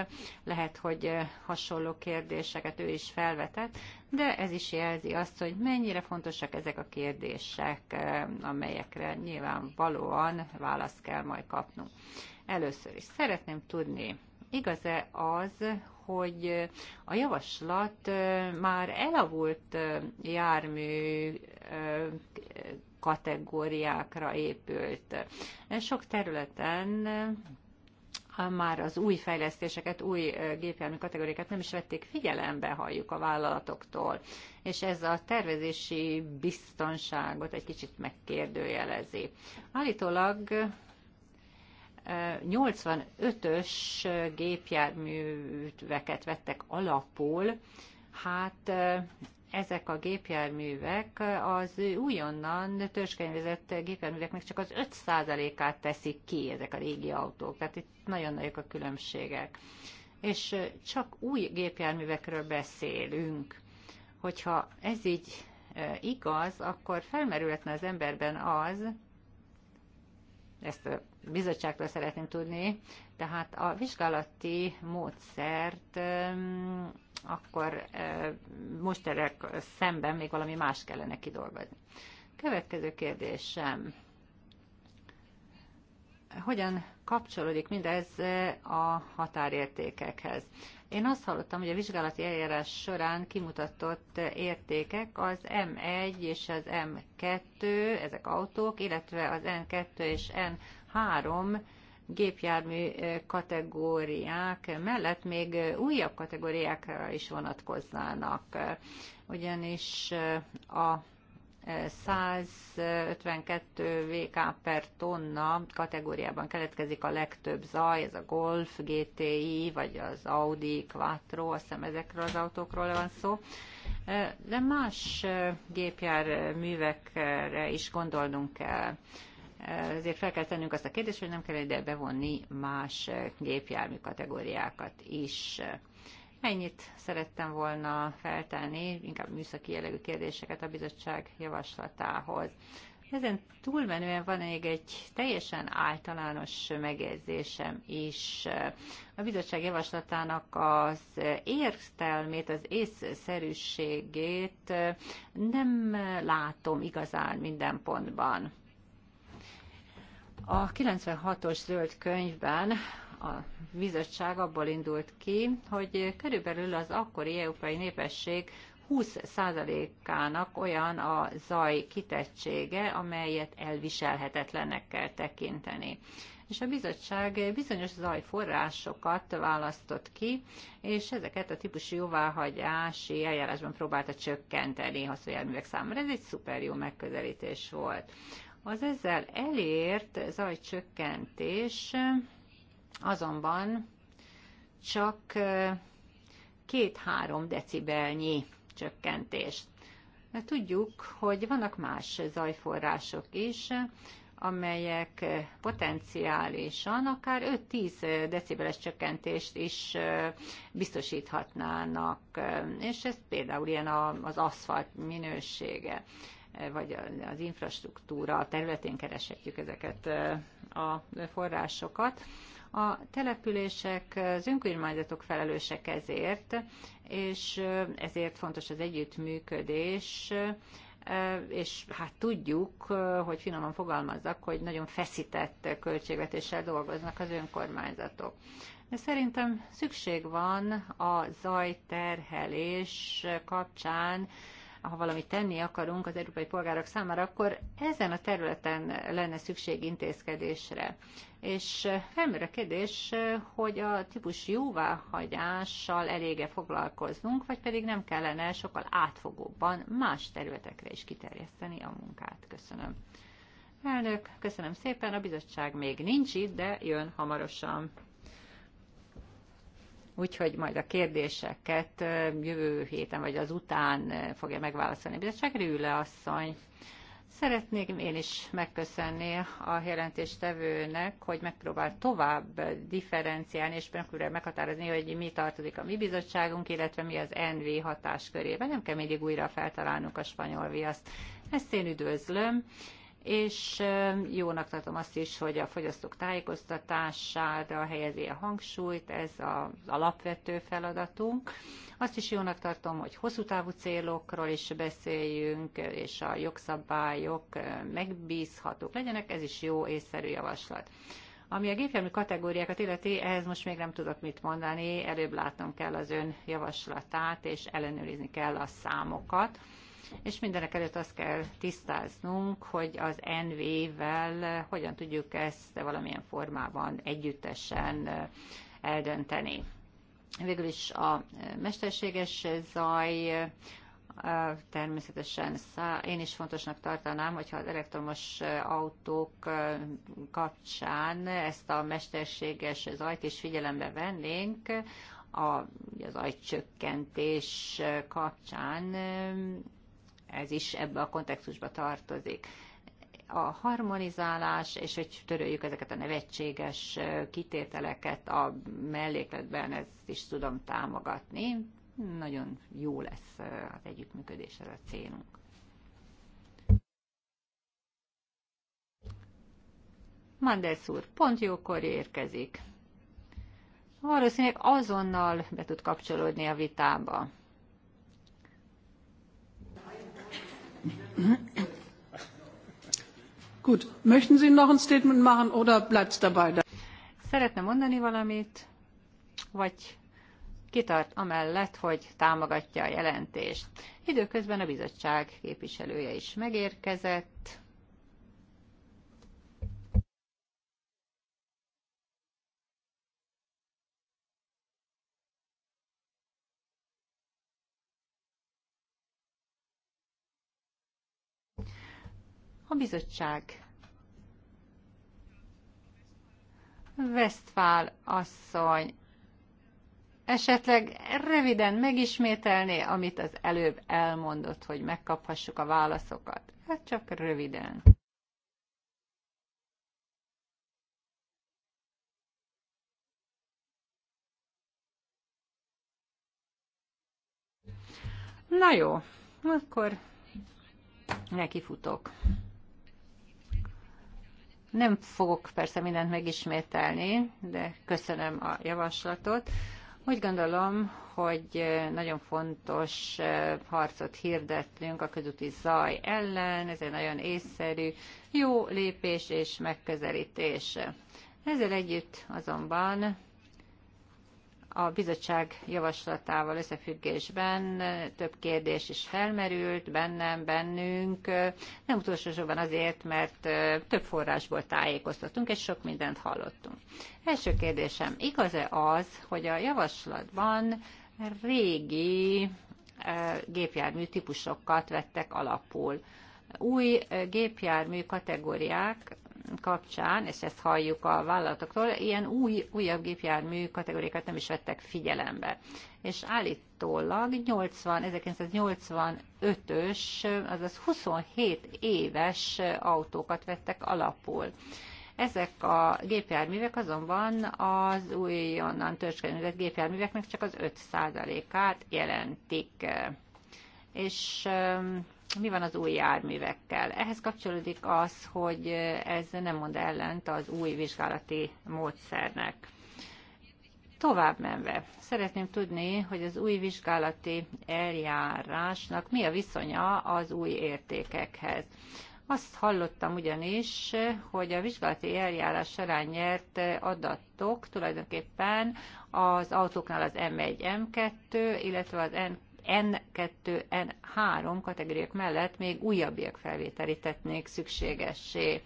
lehet, hogy hasonló kérdéseket ő is felvetett, de ez is jelzi azt, hogy mennyire fontosak ezek a kérdések, amelyekre nyilvánvalóan választ kell majd kapnunk. Először is szeretném tudni, igaz-e az, hogy a javaslat már elavult jármű kategóriákra épült. E, sok területen már az új fejlesztéseket, új gépjármű kategóriákat nem is vették figyelembe, halljuk a vállalatoktól. És ez a tervezési biztonságot egy kicsit megkérdőjelezi. Állítólag 85-ös gépjárműveket vettek alapul, hát ezek a gépjárművek az újonnan törzskönyvezett gépjárműveknek csak az 5%-át teszik ki ezek a régi autók, tehát itt nagyon nagyok a különbségek. És csak új gépjárművekről beszélünk. Hogyha ez így igaz, akkor felmerülhetne az emberben az, ezt bizottságról szeretném tudni, tehát a vizsgálati módszert akkor most erre szemben még valami más kellene kidolgozni. Következő kérdésem. Hogyan kapcsolódik mindez a határértékekhez? Én azt hallottam, hogy a vizsgálati eljárás során kimutatott értékek az M1 és az M2, ezek autók, illetve az N2 és N három gépjármű eh, kategóriák mellett még eh, újabb kategóriákra is vonatkoznának, eh, ugyanis a 152 VK per tonna kategóriában keletkezik a legtöbb zaj, ez a Golf, GTI, vagy az Audi Quattro, azt hiszem ezekről az autókról van szó. De más gépjárművekre is gondolnunk kell. Ezért fel kell tennünk azt a kérdést, hogy nem kell ide bevonni más gépjármű kategóriákat is. Ennyit szerettem volna feltenni, inkább műszaki jellegű kérdéseket a bizottság javaslatához. Ezen túlmenően van még egy teljesen általános megjegyzésem is. A bizottság javaslatának az értelmét, az észszerűségét nem látom igazán minden pontban. A 96-os zöld könyvben a bizottság abból indult ki, hogy körülbelül az akkori európai népesség 20%-ának olyan a zaj kitettsége, amelyet elviselhetetlennek kell tekinteni. És a bizottság bizonyos zajforrásokat választott ki, és ezeket a típusú jóváhagyási eljárásban próbálta csökkenteni haszonjárművek számára. Ez egy szuper jó megközelítés volt. Az ezzel elért zajcsökkentés azonban csak két-három decibelnyi csökkentés. Mert tudjuk, hogy vannak más zajforrások is, amelyek potenciálisan akár 5-10 decibeles csökkentést is biztosíthatnának, és ez például ilyen az aszfalt minősége vagy az infrastruktúra területén kereshetjük ezeket a forrásokat. A települések, az önkormányzatok felelősek ezért, és ezért fontos az együttműködés, és hát tudjuk, hogy finoman fogalmazzak, hogy nagyon feszített költségvetéssel dolgoznak az önkormányzatok. De szerintem szükség van a zajterhelés kapcsán ha valamit tenni akarunk az európai polgárok számára, akkor ezen a területen lenne szükség intézkedésre. És felmerül a kérdés, hogy a típus jóváhagyással elége foglalkoznunk, vagy pedig nem kellene sokkal átfogóbban más területekre is kiterjeszteni a munkát. Köszönöm. Elnök, köszönöm szépen, a bizottság még nincs itt, de jön hamarosan úgyhogy majd a kérdéseket jövő héten vagy az után fogja megválaszolni. de csak Rüle asszony. Szeretnék én is megköszönni a jelentéstevőnek, hogy megpróbál tovább differenciálni, és megpróbál meghatározni, hogy mi tartozik a mi bizottságunk, illetve mi az NV hatáskörében. Nem kell mindig újra feltalálnunk a spanyol viaszt. Ezt én üdvözlöm és jónak tartom azt is, hogy a fogyasztók tájékoztatására helyezi a hangsúlyt, ez az alapvető feladatunk. Azt is jónak tartom, hogy hosszú távú célokról is beszéljünk, és a jogszabályok megbízhatók legyenek, ez is jó észszerű javaslat. Ami a gépjármű kategóriákat illeti, ehhez most még nem tudok mit mondani, előbb látnom kell az ön javaslatát, és ellenőrizni kell a számokat és mindenek előtt azt kell tisztáznunk, hogy az NV-vel hogyan tudjuk ezt valamilyen formában együttesen eldönteni. Végül is a mesterséges zaj természetesen szá- én is fontosnak tartanám, hogyha az elektromos autók kapcsán ezt a mesterséges zajt is figyelembe vennénk, a, az ajcsökkentés kapcsán ez is ebbe a kontextusba tartozik. A harmonizálás, és hogy töröljük ezeket a nevetséges kitételeket a mellékletben, ezt is tudom támogatni. Nagyon jó lesz az együttműködés, ez a célunk. Mandelsz úr pont jókor érkezik. Valószínűleg azonnal be tud kapcsolódni a vitába. Gut, möchten Sie noch ein Statement machen oder bleibt dabei? Szeretne mondani valamit, vagy kitart amellett, hogy támogatja a jelentést. Időközben a bizottság képviselője is megérkezett. A bizottság Westfál asszony esetleg röviden megismételné, amit az előbb elmondott, hogy megkaphassuk a válaszokat. Hát csak röviden. Na jó, akkor nekifutok. Nem fogok persze mindent megismételni, de köszönöm a javaslatot. Úgy gondolom, hogy nagyon fontos eh, harcot hirdettünk a közúti zaj ellen, ez egy nagyon észszerű, jó lépés és megközelítés. Ezzel együtt azonban a bizottság javaslatával összefüggésben eh, több kérdés is felmerült bennem, bennünk, eh, nem utolsó sorban azért, mert eh, több forrásból tájékoztatunk, és sok mindent hallottunk. Első kérdésem, igaz-e az, hogy a javaslatban régi gépjármű típusokat vettek alapul? új gépjármű kategóriák kapcsán, és ezt halljuk a vállalatoktól, ilyen új, újabb gépjármű kategóriákat nem is vettek figyelembe. És állítólag 80, 1985-ös, azaz 27 éves autókat vettek alapul. Ezek a gépjárművek azonban az újonnan törzskönyvett gépjárműveknek csak az 5%-át jelentik. És mi van az új járművekkel. Ehhez kapcsolódik az, hogy ez nem mond ellent az új vizsgálati módszernek. Tovább menve, szeretném tudni, hogy az új vizsgálati eljárásnak mi a viszonya az új értékekhez. Azt hallottam ugyanis, hogy a vizsgálati eljárás során nyert adatok tulajdonképpen az autóknál az M1, M2, illetve az N N2, N3 kategóriák mellett még újabb felvételét tetnék szükségessé.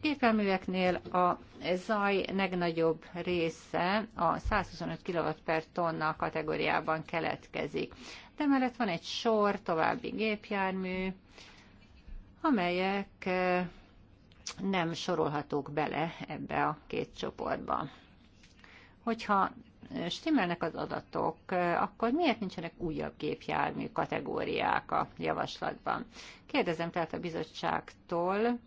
Gépjárműveknél a zaj legnagyobb része a 125 kW per tonna kategóriában keletkezik. De mellett van egy sor további gépjármű, amelyek eh, nem sorolhatók bele ebbe a két csoportba. Hogyha stimmelnek az adatok, akkor miért nincsenek újabb gépjármű kategóriák a javaslatban? Kérdezem tehát a bizottságtól,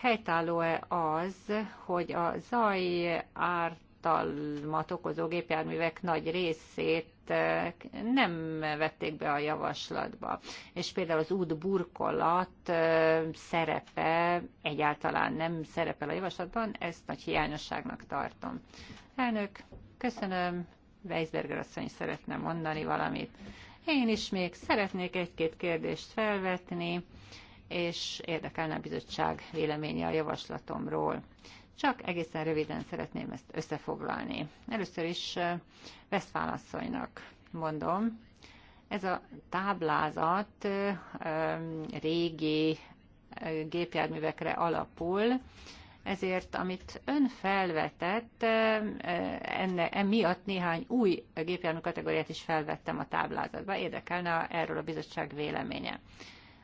helytálló-e az, hogy a zaj ártalmat okozó gépjárművek nagy részét eh, nem vették be a javaslatba. És például az út burkolat eh, szerepe egyáltalán nem szerepel a javaslatban, ezt nagy hiányosságnak tartom. Elnök, köszönöm. Weisberger asszony szeretne mondani valamit. Én is még szeretnék egy-két kérdést felvetni, és érdekelne a bizottság véleménye a javaslatomról. Csak egészen röviden szeretném ezt összefoglalni. Először is eh, Westphal asszonynak mondom, ez a táblázat eh, régi eh, gépjárművekre alapul, ezért, amit ön felvetett, eh, enne, emiatt néhány új gépjármű kategóriát is felvettem a táblázatba. Érdekelne erről a bizottság véleménye.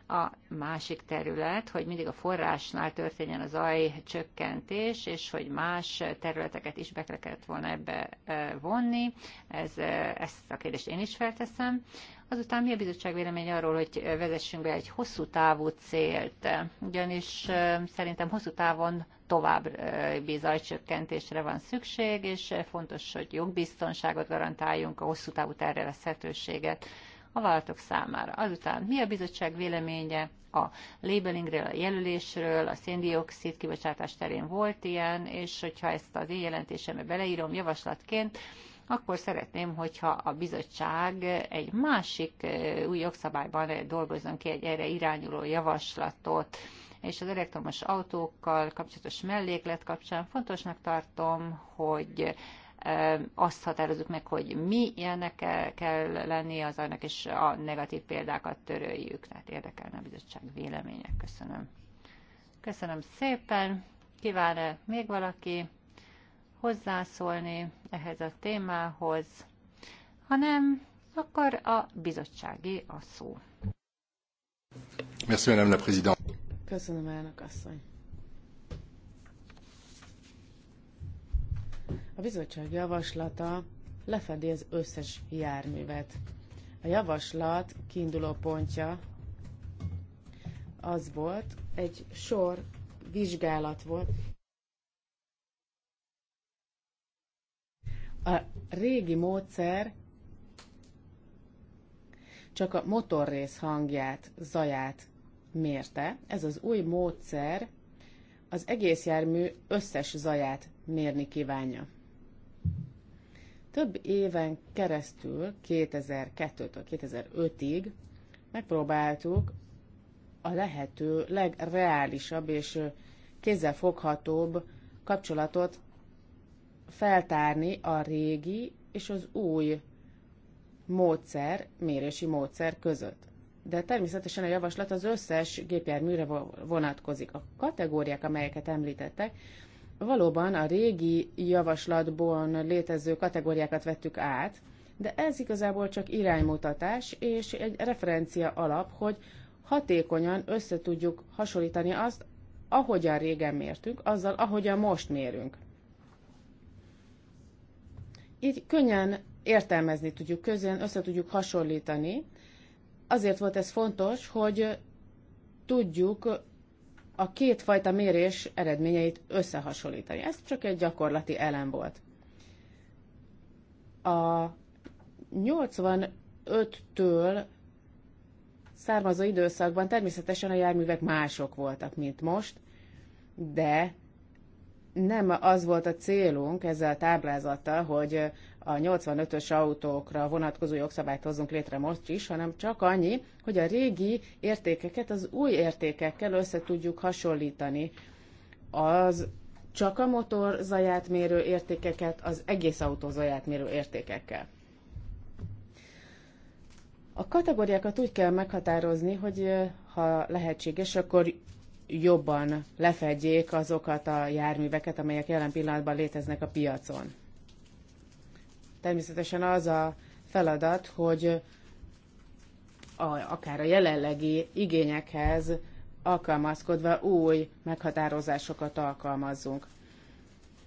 A másik terület, hogy mindig a forrásnál történjen az zaj csökkentés, és hogy más területeket is be kellett volna ebbe e, vonni. Ez, e, ezt a kérdést én is felteszem. Azután mi a bizottság vélemény arról, hogy vezessünk be egy hosszú távú célt, ugyanis e, szerintem hosszú távon tovább bizajcsökkentésre van szükség, és fontos, hogy jogbiztonságot garantáljunk, a hosszú távú tervezhetőséget a vállalatok számára. Azután mi a bizottság véleménye a labelingről, a jelölésről, a széndiokszid kibocsátás terén volt ilyen, és hogyha ezt az én jelentésembe beleírom javaslatként, akkor szeretném, hogyha a bizottság egy másik új jogszabályban dolgozzon ki egy erre irányuló javaslatot, és az elektromos autókkal kapcsolatos melléklet kapcsán fontosnak tartom, hogy azt határozzuk meg, hogy mi ilyennek kell, kell lenni, az annak és a negatív példákat töröljük. Tehát érdekelne a bizottság véleménye. Köszönöm. Köszönöm szépen. Kíván-e még valaki hozzászólni ehhez a témához? Ha nem, akkor a bizottsági a szó. Köszönöm, elnök asszony. A bizottság javaslata lefedi az összes járművet. A javaslat kiinduló pontja az volt, egy sor vizsgálat volt. A régi módszer csak a motorrész hangját, zaját mérte. Ez az új módszer az egész jármű összes zaját mérni kívánja. Több éven keresztül, 2002-től 2005-ig megpróbáltuk a lehető legreálisabb és kézzelfoghatóbb kapcsolatot feltárni a régi és az új módszer, mérési módszer között. De természetesen a javaslat az összes gépjárműre vonatkozik. A kategóriák, amelyeket említettek, Valóban a régi javaslatban létező kategóriákat vettük át, de ez igazából csak iránymutatás és egy referencia alap, hogy hatékonyan össze tudjuk hasonlítani azt, ahogyan régen mértünk, azzal, ahogyan most mérünk. Így könnyen értelmezni tudjuk, közben össze tudjuk hasonlítani. Azért volt ez fontos, hogy tudjuk a két fajta mérés eredményeit összehasonlítani. Ez csak egy gyakorlati elem volt. A 85-től származó időszakban természetesen a járművek mások voltak, mint most, de nem az volt a célunk ezzel a táblázattal, hogy a 85-ös autókra vonatkozó jogszabályt hozzunk létre most is, hanem csak annyi, hogy a régi értékeket az új értékekkel össze tudjuk hasonlítani. Az csak a motor zaját mérő értékeket az egész autó zaját mérő értékekkel. A kategóriákat úgy kell meghatározni, hogy ha lehetséges, akkor jobban lefedjék azokat a járműveket, amelyek jelen pillanatban léteznek a piacon. Természetesen az a feladat, hogy a, akár a jelenlegi igényekhez alkalmazkodva új meghatározásokat alkalmazzunk.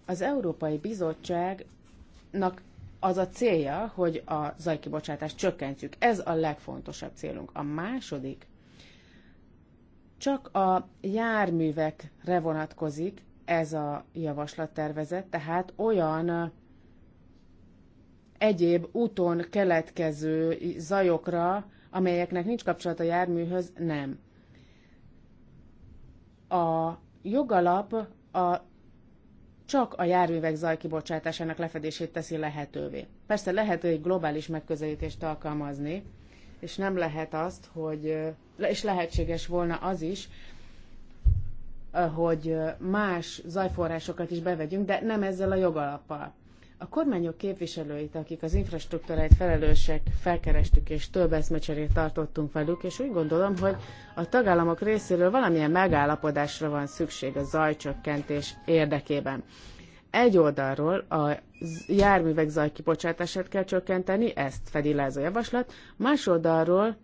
Az Európai Bizottságnak az a célja, hogy a zajkibocsátást csökkentjük. Ez a legfontosabb célunk. A második csak a járművekre vonatkozik ez a javaslattervezet, tehát olyan egyéb úton keletkező zajokra, amelyeknek nincs kapcsolata a járműhöz, nem. A jogalap a csak a járművek zajkibocsátásának lefedését teszi lehetővé. Persze lehet egy globális megközelítést alkalmazni, és nem lehet azt, hogy, és lehetséges volna az is, hogy más zajforrásokat is bevegyünk, de nem ezzel a jogalappal. A kormányok képviselőit, akik az infrastruktúráit felelősek, felkerestük és több eszmecserét tartottunk velük, és úgy gondolom, hogy a tagállamok részéről valamilyen megállapodásra van szükség a zajcsökkentés érdekében. Egy oldalról a járművek zajkibocsátását kell csökkenteni, ezt fedi le ez a javaslat, más oldalról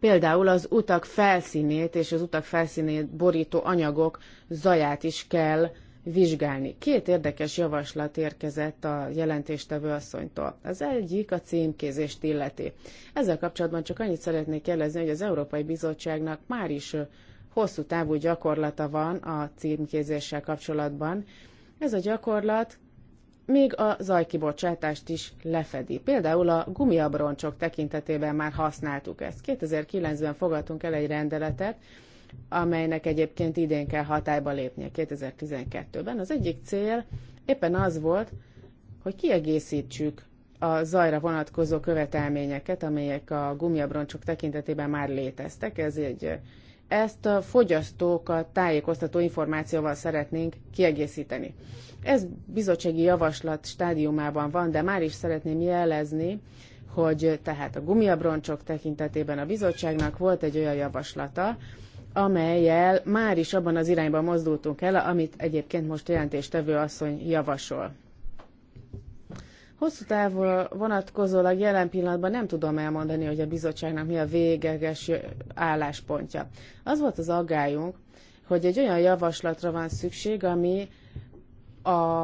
Például az utak felszínét és az utak felszínét borító anyagok zaját is kell vizsgálni. Két érdekes javaslat érkezett a jelentéstevő asszonytól. Az egyik a címkézést illeti. Ezzel kapcsolatban csak annyit szeretnék jelezni, hogy az Európai Bizottságnak már is hosszú távú gyakorlata van a címkézéssel kapcsolatban. Ez a gyakorlat még a zajkibocsátást is lefedi. Például a gumiabroncsok tekintetében már használtuk ezt. 2009-ben fogadtunk el egy rendeletet, amelynek egyébként idén kell hatályba lépnie 2012-ben. Az egyik cél éppen az volt, hogy kiegészítsük a zajra vonatkozó követelményeket, amelyek a gumiabroncsok tekintetében már léteztek. Ez egy, ezt a fogyasztókat tájékoztató információval szeretnénk kiegészíteni. Ez bizottsági javaslat stádiumában van, de már is szeretném jelezni, hogy tehát a gumiabroncsok tekintetében a bizottságnak volt egy olyan javaslata, amelyel már is abban az irányban mozdultunk el, amit egyébként most jelentéstevő asszony javasol. Hosszú távol vonatkozólag jelen pillanatban nem tudom elmondani, hogy a bizottságnak mi a végeges álláspontja. Az volt az aggályunk, hogy egy olyan javaslatra van szükség, ami a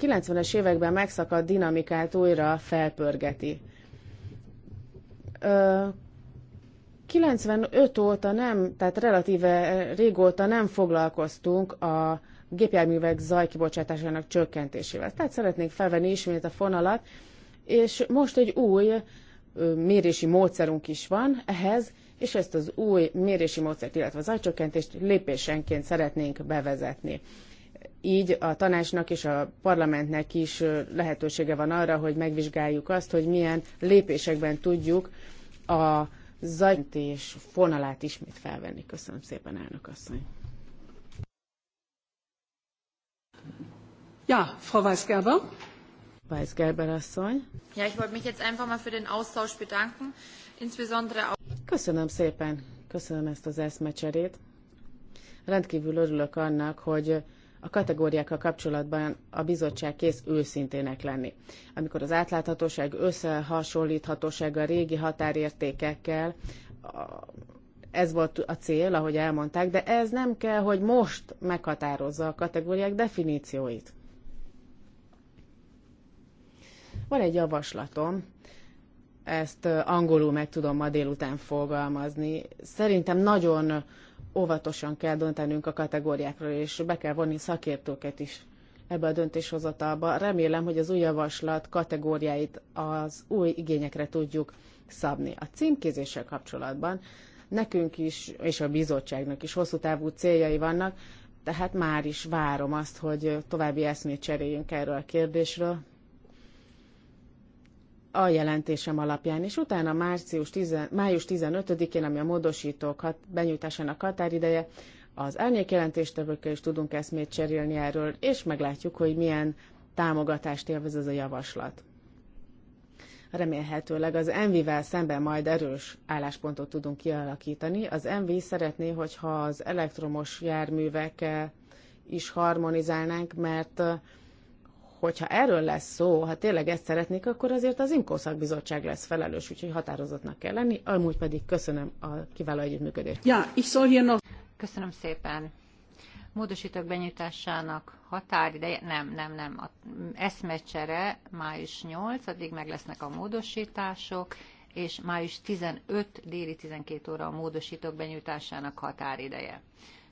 90-es években megszakadt dinamikát újra felpörgeti. Ö, 95 óta nem, tehát relatíve régóta nem foglalkoztunk a gépjárművek zajkibocsátásának csökkentésével. Tehát szeretnénk felvenni ismét a fonalat, és most egy új mérési módszerünk is van ehhez, és ezt az új mérési módszert, illetve a zajcsökkentést lépésenként szeretnénk bevezetni. Így a tanácsnak és a parlamentnek is lehetősége van arra, hogy megvizsgáljuk azt, hogy milyen lépésekben tudjuk a zajtés fonalát ismét felvenni. Köszönöm szépen, elnök asszony. Ja, Frau Weisgerber. Weisgerber asszony. Ja, ich wollte mich jetzt einfach mal für den Austausch bedanken, insbesondere auch... Köszönöm szépen, köszönöm ezt az eszmecserét. Rendkívül örülök annak, hogy a kategóriákkal kapcsolatban a bizottság kész őszintének lenni. Amikor az átláthatóság összehasonlíthatóság a régi határértékekkel, ez volt a cél, ahogy elmondták, de ez nem kell, hogy most meghatározza a kategóriák definícióit. Van egy javaslatom, ezt angolul meg tudom ma délután fogalmazni. Szerintem nagyon óvatosan kell döntenünk a kategóriákról, és be kell vonni szakértőket is ebbe a döntéshozatalba. Remélem, hogy az új javaslat kategóriáit az új igényekre tudjuk szabni. A címkézéssel kapcsolatban nekünk is, és a bizottságnak is hosszú távú céljai vannak, tehát már is várom azt, hogy további eszmét cseréljünk erről a kérdésről, a jelentésem alapján, és utána március 10, május 15-én, ami a módosítók hat, benyújtásának határideje, az árnyékjelentéstevőkkel is tudunk eszmét cserélni erről, és meglátjuk, hogy milyen támogatást élvez ez a javaslat. Remélhetőleg az Envivel szemben majd erős álláspontot tudunk kialakítani. Az Envi szeretné, hogyha az elektromos járművek is harmonizálnánk, mert hogyha erről lesz szó, ha tényleg ezt szeretnék, akkor azért az IMKO szakbizottság lesz felelős, úgyhogy határozottnak kell lenni, amúgy pedig köszönöm a kiváló együttműködést. Ja, ich soll hier Köszönöm szépen. Módosítók benyújtásának határideje, nem, nem, nem, a eszmecsere május 8, addig meg lesznek a módosítások, és május 15 déli 12 óra a módosítók benyújtásának határideje.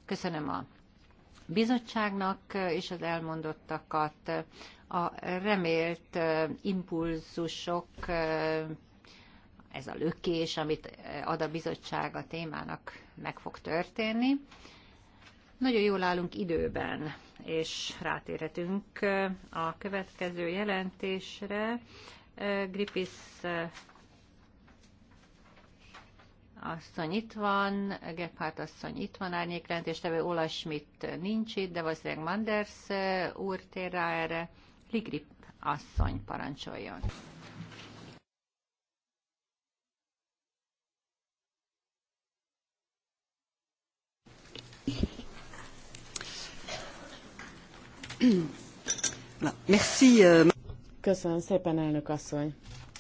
Köszönöm a bizottságnak és az elmondottakat a remélt impulzusok, ez a lökés, amit ad a bizottság a témának, meg fog történni. Nagyon jól állunk időben, és rátérhetünk a következő jelentésre. Gripis asszony itt van, Gephardt asszony itt van, árnyékrendés, tevő Olasmit nincs itt, de valószínűleg Manders úr tér rá erre. Ligrip asszony parancsoljon. Euh, Köszönöm szépen, elnök asszony.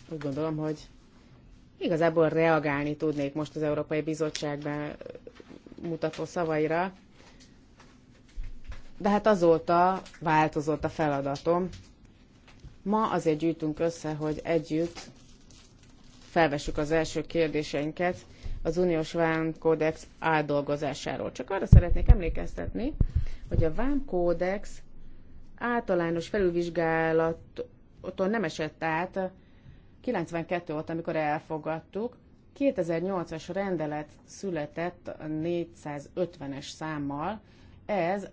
Úgy gondolom, hogy igazából reagálni tudnék most az Európai Bizottságban mutató szavaira, de hát azóta változott a feladatom. Ma azért gyűjtünk össze, hogy együtt felvessük az első kérdéseinket az uniós vámkódex átdolgozásáról. Csak arra szeretnék emlékeztetni, hogy a vámkódex általános felülvizsgálattól nem esett át 92 óta, amikor elfogadtuk, 2008-as rendelet született 450-es számmal, ez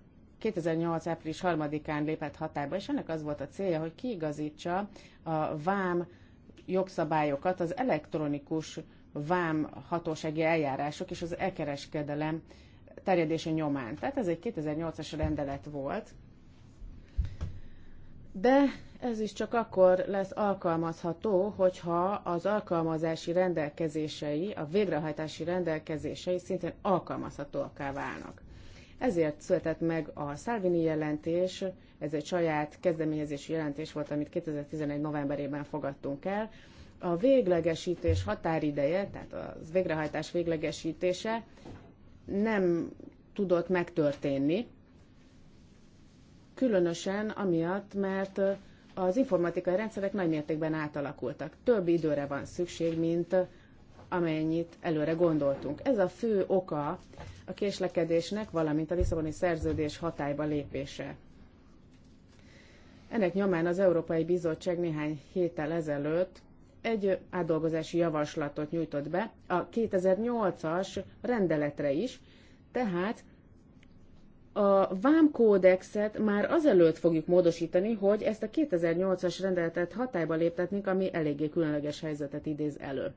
2008. április 3-án lépett hatályba, és ennek az volt a célja, hogy kiigazítsa a vám jogszabályokat az elektronikus vám hatósági eljárások és az e-kereskedelem terjedése nyomán. Tehát ez egy 2008-as rendelet volt, de ez is csak akkor lesz alkalmazható, hogyha az alkalmazási rendelkezései, a végrehajtási rendelkezései szintén alkalmazhatóak válnak. Ezért született meg a Salvini jelentés, ez egy saját kezdeményezési jelentés volt, amit 2011. novemberében fogadtunk el. A véglegesítés határideje, tehát a végrehajtás véglegesítése nem tudott megtörténni, különösen amiatt, mert az informatikai rendszerek nagymértékben átalakultak. Több időre van szükség, mint amennyit előre gondoltunk. Ez a fő oka a késlekedésnek, valamint a Lisszaboni szerződés hatályba lépése. Ennek nyomán az Európai Bizottság néhány héttel ezelőtt egy átdolgozási javaslatot nyújtott be a 2008-as rendeletre is, tehát a vámkódexet már azelőtt fogjuk módosítani, hogy ezt a 2008-as rendeletet hatályba léptetnénk, ami eléggé különleges helyzetet idéz elő.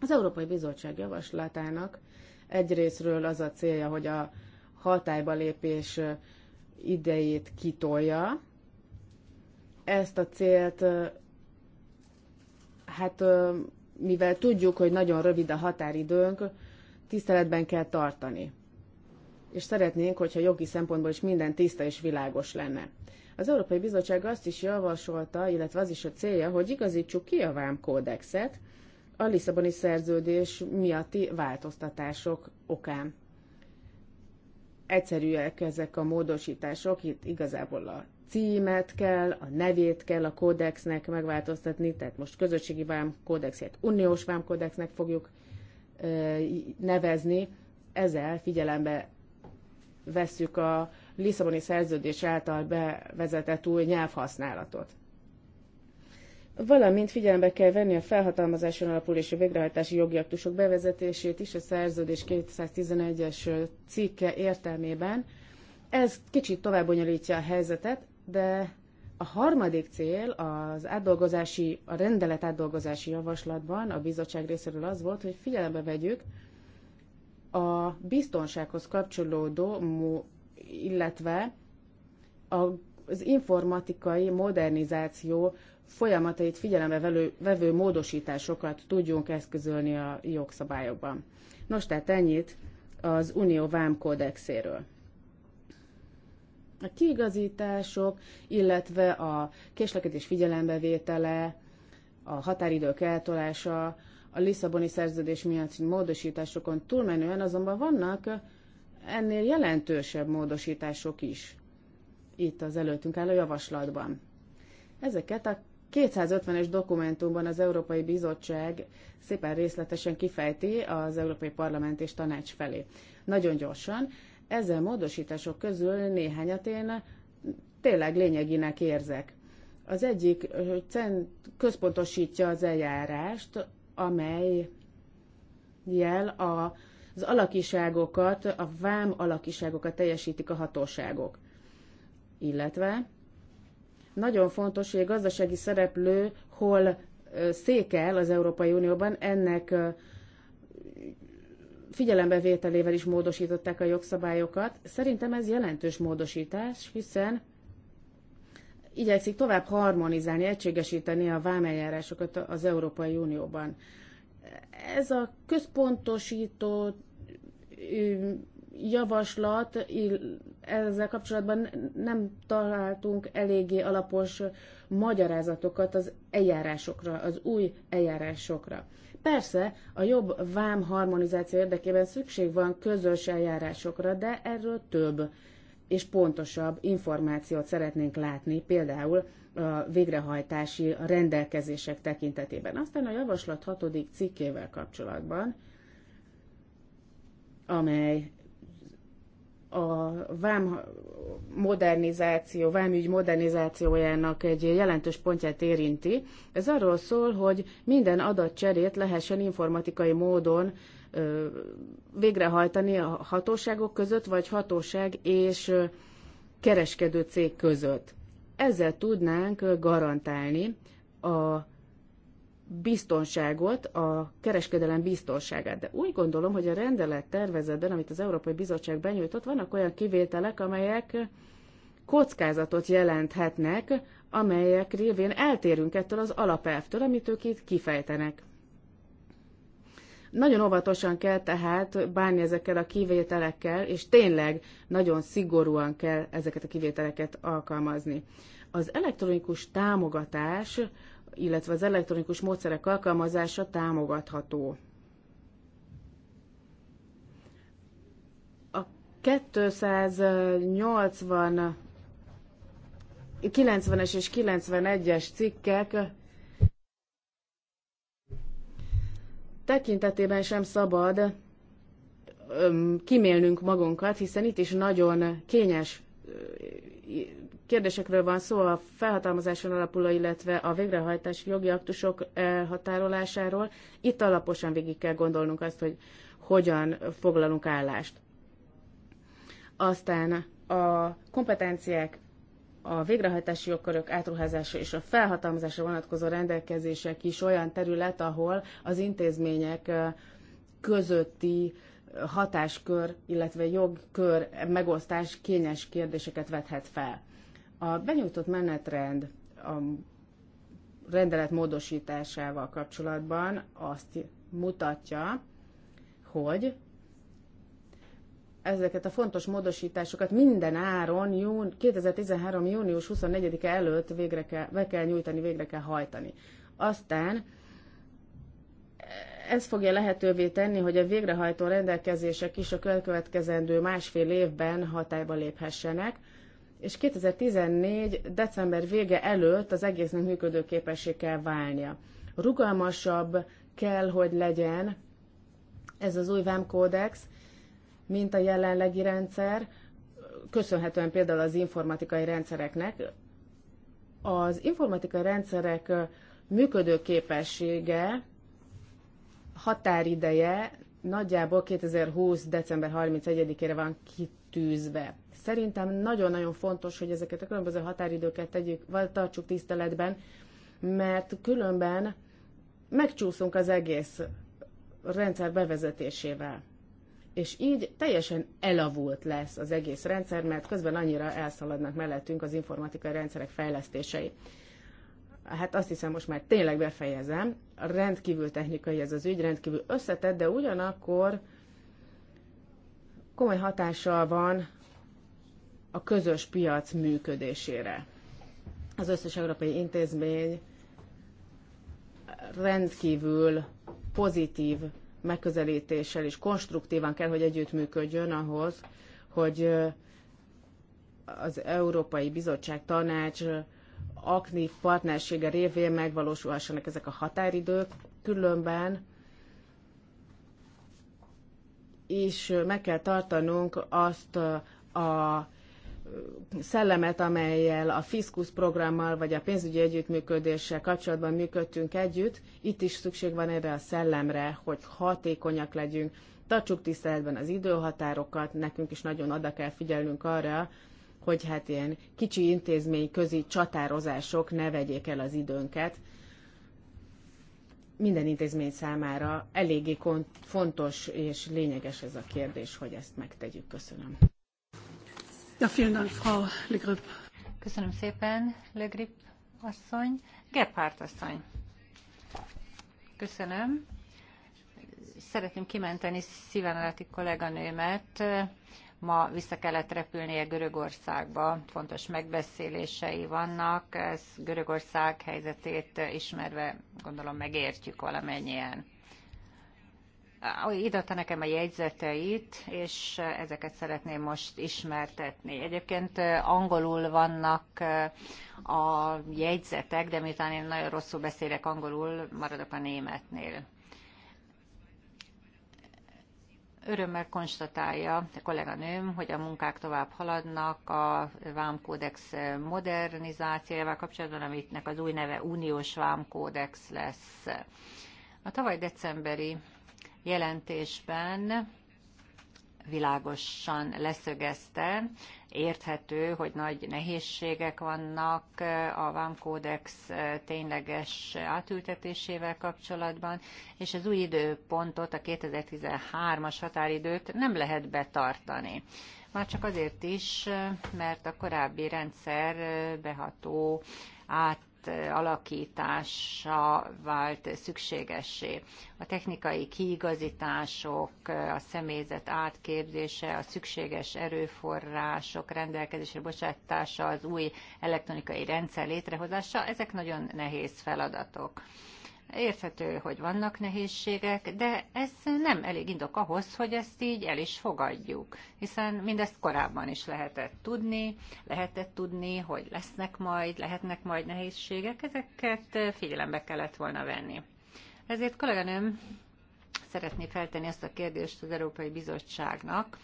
Az Európai Bizottság javaslatának egyrésztről az a célja, hogy a hatályba lépés idejét kitolja. Ezt a célt, hát mivel tudjuk, hogy nagyon rövid a határidőnk, tiszteletben kell tartani. És szeretnénk, hogyha jogi szempontból is minden tiszta és világos lenne. Az Európai Bizottság azt is javasolta, illetve az is a célja, hogy igazítsuk ki a vámkódexet, a Lisszaboni szerződés miatti változtatások okán. Egyszerűek ezek a módosítások, itt igazából a címet kell, a nevét kell a kódexnek megváltoztatni, tehát most közösségi vámkódexet uniós vámkódexnek fogjuk ö, nevezni. Ezzel figyelembe vesszük a Lisszaboni szerződés által bevezetett új nyelvhasználatot valamint figyelembe kell venni a felhatalmazáson alapul és a végrehajtási jogi aktusok bevezetését is a szerződés 211-es cikke értelmében. Ez kicsit tovább bonyolítja a helyzetet, de a harmadik cél az átdolgozási, a rendelet átdolgozási javaslatban a bizottság részéről az volt, hogy figyelembe vegyük a biztonsághoz kapcsolódó, illetve az informatikai modernizáció folyamatait figyelembe vevő, vevő módosításokat tudjunk eszközölni a jogszabályokban. Nos, tehát ennyit az Unió vámkódexéről. A kiigazítások, illetve a késlekedés figyelembevétele, a határidők eltolása, a Lisszaboni szerződés miatt módosításokon túlmenően azonban vannak ennél jelentősebb módosítások is itt az előttünk álló javaslatban. Ezeket a 250-es dokumentumban az Európai Bizottság szépen részletesen kifejti az Európai Parlament és Tanács felé. Nagyon gyorsan. ezzel módosítások közül néhányat én tényleg lényeginek érzek. Az egyik központosítja az eljárást, amely jel a, az alakiságokat, a vám alakiságokat teljesítik a hatóságok. Illetve nagyon fontos, hogy a gazdasági szereplő hol székel az Európai Unióban, ennek figyelembevételével is módosították a jogszabályokat. Szerintem ez jelentős módosítás, hiszen igyekszik tovább harmonizálni, egységesíteni a vámeljárásokat az Európai Unióban. Ez a központosító javaslat ezzel kapcsolatban nem találtunk eléggé alapos magyarázatokat az eljárásokra, az új eljárásokra. Persze a jobb vám harmonizáció érdekében szükség van közös eljárásokra, de erről több és pontosabb információt szeretnénk látni, például a végrehajtási rendelkezések tekintetében. Aztán a javaslat hatodik cikkével kapcsolatban, amely a vám modernizáció, vámügy modernizációjának egy jelentős pontját érinti. Ez arról szól, hogy minden adatcserét lehessen informatikai módon ö, végrehajtani a hatóságok között, vagy hatóság és kereskedő cég között. Ezzel tudnánk garantálni a biztonságot, a kereskedelem biztonságát. De úgy gondolom, hogy a rendelet tervezetben, amit az Európai Bizottság benyújtott, vannak olyan kivételek, amelyek kockázatot jelenthetnek, amelyek révén eltérünk ettől az alapelvtől, amit ők itt kifejtenek. Nagyon óvatosan kell tehát bánni ezekkel a kivételekkel, és tényleg nagyon szigorúan kell ezeket a kivételeket alkalmazni. Az elektronikus támogatás illetve az elektronikus módszerek alkalmazása támogatható. A 280 90-es és 91-es cikkek tekintetében sem szabad kimélnünk magunkat, hiszen itt is nagyon kényes kérdésekről van szó a felhatalmazáson alapuló, illetve a végrehajtási jogi aktusok elhatárolásáról. Itt alaposan végig kell gondolnunk azt, hogy hogyan foglalunk állást. Aztán a kompetenciák, a végrehajtási jogkörök átruházása és a felhatalmazásra vonatkozó rendelkezések is olyan terület, ahol az intézmények közötti hatáskör, illetve jogkör megosztás kényes kérdéseket vethet fel. A benyújtott menetrend a rendelet módosításával kapcsolatban azt mutatja, hogy ezeket a fontos módosításokat minden áron jún, 2013. június 24-e előtt végre kell, be kell nyújtani, végre kell hajtani. Aztán ez fogja lehetővé tenni, hogy a végrehajtó rendelkezések is a következendő másfél évben hatályba léphessenek, és 2014. december vége előtt az egésznek működőképessé kell válnia. Rugalmasabb kell, hogy legyen ez az új VAM e kódex, mint a jelenlegi rendszer, köszönhetően például az informatikai rendszereknek. Az informatikai rendszerek működőképessége, határideje nagyjából 2020. december 31-ére van kitűzve. Szerintem nagyon-nagyon fontos, hogy ezeket a különböző határidőket tegyük, vagy tartsuk tiszteletben, mert különben megcsúszunk az egész rendszer bevezetésével. És így teljesen elavult lesz az egész rendszer, mert közben annyira elszaladnak mellettünk az informatikai rendszerek fejlesztései. Hát azt hiszem, most már tényleg befejezem. Rendkívül technikai ez az ügy, rendkívül összetett, de ugyanakkor komoly hatással van a közös piac működésére. Az összes európai intézmény rendkívül pozitív megközelítéssel és konstruktívan kell, hogy együttműködjön ahhoz, hogy az Európai Bizottság Tanács akni partnersége révén megvalósulhassanak ezek a határidők, különben és meg kell tartanunk azt a szellemet, amelyel a Fiskus programmal vagy a pénzügyi együttműködéssel kapcsolatban működtünk együtt, itt is szükség van erre a szellemre, hogy hatékonyak legyünk, tartsuk tiszteletben az időhatárokat, nekünk is nagyon oda kell figyelnünk arra, hogy hát ilyen kicsi intézmény közi csatározások ne vegyék el az időnket. Minden intézmény számára eléggé fontos és lényeges ez a kérdés, hogy ezt megtegyük. Köszönöm. Ja, Dank, Frau Le Köszönöm szépen, Le Grip asszony. Gephardt asszony. Köszönöm. Szeretném kimenteni szívemeleti kolléganőmet. Ma vissza kellett repülnie Görögországba, fontos megbeszélései vannak, ez Görögország helyzetét ismerve gondolom megértjük valamennyien. Idatta nekem a jegyzeteit, és ezeket szeretném most ismertetni. Egyébként eh, angolul vannak eh, a jegyzetek, de miután én nagyon rosszul beszélek angolul, maradok a németnél. Örömmel konstatálja a kolléganőm, hogy a munkák tovább haladnak a vámkódex modernizációjával kapcsolatban, amitnek az új neve uniós vámkódex lesz. A tavaly decemberi jelentésben világosan leszögezte, érthető, hogy nagy nehézségek vannak a vámkódex eh, tényleges átültetésével kapcsolatban, és az új időpontot, a 2013-as határidőt nem lehet betartani. Már csak azért is, eh, mert a korábbi rendszer eh, beható át átalakítása vált szükségessé. A technikai kiigazítások, a személyzet átképzése, a szükséges erőforrások rendelkezésre bocsátása, az új elektronikai rendszer létrehozása, ezek nagyon nehéz feladatok. Érthető, hogy vannak nehézségek, de ez nem elég indok ahhoz, hogy ezt így el is fogadjuk, hiszen mindezt korábban is lehetett tudni, lehetett tudni, hogy lesznek majd, lehetnek majd nehézségek, ezeket figyelembe kellett volna venni. Ezért kolléganőm szeretné feltenni azt a kérdést az Európai Bizottságnak,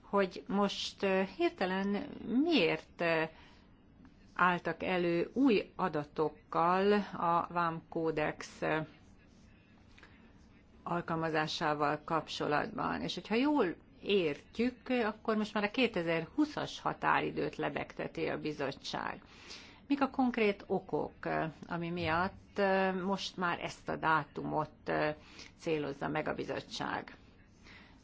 hogy most eh, hirtelen miért eh, álltak elő új adatokkal a VAM kódex alkalmazásával kapcsolatban. És hogyha jól értjük, akkor most már a 2020-as határidőt lebegteti a bizottság. Mik a konkrét okok, ami miatt most már ezt a dátumot célozza meg a bizottság?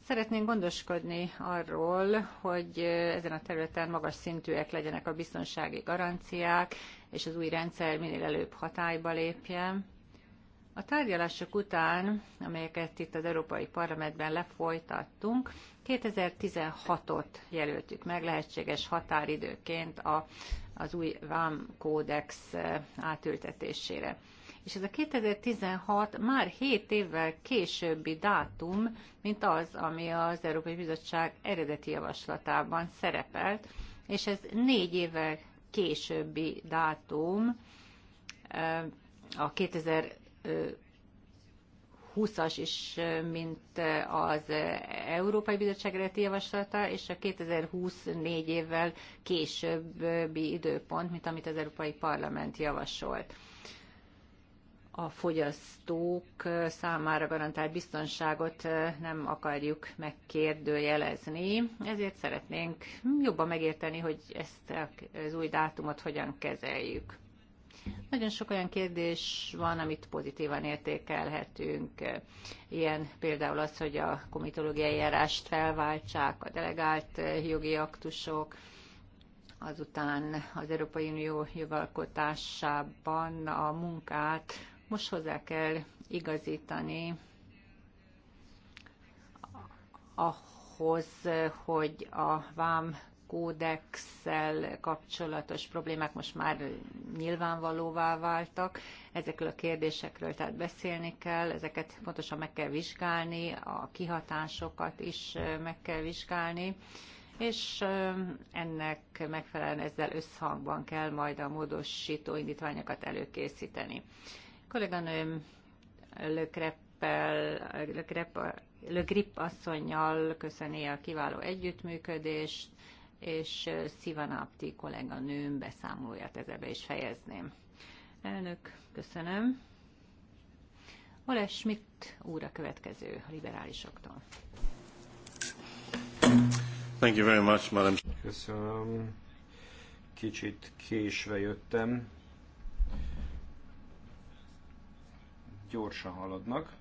Szeretnénk gondoskodni arról, hogy ezen a területen magas szintűek legyenek a biztonsági garanciák, és az új rendszer minél előbb hatályba lépjen. A tárgyalások után, amelyeket itt az Európai Parlamentben lefolytattunk, 2016-ot jelöltük meg lehetséges határidőként a, az új VAM kódex átültetésére. És ez a 2016 már 7 évvel későbbi dátum, mint az, ami az Európai Bizottság eredeti javaslatában szerepelt, és ez négy évvel későbbi dátum, eh, a 2020-as is, eh, mint eh, az Európai Bizottság eredeti javaslata, és a 2020 négy évvel későbbi időpont, mint amit az Európai Parlament javasolt a fogyasztók számára garantált biztonságot nem akarjuk megkérdőjelezni, ezért szeretnénk jobban megérteni, hogy ezt az új dátumot hogyan kezeljük. Nagyon sok olyan kérdés van, amit pozitívan értékelhetünk. Ilyen például az, hogy a komitológiai járást felváltsák, a delegált jogi aktusok, azután az Európai Unió jogalkotásában a munkát most hozzá kell igazítani ahhoz, hogy a vám kódexsel kapcsolatos problémák most már nyilvánvalóvá váltak. Ezekről a kérdésekről tehát beszélni kell, ezeket pontosan meg kell vizsgálni, a kihatásokat is meg kell vizsgálni, és ennek megfelelően ezzel összhangban kell majd a módosító indítványokat előkészíteni kolléganőm Lökreppel, Lökrepp, Lögrip asszonynal köszöni a kiváló együttműködést, és Szivanapti kolléganőm beszámolóját ezzel be is fejezném. Elnök, köszönöm. Oles Schmidt úr a következő a liberálisoktól. Thank you very much, madam. Köszönöm. Kicsit késve jöttem, gyorsan haladnak.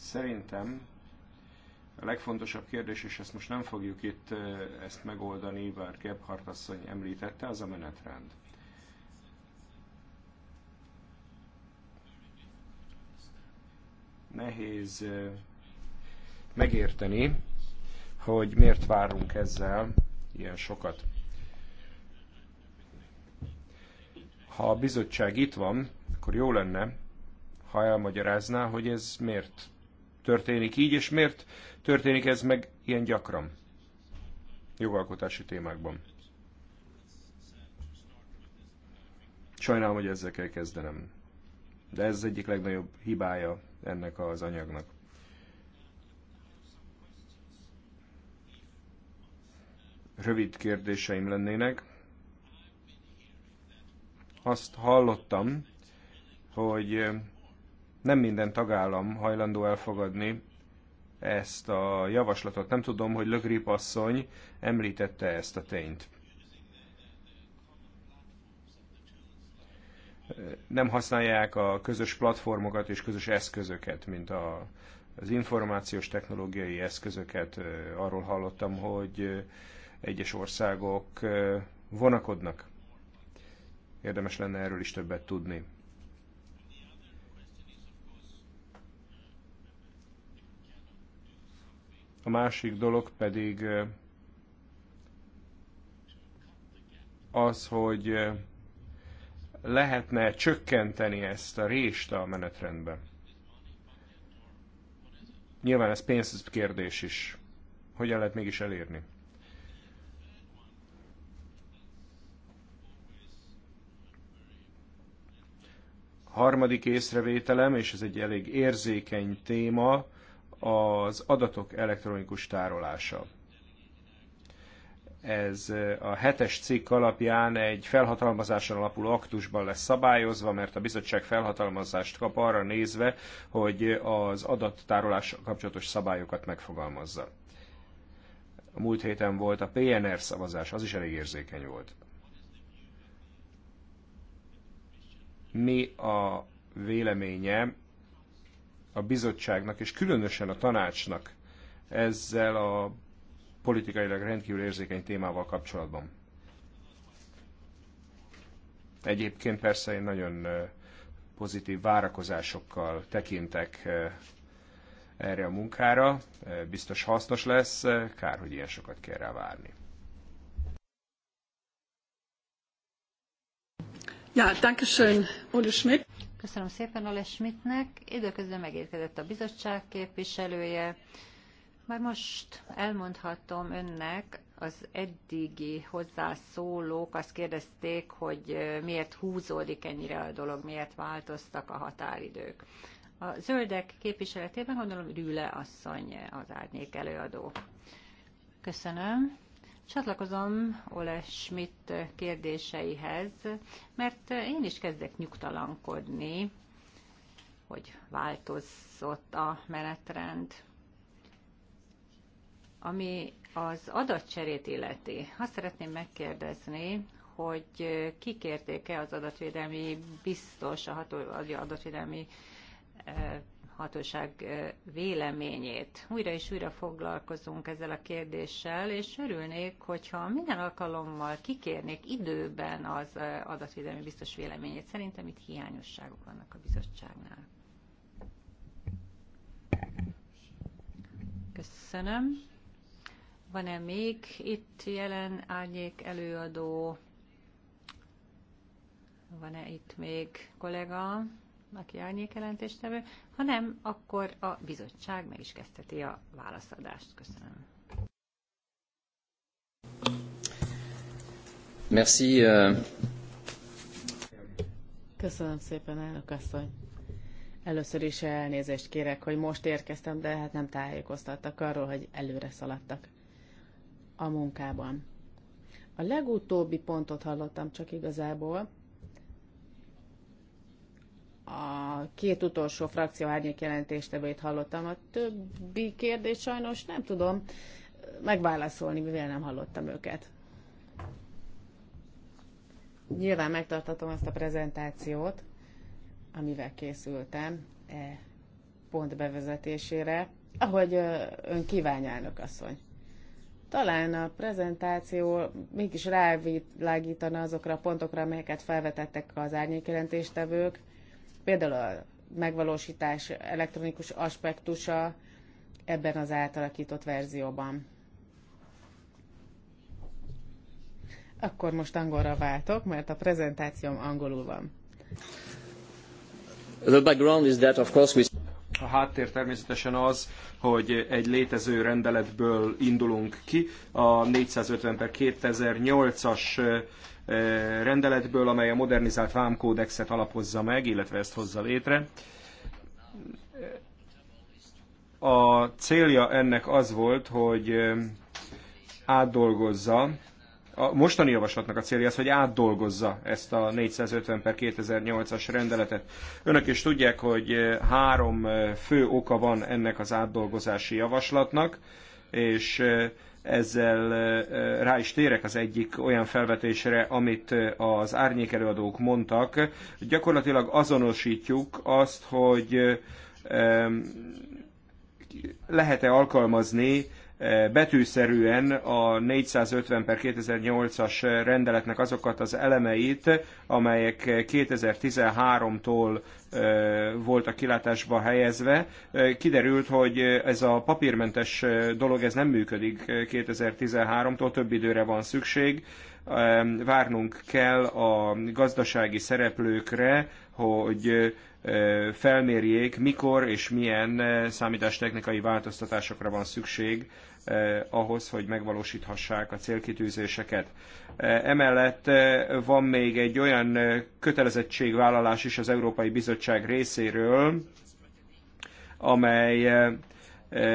Szerintem a legfontosabb kérdés, és ezt most nem fogjuk itt ezt megoldani, bár Gebhardt asszony említette, az a menetrend. Nehéz megérteni, hogy miért várunk ezzel ilyen sokat. Ha a bizottság itt van, akkor jó lenne, ha elmagyarázná, hogy ez miért történik így, és miért történik ez meg ilyen gyakran jogalkotási témákban. Sajnálom, hogy ezzel kell kezdenem. De ez az egyik legnagyobb hibája ennek az anyagnak. Rövid kérdéseim lennének azt hallottam, hogy nem minden tagállam hajlandó elfogadni ezt a javaslatot. Nem tudom, hogy Lögrip asszony említette ezt a tényt. Nem használják a közös platformokat és közös eszközöket, mint a, az információs technológiai eszközöket. Arról hallottam, hogy egyes országok vonakodnak Érdemes lenne erről is többet tudni. A másik dolog pedig eh, az, hogy eh, lehetne csökkenteni ezt a rést a menetrendben. Nyilván ez pénz kérdés is. Hogyan lehet mégis elérni? Harmadik észrevételem, és ez egy elég érzékeny téma, az adatok elektronikus tárolása. Ez eh, a hetes cikk alapján egy felhatalmazáson alapuló aktusban lesz szabályozva, mert a bizottság felhatalmazást kap arra nézve, hogy az adattárolással kapcsolatos szabályokat megfogalmazza. A múlt héten volt a PNR szavazás, az is elég érzékeny volt. mi a véleménye a bizottságnak, és különösen a tanácsnak ezzel a politikailag rendkívül érzékeny témával kapcsolatban. Egyébként persze én nagyon pozitív várakozásokkal tekintek erre a munkára, biztos hasznos lesz, kár, hogy ilyen sokat kell rá várni. Ja, danke schön, Ole Schmidt. Köszönöm szépen Ole Schmidtnek. Időközben megérkezett a bizottság képviselője. Már most elmondhatom önnek, az eddigi hozzászólók azt kérdezték, hogy miért húzódik ennyire a dolog, miért változtak a határidők. A zöldek képviseletében gondolom Rüle asszony az árnyék előadó. Köszönöm. Csatlakozom Ole Schmidt kérdéseihez, mert én is kezdek nyugtalankodni, hogy változott a menetrend. Ami az adatcserét illeti, azt szeretném megkérdezni, hogy kikérték-e az adatvédelmi biztos, a ható, adatvédelmi eh, hatóság véleményét. Újra és újra foglalkozunk ezzel a kérdéssel, és örülnék, hogyha minden alkalommal kikérnék időben az adatvédelmi biztos véleményét. Szerintem itt hiányosságok vannak a bizottságnál. Köszönöm. Van-e még itt jelen árnyék előadó? Van-e itt még kollega? aki árnyék jelentéstevő, ha nem, akkor a bizottság meg is kezdheti a válaszadást. Köszönöm. Merci. Euh. Köszönöm szépen, elnök asszony. Először is elnézést kérek, hogy most érkeztem, de hát nem tájékoztattak arról, hogy előre szaladtak a munkában. A legutóbbi pontot hallottam csak igazából, a két utolsó frakció árnyék jelentéstevőjét hallottam. A többi kérdés sajnos nem tudom megválaszolni, mivel nem hallottam őket. Nyilván megtartatom azt a prezentációt, amivel készültem e pont bevezetésére, ahogy ön kívánja, elnök asszony. Talán a prezentáció mégis rávilágítana azokra a pontokra, amelyeket felvetettek az árnyékjelentéstevők, Például a megvalósítás elektronikus aspektusa ebben az átalakított verzióban. Akkor most angolra váltok, mert a prezentációm angolul van. The background is that of course we... A háttér természetesen az, hogy egy létező rendeletből indulunk ki. A 450 per 2008-as rendeletből, amely a modernizált vámkódexet alapozza meg, illetve ezt hozza létre. A célja ennek az volt, hogy átdolgozza, a mostani javaslatnak a célja az, hogy átdolgozza ezt a 450 per 2008-as rendeletet. Önök is tudják, hogy három fő oka van ennek az átdolgozási javaslatnak, és ezzel rá is térek az egyik olyan felvetésre, amit az árnyékelőadók mondtak. Gyakorlatilag azonosítjuk azt, hogy lehet-e alkalmazni betűszerűen a 450 per 2008-as rendeletnek azokat az elemeit, amelyek 2013-tól voltak kilátásba helyezve. Kiderült, hogy ez a papírmentes dolog ez nem működik 2013-tól, több időre van szükség. Várnunk kell a gazdasági szereplőkre, hogy felmérjék, mikor és milyen számítástechnikai változtatásokra van szükség Eh, ahhoz, hogy megvalósíthassák a célkitűzéseket. Eh, emellett eh, van még egy olyan kötelezettségvállalás is az Európai Bizottság részéről, amely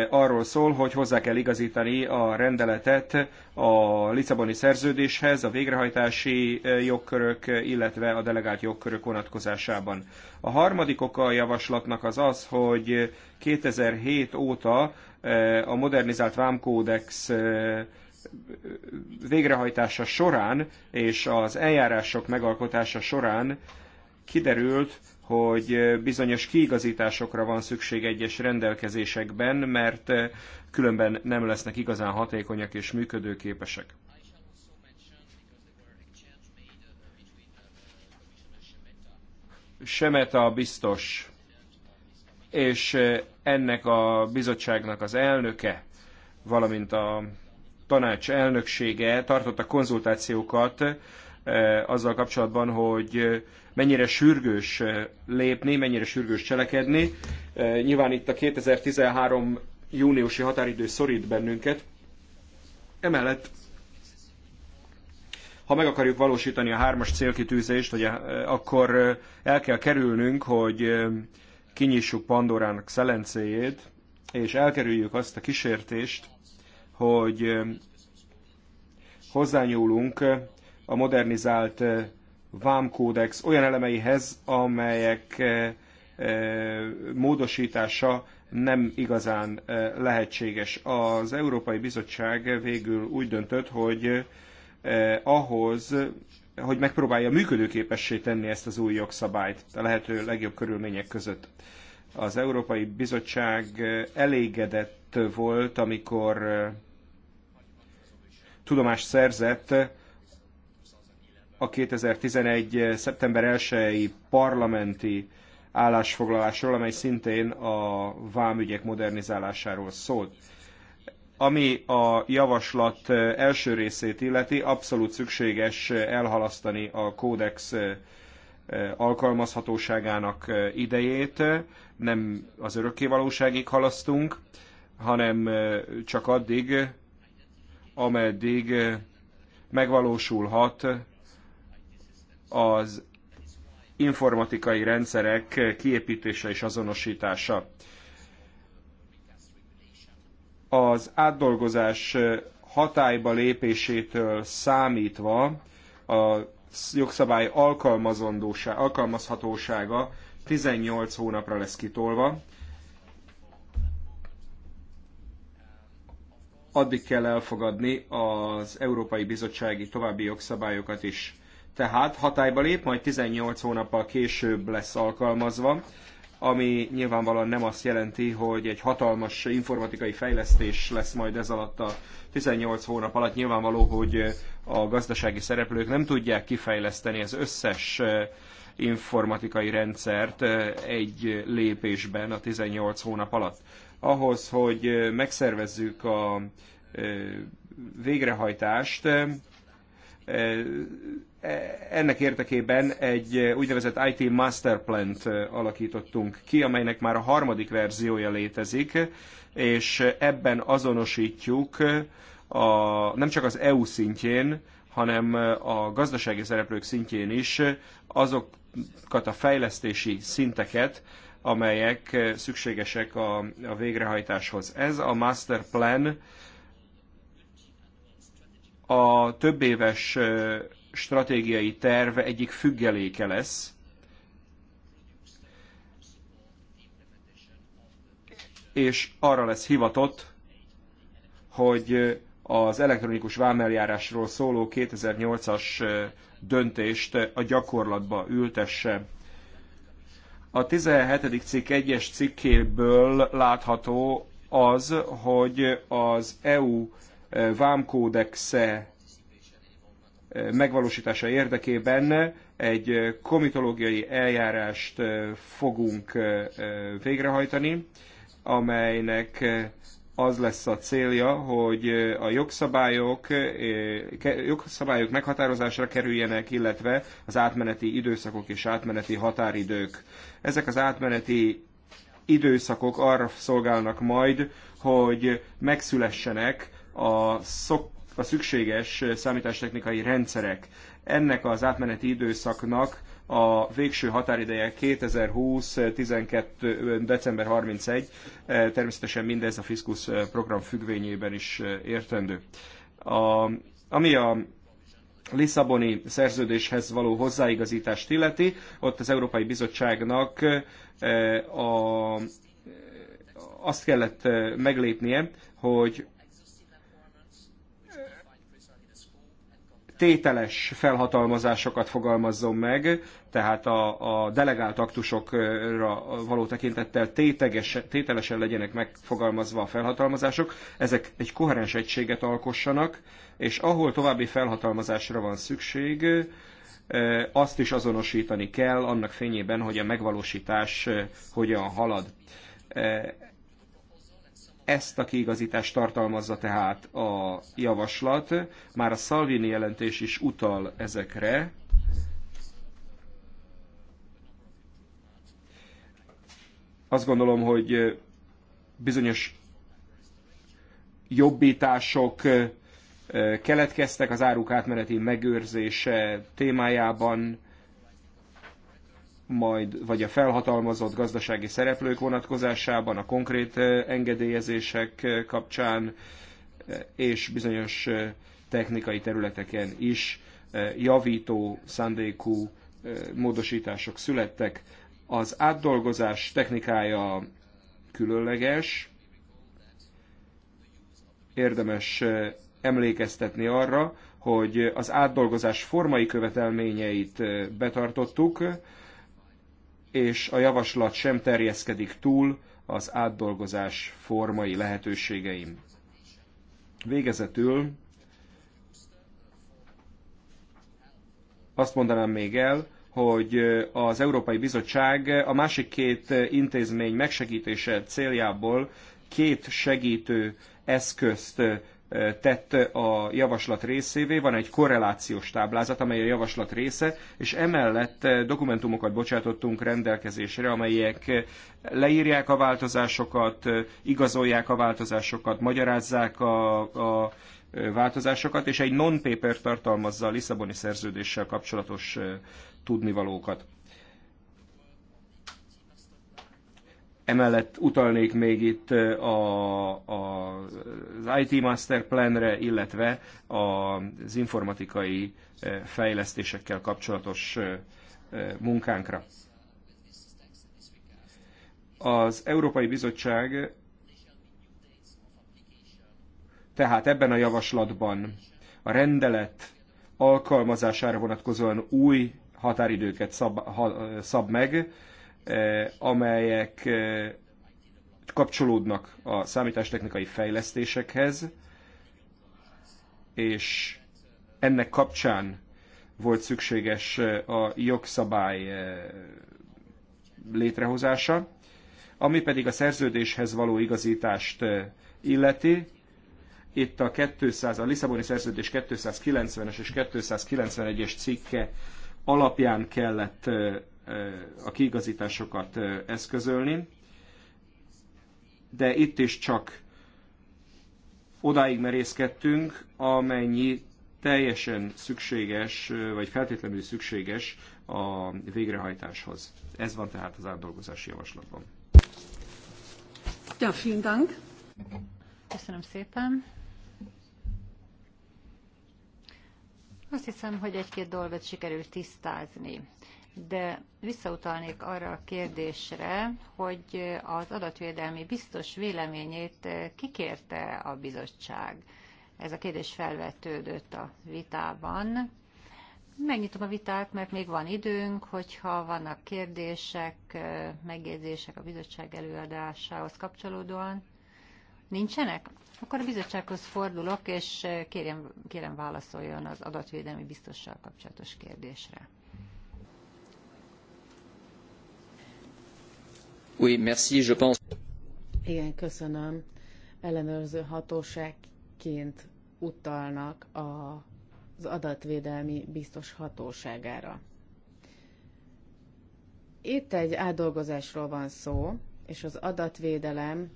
arról szól, hogy hozzá kell igazítani a rendeletet a Lisszaboni szerződéshez, a végrehajtási jogkörök, illetve a delegált jogkörök vonatkozásában. A harmadik oka a javaslatnak az az, hogy 2007 óta a modernizált vámkódex végrehajtása során és az eljárások megalkotása során kiderült, hogy bizonyos kiigazításokra van szükség egyes rendelkezésekben, mert különben nem lesznek igazán hatékonyak és működőképesek. Semeta biztos és ennek a bizottságnak az elnöke, valamint a tanács elnöksége tartotta konzultációkat azzal kapcsolatban, hogy mennyire sürgős lépni, mennyire sürgős cselekedni. Nyilván itt a 2013 júniusi határidő szorít bennünket. Emellett, ha meg akarjuk valósítani a hármas célkitűzést, akkor el kell kerülnünk, hogy kinyissuk Pandorának szelencéjét, és elkerüljük azt a kísértést, hogy hozzányúlunk a modernizált vámkódex olyan elemeihez, amelyek módosítása nem igazán lehetséges. Az Európai Bizottság végül úgy döntött, hogy ahhoz hogy megpróbálja működőképessé tenni ezt az új jogszabályt a lehető legjobb körülmények között. Az Európai Bizottság elégedett volt, amikor tudomást szerzett a 2011. szeptember 1-i parlamenti állásfoglalásról, amely szintén a vámügyek modernizálásáról szólt. Ami a javaslat első részét illeti, abszolút szükséges elhalasztani a kódex alkalmazhatóságának idejét. Nem az örökkévalóságig halasztunk, hanem csak addig, ameddig megvalósulhat az informatikai rendszerek kiépítése és azonosítása az átdolgozás hatályba lépésétől számítva a jogszabály alkalmazhatósága 18 hónapra lesz kitolva. Addig kell elfogadni az Európai Bizottsági további jogszabályokat is. Tehát hatályba lép, majd 18 hónappal később lesz alkalmazva ami nyilvánvalóan nem azt jelenti, hogy egy hatalmas informatikai fejlesztés lesz majd ez alatt a 18 hónap alatt. Nyilvánvaló, hogy a gazdasági szereplők nem tudják kifejleszteni az összes eh, informatikai rendszert eh, egy lépésben a 18 hónap alatt. Ahhoz, hogy eh, megszervezzük a végrehajtást, ennek érdekében egy eh, úgynevezett IT Master Plant eh, alakítottunk ki, amelynek már a harmadik verziója létezik, és ebben azonosítjuk eh, a, nem csak az EU szintjén, hanem a gazdasági szereplők szintjén is azokat a fejlesztési szinteket, amelyek szükségesek a, a végrehajtáshoz. Ez a Master Plan a több éves stratégiai terv egyik függeléke lesz. És arra lesz hivatott, hogy az elektronikus vámeljárásról szóló 2008-as döntést a gyakorlatba ültesse. A 17. cikk 1-es cikkéből látható az, hogy az EU vámkódexe megvalósítása érdekében egy komitológiai eljárást fogunk végrehajtani, amelynek az lesz a célja, hogy a jogszabályok, jogszabályok meghatározásra kerüljenek, illetve az átmeneti időszakok és átmeneti határidők. Ezek az átmeneti időszakok arra szolgálnak majd, hogy megszülessenek a szok, a szükséges számítástechnikai rendszerek. Ennek az átmeneti időszaknak a végső határideje 2020. 12. december 31. E, természetesen mindez a Fiskus program függvényében is értendő. A, ami a Lisszaboni szerződéshez való hozzáigazítást illeti, ott az Európai Bizottságnak e, a, azt kellett e, meglépnie, hogy tételes felhatalmazásokat fogalmazzon meg, tehát a, a delegált aktusokra való tekintettel téteges, tételesen legyenek megfogalmazva a felhatalmazások, ezek egy koherens egységet alkossanak, és ahol további felhatalmazásra van szükség, azt is azonosítani kell annak fényében, hogy a megvalósítás hogyan halad ezt a kiigazítást tartalmazza tehát a javaslat. Már a Salvini jelentés is utal ezekre. Azt gondolom, hogy bizonyos jobbítások eh, keletkeztek az áruk átmeneti megőrzése témájában, majd vagy a felhatalmazott gazdasági szereplők vonatkozásában, a konkrét eh, engedélyezések eh, kapcsán eh, és bizonyos technikai területeken is javító szándékú módosítások születtek. Az átdolgozás technikája különleges, érdemes emlékeztetni arra, hogy az átdolgozás formai követelményeit betartottuk, és a javaslat sem terjeszkedik túl az átdolgozás formai lehetőségeim. Végezetül azt mondanám még el, hogy az Európai Bizottság a másik két intézmény megsegítése céljából két segítő eszközt tett a javaslat részévé, van egy korrelációs táblázat, amely a javaslat része, és emellett dokumentumokat bocsátottunk rendelkezésre, amelyek leírják a változásokat, igazolják a változásokat, magyarázzák a, a változásokat, és egy non-paper tartalmazza a Lisszaboni szerződéssel kapcsolatos tudnivalókat. Emellett utalnék még itt a, a, az IT Master Plan-re, illetve az informatikai fejlesztésekkel kapcsolatos munkánkra. Az Európai Bizottság tehát ebben a javaslatban a rendelet alkalmazására vonatkozóan új határidőket szab, ha, szab meg, Eh, amelyek eh, kapcsolódnak a számítástechnikai fejlesztésekhez, és ennek kapcsán volt szükséges eh, a jogszabály létrehozása, ami pedig a szerződéshez való igazítást illeti. Itt a, 200, a Lisszaboni Szerződés 290-es és 291-es cikke alapján kellett a kiigazításokat eszközölni, de itt is csak odáig merészkedtünk, amennyi teljesen szükséges, vagy feltétlenül szükséges a végrehajtáshoz. Ez van tehát az átdolgozási javaslatban. Ja, vielen Dank. Köszönöm szépen. Azt hiszem, hogy egy-két dolgot sikerült tisztázni de visszautalnék arra a kérdésre, hogy az adatvédelmi biztos véleményét kikérte a bizottság. Ez a kérdés felvetődött a vitában. Megnyitom a vitát, mert még van időnk, hogyha vannak kérdések, megjegyzések a bizottság előadásához kapcsolódóan. Nincsenek? Akkor a bizottsághoz fordulok, és kérem, kérem válaszoljon az adatvédelmi biztossal kapcsolatos kérdésre. Oui, merci, je pense. Igen, köszönöm. Ellenőrző hatóságként utalnak a, az adatvédelmi biztos hatóságára. Itt egy átdolgozásról van szó, és az adatvédelem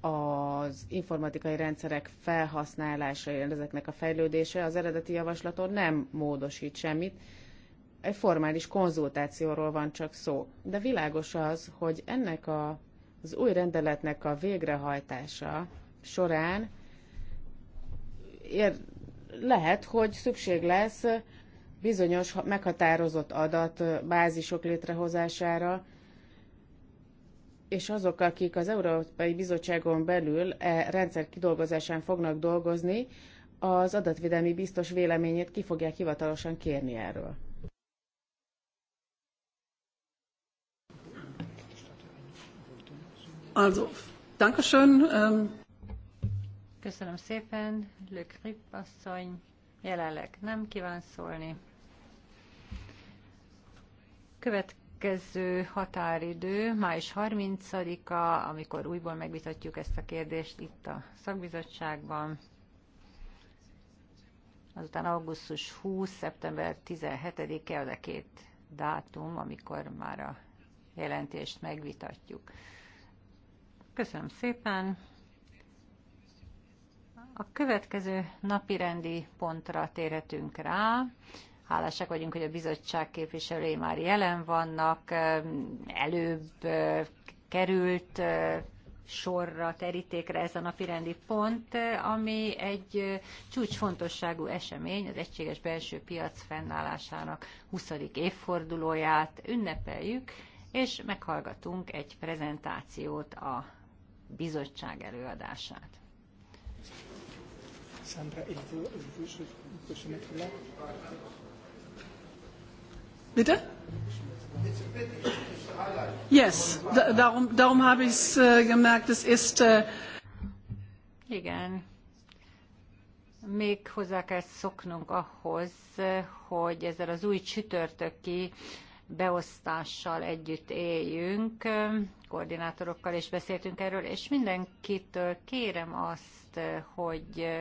az informatikai rendszerek felhasználása, ezeknek a fejlődése az eredeti javaslaton nem módosít semmit, egy formális konzultációról van csak szó. De világos az, hogy ennek a, az új rendeletnek a végrehajtása során ér, lehet, hogy szükség lesz bizonyos meghatározott adat bázisok létrehozására, és azok, akik az Európai Bizottságon belül e rendszer kidolgozásán fognak dolgozni, az adatvédelmi biztos véleményét ki fogják hivatalosan kérni erről. Also, Dankeschön. Ähm. Köszönöm szépen. Le Grip asszony jelenleg nem kíván szólni. Következő határidő május 30-a, amikor újból megvitatjuk ezt a kérdést itt a szakbizottságban. Azután augusztus 20, szeptember 17-e, az a két dátum, amikor már a jelentést megvitatjuk. Köszönöm szépen. A következő napi rendi pontra térhetünk rá. Hálásak vagyunk, hogy a bizottság képviselői már jelen vannak. Előbb került sorra, terítékre ez a napi rendi pont, ami egy csúcsfontosságú esemény, az egységes belső piac fennállásának 20. évfordulóját ünnepeljük, és meghallgatunk egy prezentációt a bizottság előadását. Sandra, Bitte? Yes, darum, darum habe ich es äh, gemerkt, es ist... Äh, Igen. Még hozzá kell szoknunk ahhoz, äh, hogy ezzel az új csütörtöki beosztással együtt éljünk, koordinátorokkal is beszéltünk erről, és mindenkitől kérem azt, hogy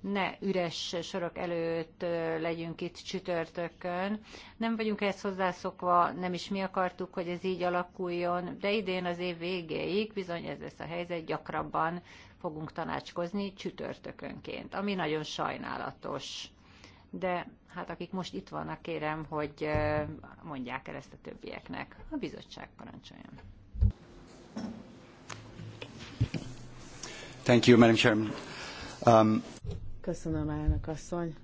ne üres sorok előtt legyünk itt csütörtökön. Nem vagyunk ezt hozzászokva, nem is mi akartuk, hogy ez így alakuljon, de idén az év végéig bizony ez lesz a helyzet, gyakrabban fogunk tanácskozni csütörtökönként, ami nagyon sajnálatos. De hát akik most itt vannak, kérem, hogy mondják el ezt a többieknek. A bizottság parancsoljon. Thank you, Madam Chairman. Um... Köszönöm, elnök asszony.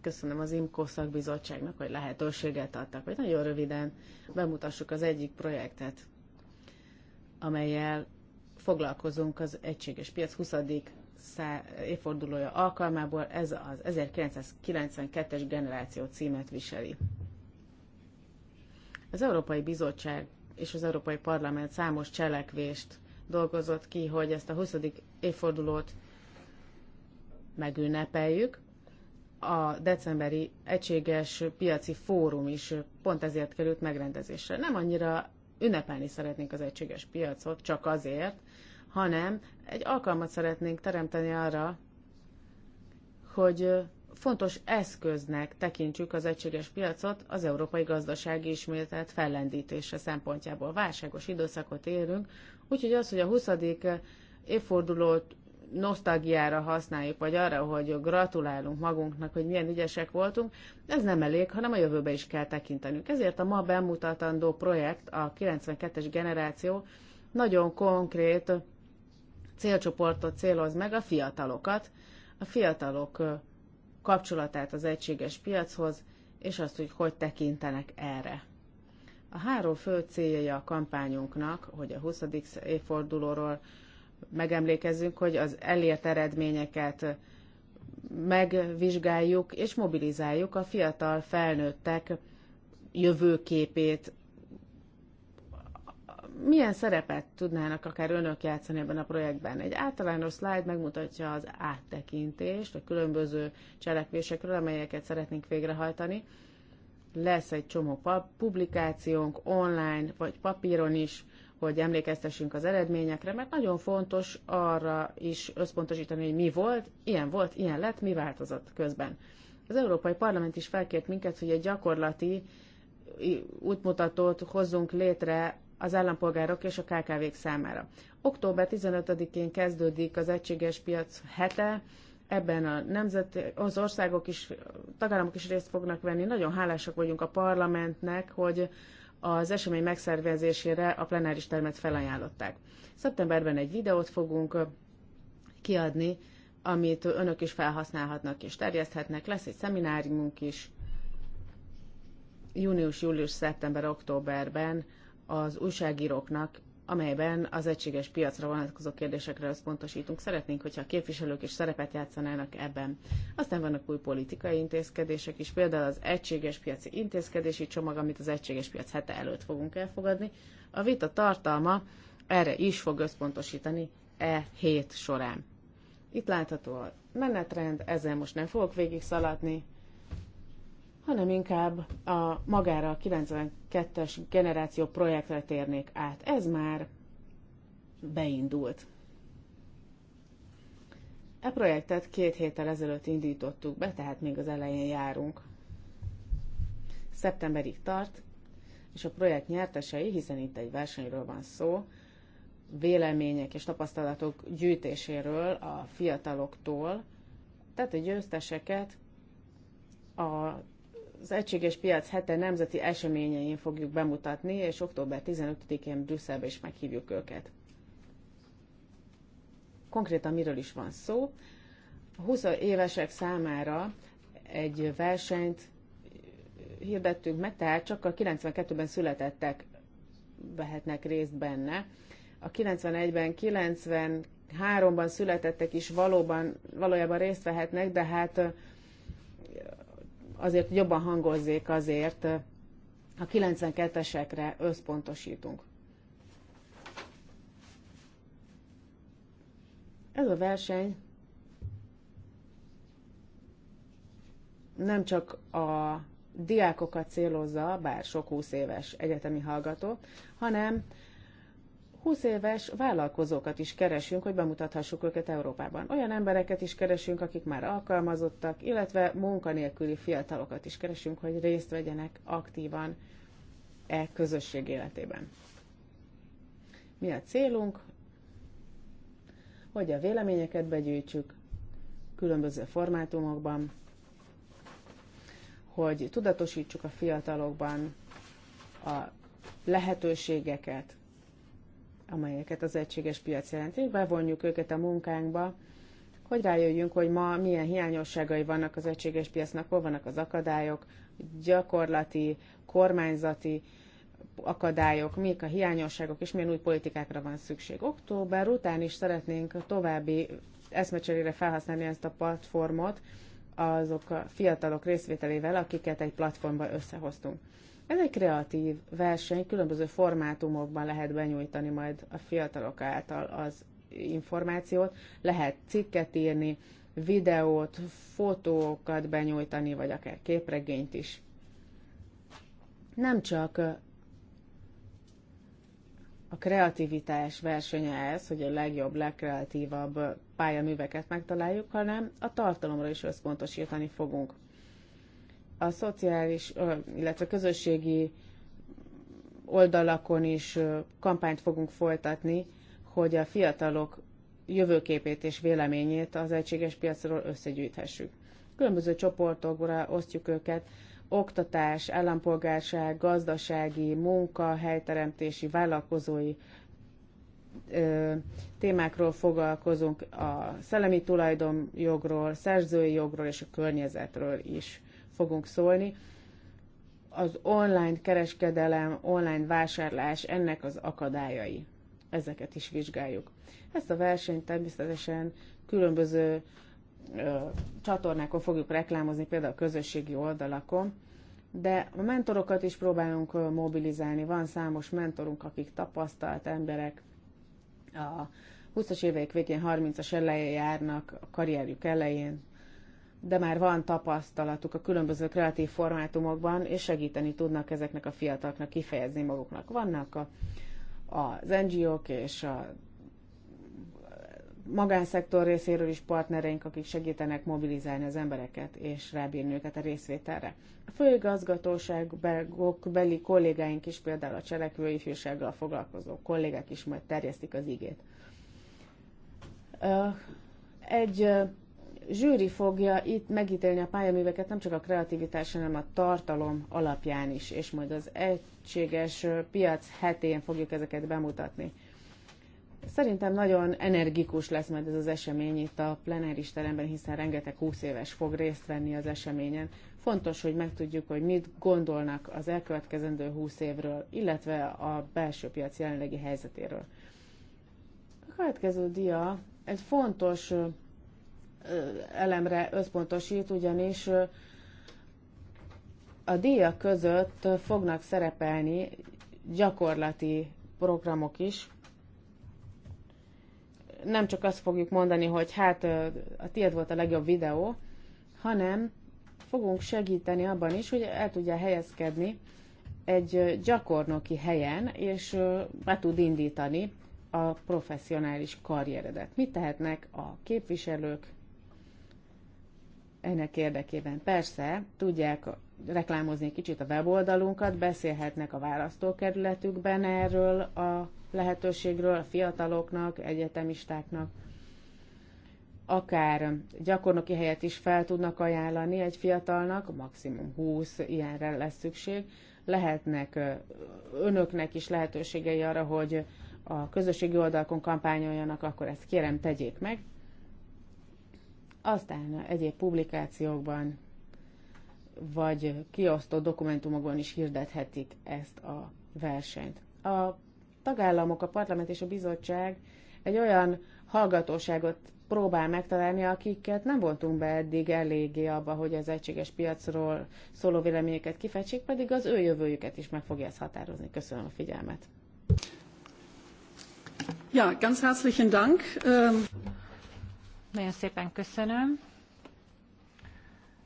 Köszönöm az IMCO szakbizottságnak, hogy lehetőséget adtak, hogy nagyon röviden bemutassuk az egyik projektet, amelyel foglalkozunk az egységes piac 20 évfordulója alkalmából ez az 1992-es generáció címet viseli. Az Európai Bizottság és az Európai Parlament számos cselekvést dolgozott ki, hogy ezt a 20. évfordulót megünnepeljük. A decemberi egységes piaci fórum is pont ezért került megrendezésre. Nem annyira ünnepelni szeretnénk az egységes piacot, csak azért, hanem egy alkalmat szeretnénk teremteni arra, hogy fontos eszköznek tekintsük az egységes piacot az európai gazdasági ismételt fellendítése szempontjából. Válságos időszakot élünk, úgyhogy az, hogy a 20. évfordulót nosztalgiára használjuk, vagy arra, hogy gratulálunk magunknak, hogy milyen ügyesek voltunk, ez nem elég, hanem a jövőbe is kell tekintenünk. Ezért a ma bemutatandó projekt, a 92-es generáció nagyon konkrét célcsoportot céloz meg, a fiatalokat, a fiatalok kapcsolatát az egységes piachoz, és azt, hogy hogy tekintenek erre. A három fő célja a kampányunknak, hogy a 20. évfordulóról megemlékezzünk, hogy az elért eredményeket megvizsgáljuk és mobilizáljuk a fiatal felnőttek jövőképét, milyen szerepet tudnának akár önök játszani ebben a projektben? Egy általános slide megmutatja az áttekintést a különböző cselekvésekről, amelyeket szeretnénk végrehajtani. Lesz egy csomó publikációnk online vagy papíron is, hogy emlékeztessünk az eredményekre, mert nagyon fontos arra is összpontosítani, hogy mi volt, ilyen volt, ilyen lett, mi változott közben. Az Európai Parlament is felkért minket, hogy egy gyakorlati útmutatót hozzunk létre az állampolgárok és a KKV-k számára. Október 15-én kezdődik az egységes piac hete, ebben a nemzet, az országok is, tagállamok is részt fognak venni. Nagyon hálásak vagyunk a parlamentnek, hogy az esemény megszervezésére a plenáris termet felajánlották. Szeptemberben egy videót fogunk kiadni, amit önök is felhasználhatnak és terjeszthetnek. Lesz egy szemináriumunk is június, július, szeptember, októberben az újságíróknak, amelyben az egységes piacra vonatkozó kérdésekre összpontosítunk. Szeretnénk, hogyha a képviselők is szerepet játszanának ebben. Aztán vannak új politikai intézkedések is, például az egységes piaci intézkedési csomag, amit az egységes piac hete előtt fogunk elfogadni. A vita tartalma erre is fog összpontosítani e hét során. Itt látható a menetrend, ezzel most nem fogok végig szaladni, hanem inkább a magára a 92-es generáció projektre térnék át. Ez már beindult. E projektet két héttel ezelőtt indítottuk be, tehát még az elején járunk. Szeptemberig tart, és a projekt nyertesei, hiszen itt egy versenyről van szó, vélemények és tapasztalatok gyűjtéséről a fiataloktól, tehát a győzteseket a az Egységes Piac hete nemzeti eseményein fogjuk bemutatni, és október 15-én Brüsszelbe is meghívjuk őket. Konkrétan miről is van szó? A 20 évesek számára egy versenyt hirdettünk meg, tehát csak a 92-ben születettek vehetnek részt benne. A 91-ben, 93-ban születettek is valóban, valójában részt vehetnek, de hát azért jobban hangozzék, azért a 92-esekre összpontosítunk. Ez a verseny nem csak a diákokat célozza, bár sok 20 éves egyetemi hallgató, hanem 20 éves vállalkozókat is keresünk, hogy bemutathassuk őket Európában. Olyan embereket is keresünk, akik már alkalmazottak, illetve munkanélküli fiatalokat is keresünk, hogy részt vegyenek aktívan e közösség életében. Mi a célunk? Hogy a véleményeket begyűjtsük különböző formátumokban, hogy tudatosítsuk a fiatalokban a lehetőségeket, amelyeket az egységes piac jelent, és bevonjuk őket a munkánkba, hogy rájöjjünk, hogy ma milyen hiányosságai vannak az egységes piacnak, hol vannak az akadályok, gyakorlati, kormányzati akadályok, mik a hiányosságok, és milyen új politikákra van szükség. Október után is szeretnénk további eszmecserére felhasználni ezt a platformot azok a fiatalok részvételével, akiket egy platformba összehoztunk. Ez egy kreatív verseny, különböző formátumokban lehet benyújtani majd a fiatalok által az információt, lehet cikket írni, videót, fotókat benyújtani, vagy akár képregényt is. Nem csak a kreativitás versenye ez, hogy a legjobb, legkreatívabb pályaműveket megtaláljuk, hanem a tartalomra is összpontosítani fogunk a szociális, illetve közösségi oldalakon is kampányt fogunk folytatni, hogy a fiatalok jövőképét és véleményét az egységes piacról összegyűjthessük. Különböző csoportokra osztjuk őket, oktatás, állampolgárság, gazdasági, munka, helyteremtési vállalkozói ö, témákról foglalkozunk, a szellemi tulajdonjogról, szerzői jogról és a környezetről is fogunk szólni. Az online kereskedelem, online vásárlás, ennek az akadályai. Ezeket is vizsgáljuk. Ezt a versenyt természetesen különböző ö, csatornákon fogjuk reklámozni, például a közösségi oldalakon, de a mentorokat is próbálunk mobilizálni. Van számos mentorunk, akik tapasztalt emberek, a 20-as évek végén, 30-as elején járnak, a karrierjük elején, de már van tapasztalatuk a különböző kreatív formátumokban, és segíteni tudnak ezeknek a fiataloknak kifejezni maguknak. Vannak a, az NGO-k és a magánszektor részéről is partnereink, akik segítenek mobilizálni az embereket és rábírni őket a részvételre. A főigazgatóságok beli kollégáink is, például a cselekvő ifjúsággal foglalkozó kollégák is majd terjesztik az igét. Egy zsűri fogja itt megítélni a pályaműveket nem csak a kreativitás, hanem a tartalom alapján is, és majd az egységes piac hetén fogjuk ezeket bemutatni. Szerintem nagyon energikus lesz majd ez az esemény itt a plenáris teremben, hiszen rengeteg 20 éves fog részt venni az eseményen. Fontos, hogy megtudjuk, hogy mit gondolnak az elkövetkezendő 20 évről, illetve a belső piac jelenlegi helyzetéről. A következő dia egy fontos elemre összpontosít, ugyanis a díjak között fognak szerepelni gyakorlati programok is. Nem csak azt fogjuk mondani, hogy hát a tiéd volt a legjobb videó, hanem fogunk segíteni abban is, hogy el tudja helyezkedni egy gyakornoki helyen, és be tud indítani a professzionális karrieredet. Mit tehetnek a képviselők, ennek érdekében. Persze, tudják reklámozni kicsit a weboldalunkat, beszélhetnek a választókerületükben erről a lehetőségről a fiataloknak, egyetemistáknak, akár gyakornoki helyet is fel tudnak ajánlani egy fiatalnak, maximum 20 ilyenre lesz szükség. Lehetnek önöknek is lehetőségei arra, hogy a közösségi oldalkon kampányoljanak, akkor ezt kérem tegyék meg. Aztán egyéb publikációkban vagy kiosztott dokumentumokban is hirdethetik ezt a versenyt. A tagállamok, a parlament és a bizottság egy olyan hallgatóságot próbál megtalálni, akiket nem voltunk be eddig eléggé abba, hogy az egységes piacról szóló véleményeket kifejtsék, pedig az ő jövőjüket is meg fogja ezt határozni. Köszönöm a figyelmet. Ja, ganz herzlichen Dank. Ähm, nagyon szépen köszönöm.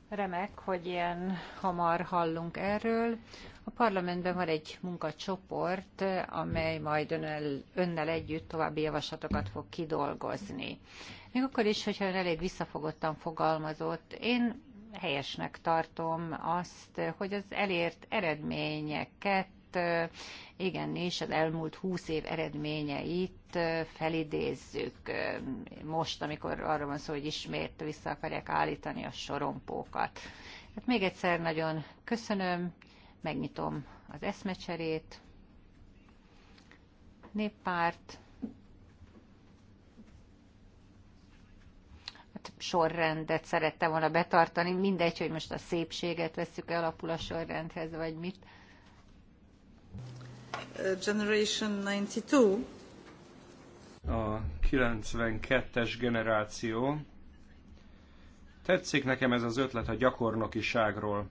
Remek, hogy ilyen hamar hallunk erről. A parlamentben van egy munkacsoport, amely majd önnel, önnel együtt további javaslatokat fog kidolgozni. Még akkor is, hogyha ön elég visszafogottan fogalmazott, én helyesnek tartom azt, hogy az elért eredményeket Hát, Igen, és az elmúlt húsz év eredményeit felidézzük most, amikor arra van szó, hogy ismét vissza akarják állítani a sorompókat. Hát még egyszer nagyon köszönöm, megnyitom az eszmecserét. Néppárt. hát sorrendet szerette volna betartani, mindegy, hogy most a szépséget veszük el alapul a sorrendhez, vagy mit. Uh, generation 92. A 92-es generáció. Tetszik nekem ez az ötlet a gyakornokiságról.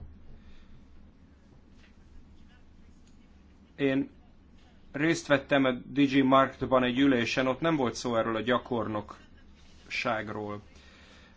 Én részt vettem a Digimarktban egy ülésen, ott nem volt szó erről a gyakornokságról.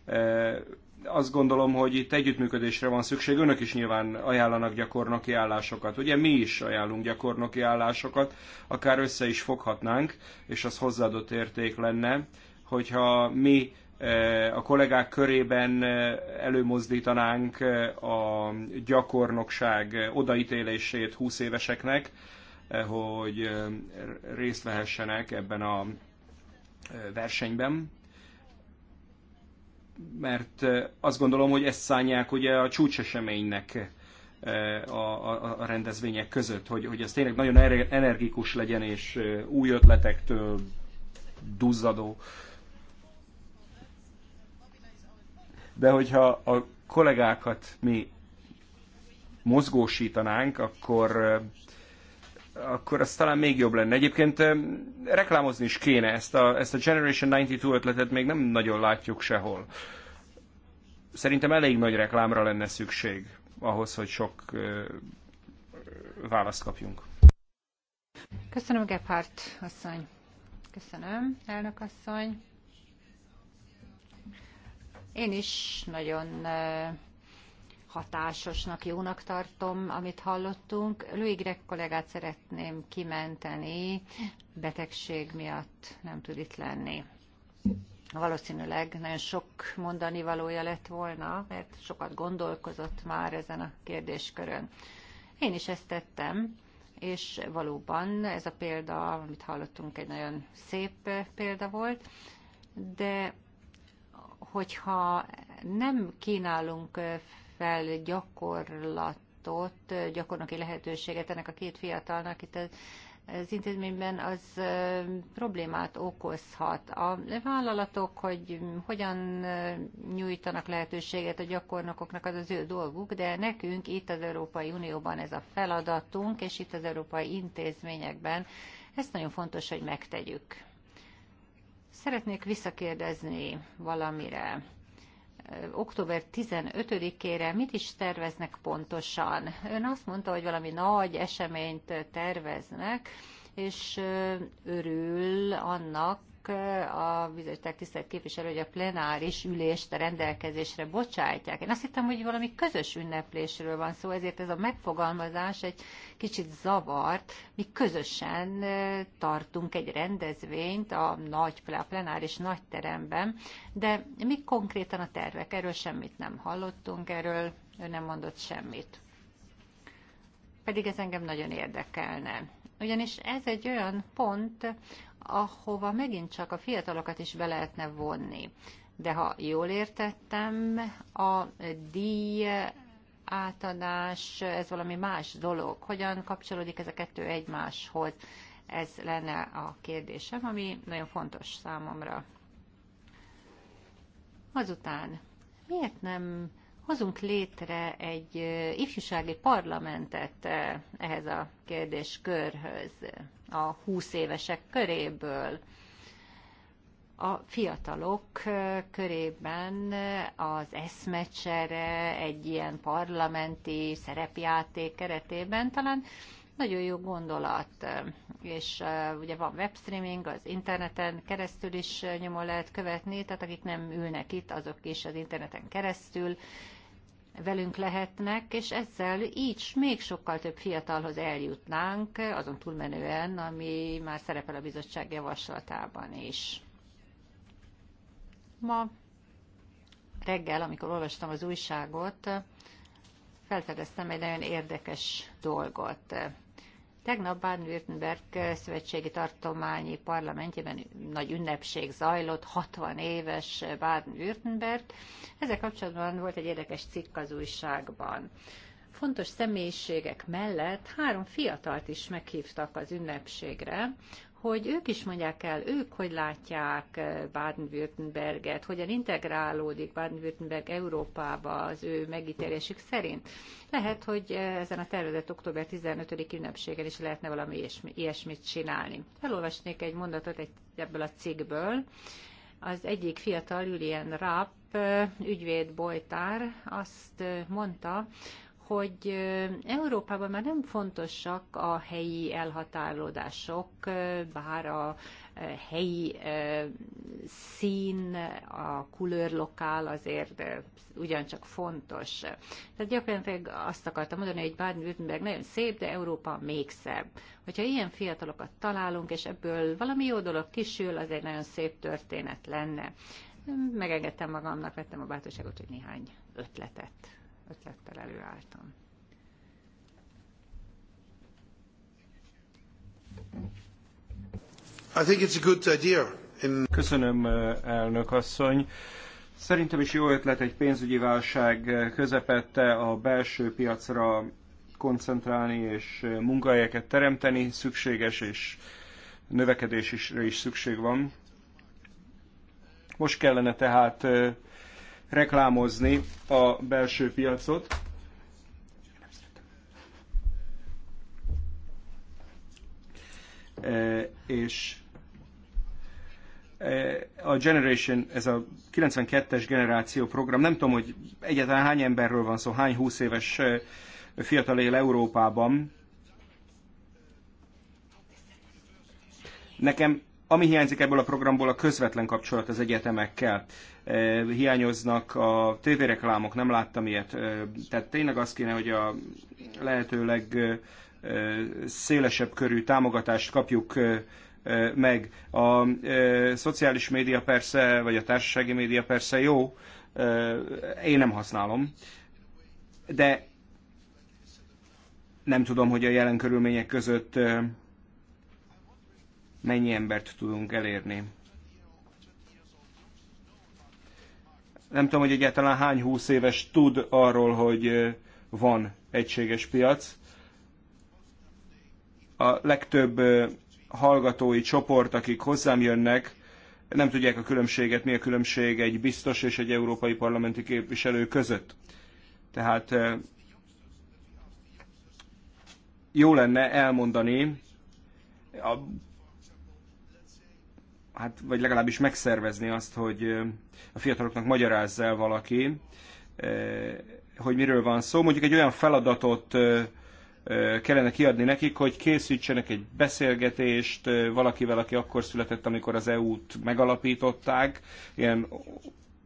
Uh, azt gondolom, hogy itt együttműködésre van szükség. Önök is nyilván ajánlanak gyakornoki állásokat. Ugye mi is ajánlunk gyakornoki állásokat, akár össze is foghatnánk, és az hozzáadott érték lenne, hogyha mi eh, a kollégák körében eh, előmozdítanánk eh, a gyakornokság odaítélését 20 éveseknek, hogy részt vehessenek ebben a versenyben, mert azt gondolom, hogy ezt szánják ugye a csúcseseménynek a, a, a rendezvények között, hogy, hogy ez tényleg nagyon energikus legyen, és új ötletektől duzzadó. De hogyha a kollégákat mi mozgósítanánk, akkor akkor az talán még jobb lenne. Egyébként reklámozni is kéne ezt a, ezt a Generation 92 ötletet, még nem nagyon látjuk sehol. Szerintem elég nagy reklámra lenne szükség ahhoz, hogy sok választ kapjunk. Köszönöm, Gephardt asszony. Köszönöm, elnök asszony. Én is nagyon hatásosnak, jónak tartom, amit hallottunk. Louis Greg kollégát szeretném kimenteni, betegség miatt nem tud itt lenni. Valószínűleg nagyon sok mondani valója lett volna, mert sokat gondolkozott már ezen a kérdéskörön. Én is ezt tettem, és valóban ez a példa, amit hallottunk, egy nagyon szép példa volt, de hogyha nem kínálunk fel gyakorlatot, gyakornoki lehetőséget ennek a két fiatalnak itt az, az intézményben az problémát okozhat. A vállalatok, hogy hogyan nyújtanak lehetőséget a gyakornokoknak, az az ő dolguk, de nekünk itt az Európai Unióban ez a feladatunk, és itt az európai intézményekben ezt nagyon fontos, hogy megtegyük. Szeretnék visszakérdezni valamire október 15-ére mit is terveznek pontosan? Ön azt mondta, hogy valami nagy eseményt terveznek, és örül annak, a bizottság tisztelt képviselő, hogy a plenáris ülést a rendelkezésre bocsátják. Én azt hittem, hogy valami közös ünneplésről van szó, ezért ez a megfogalmazás egy kicsit zavart. Mi közösen eh, tartunk egy rendezvényt a nagy a plenáris nagy teremben, de mi konkrétan a tervek? Erről semmit nem hallottunk, erről ő nem mondott semmit. Pedig ez engem nagyon érdekelne ugyanis ez egy olyan pont, ahova megint csak a fiatalokat is be lehetne vonni. De ha jól értettem, a díj átadás, ez valami más dolog. Hogyan kapcsolódik ez a kettő egymáshoz? Ez lenne a kérdésem, ami nagyon fontos számomra. Azután, miért nem hozunk létre egy ifjúsági parlamentet ehhez a kérdéskörhöz? a 20 évesek köréből. A fiatalok körében az eszmecsere egy ilyen parlamenti szerepjáték keretében talán nagyon jó gondolat, és ugye van webstreaming, az interneten keresztül is nyomon lehet követni, tehát akik nem ülnek itt, azok is az interneten keresztül velünk lehetnek, és ezzel így még sokkal több fiatalhoz eljutnánk, azon túlmenően, ami már szerepel a bizottság javaslatában is. Ma reggel, amikor olvastam az újságot, felfedeztem egy nagyon érdekes dolgot. Tegnap Baden-Württemberg eh, szövetségi tartományi parlamentjében nagy ünnepség zajlott, 60 éves eh, Baden-Württemberg. Ezzel kapcsolatban volt egy érdekes cikk az újságban. Fontos személyiségek mellett három fiatalt is meghívtak az ünnepségre, hogy ők is mondják el, ők hogy látják eh, Baden-Württemberget, hogyan integrálódik Baden-Württemberg Európába az ő megítélésük szerint. Lehet, hogy eh, ezen a tervezett október 15 ünnepségen is lehetne valami ilyesmi, ilyesmit csinálni. Felolvasnék egy mondatot egy, ebből a cikkből. Az egyik fiatal, Julian Rapp, eh, ügyvéd Bojtár azt mondta, hogy Európában már nem fontosak a helyi elhatárolódások, bár a helyi szín, a kulőrlokál azért ugyancsak fontos. Tehát gyakorlatilag azt akartam mondani, hogy Baden-Württemberg nagyon szép, de Európa még szebb. Hogyha ilyen fiatalokat találunk, és ebből valami jó dolog kisül, az egy nagyon szép történet lenne. Megengedtem magamnak, vettem a bátorságot, hogy néhány ötletet ötlettel előálltam. I think it's a good idea. In... Köszönöm, eh, elnök asszony. Szerintem is jó ötlet egy pénzügyi válság eh, közepette a belső piacra koncentrálni és eh, munkahelyeket teremteni, szükséges és növekedésre is szükség van. Most kellene tehát reklámozni a belső piacot. E, és e, a Generation, ez a 92-es generáció program, nem tudom, hogy egyáltalán hány emberről van szó, hány 20 éves e, fiatal él Európában. Nekem ami hiányzik ebből a programból a közvetlen kapcsolat az egyetemekkel. E, hiányoznak a tévéreklámok, nem láttam ilyet. E, tehát tényleg azt kéne, hogy a lehetőleg e, szélesebb körű támogatást kapjuk meg. A szociális média persze, vagy a társasági média persze jó, én nem használom, de nem tudom, hogy a jelen körülmények között mennyi embert tudunk elérni. Nem tudom, hogy egyáltalán hány húsz éves tud arról, hogy van egységes piac. A legtöbb hallgatói csoport, akik hozzám jönnek, nem tudják a különbséget, mi a különbség egy biztos és egy európai parlamenti képviselő között. Tehát jó lenne elmondani a hát, vagy legalábbis megszervezni azt, hogy a fiataloknak magyarázz el valaki, hogy miről van szó. Mondjuk egy olyan feladatot kellene kiadni nekik, hogy készítsenek egy beszélgetést valakivel, aki akkor született, amikor az EU-t megalapították, ilyen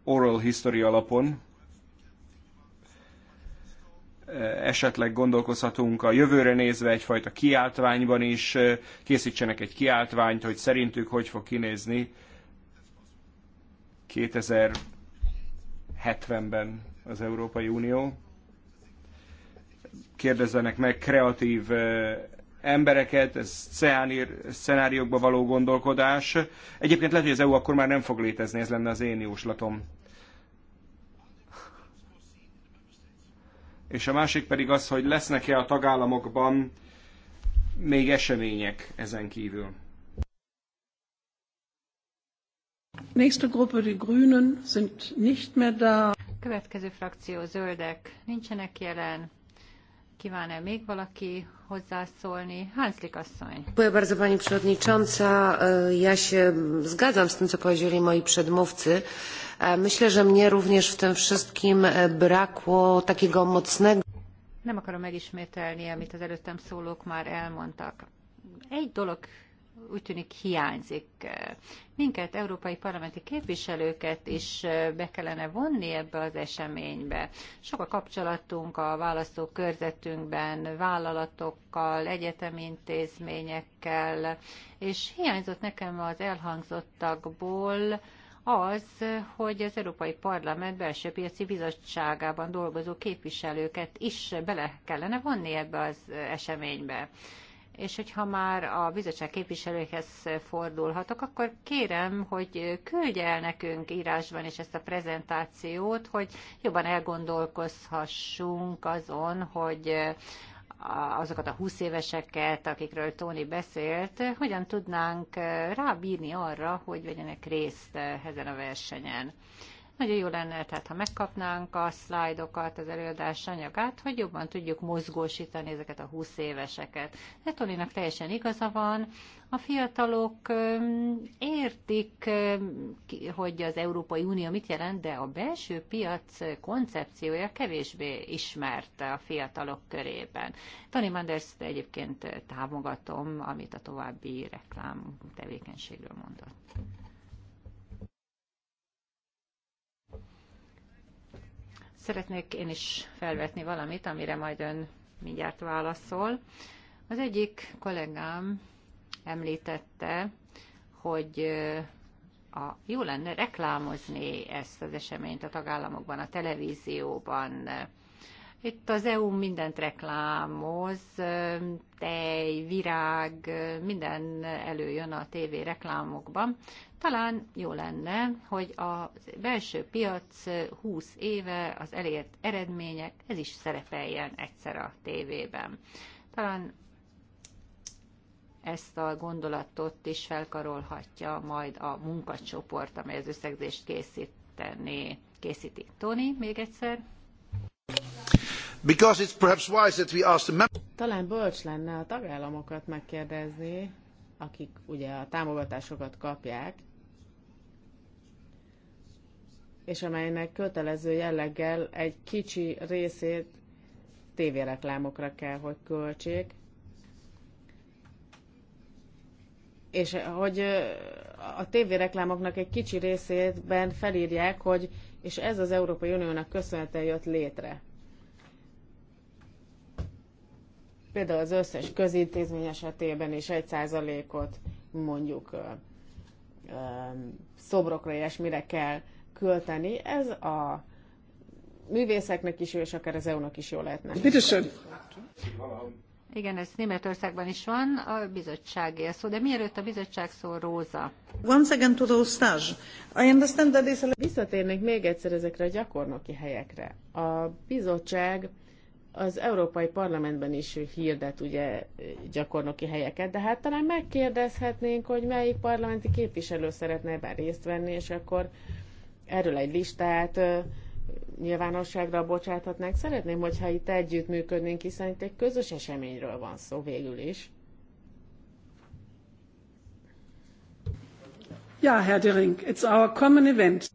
oral history alapon, esetleg gondolkozhatunk a jövőre nézve egyfajta kiáltványban is, készítsenek egy kiáltványt, hogy szerintük hogy fog kinézni 2070-ben az Európai Unió. Kérdezzenek meg kreatív embereket, ez szenáriókba való gondolkodás. Egyébként lehet, hogy az EU akkor már nem fog létezni, ez lenne az én jóslatom és a másik pedig az, hogy lesznek-e a tagállamokban még események ezen kívül. Nächste Gruppe, die Grünen, sind nicht mehr da. Következő frakció, zöldek, nincsenek jelen. Kíván-e még valaki hozzászólni? Hanslik asszony. Dziękuję bardzo Pani Przewodnicząca. E, ja się zgadzam z tym, co powiedzieli moi przedmówcy. E, myślę, że mnie również w tym wszystkim e, brakło takiego mocnego... Nem akarom megismételni, amit az előttem szólók már elmondtak. Egy dolog úgy tűnik hiányzik. Minket, európai parlamenti képviselőket is be kellene vonni ebbe az eseménybe. Sok a kapcsolatunk a választókörzetünkben, vállalatokkal, egyetemi intézményekkel, és hiányzott nekem az elhangzottakból, az, hogy az Európai Parlament belső piaci bizottságában dolgozó képviselőket is bele kellene vonni ebbe az eseménybe és hogyha már a bizottság képviselőkhez fordulhatok, akkor kérem, hogy küldje el nekünk írásban is ezt a prezentációt, hogy jobban elgondolkozhassunk azon, hogy azokat a 20 éveseket, akikről Tóni beszélt, hogyan tudnánk rábírni arra, hogy vegyenek részt ezen a versenyen. Nagyon jó lenne, tehát ha megkapnánk a szlájdokat, az előadás anyagát, hogy jobban tudjuk mozgósítani ezeket a 20 éveseket. Tolinak teljesen igaza van, a fiatalok értik, hogy az Európai Unió mit jelent, de a belső piac koncepciója kevésbé ismert a fiatalok körében. Tony Manders egyébként támogatom, amit a további reklám tevékenységről mondott. Szeretnék én is felvetni valamit, amire majd ön mindjárt válaszol. Az egyik kollégám említette, hogy a, jó lenne reklámozni ezt az eseményt a tagállamokban, a televízióban, itt az EU mindent reklámoz, tej, virág, minden előjön a TV reklámokban. Talán jó lenne, hogy a belső piac 20 éve az elért eredmények, ez is szerepeljen egyszer a tévében. Talán ezt a gondolatot is felkarolhatja majd a munkacsoport, amely az összegzést készíteni, készíti. Tony, még egyszer. Because it's perhaps wise that we ask the members. Talán bölcs lenne a tagállamokat megkérdezni, akik ugye a támogatásokat kapják, és amelynek kötelező jelleggel egy kicsi részét tévéreklámokra kell, hogy költsék, és hogy a tévéreklámoknak egy kicsi részében felírják, hogy és ez az Európai Uniónak köszönhetően jött létre. például az összes közintézmény esetében is egy százalékot, mondjuk ö, ö, szobrokra, ilyesmire kell költeni. Ez a művészeknek is jó, és akár az EU-nak is jó lehetne. Igen, ez Németországban is van, a bizottságé a szó. De mielőtt a bizottság szó Róza. Once again to the stage. I understand that this... Visszatérnék még egyszer ezekre a gyakornoki helyekre. A bizottság az Európai Parlamentben is hirdet ugye gyakornoki helyeket, de hát talán megkérdezhetnénk, hogy melyik parlamenti képviselő szeretne ebben részt venni, és akkor erről egy listát nyilvánosságra bocsáthatnánk. Szeretném, hogyha itt együttműködnénk, hiszen itt egy közös eseményről van szó végül is. Ja, Herr Dering, it's our common event.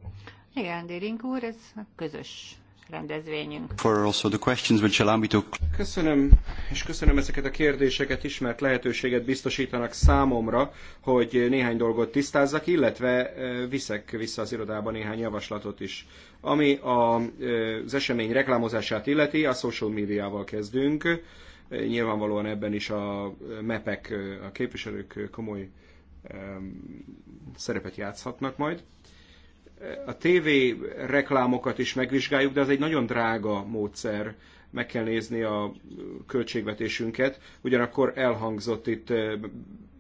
Igen, Dering úr, ez közös rendezvényünk. Köszönöm, és köszönöm ezeket a kérdéseket is, mert lehetőséget biztosítanak számomra, hogy néhány dolgot tisztázzak, illetve viszek vissza az irodába néhány javaslatot is. Ami a, az esemény reklámozását illeti, a social médiával kezdünk. Nyilvánvalóan ebben is a mepek, a képviselők komoly szerepet játszhatnak majd. A TV reklámokat is megvizsgáljuk, de az egy nagyon drága módszer, meg kell nézni a költségvetésünket, ugyanakkor elhangzott itt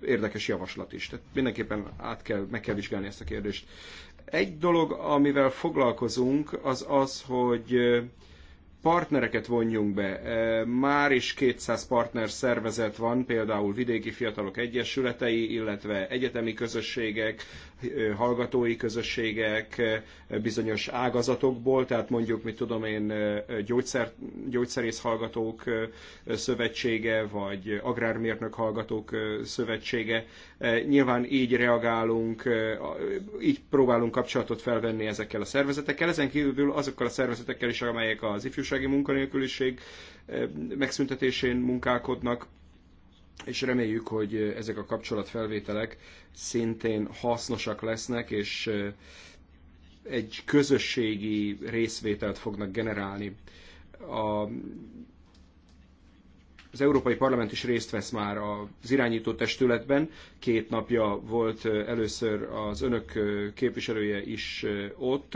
érdekes javaslat is. Tehát mindenképpen át kell, meg kell vizsgálni ezt a kérdést. Egy dolog, amivel foglalkozunk, az az, hogy partnereket vonjunk be. Már is 200 partner szervezet van, például Vidéki Fiatalok Egyesületei, illetve egyetemi közösségek, hallgatói közösségek bizonyos ágazatokból, tehát mondjuk, mit tudom én, gyógyszer, gyógyszerész hallgatók szövetsége, vagy agrármérnök hallgatók szövetsége. Nyilván így reagálunk, így próbálunk kapcsolatot felvenni ezekkel a szervezetekkel, ezen kívül azokkal a szervezetekkel is, amelyek az ifjúsági munkanélküliség megszüntetésén munkálkodnak, és reméljük, hogy ezek a kapcsolatfelvételek szintén hasznosak lesznek, és egy közösségi részvételt fognak generálni. A, az Európai Parlament is részt vesz már az irányító testületben. Két napja volt először az önök képviselője is ott.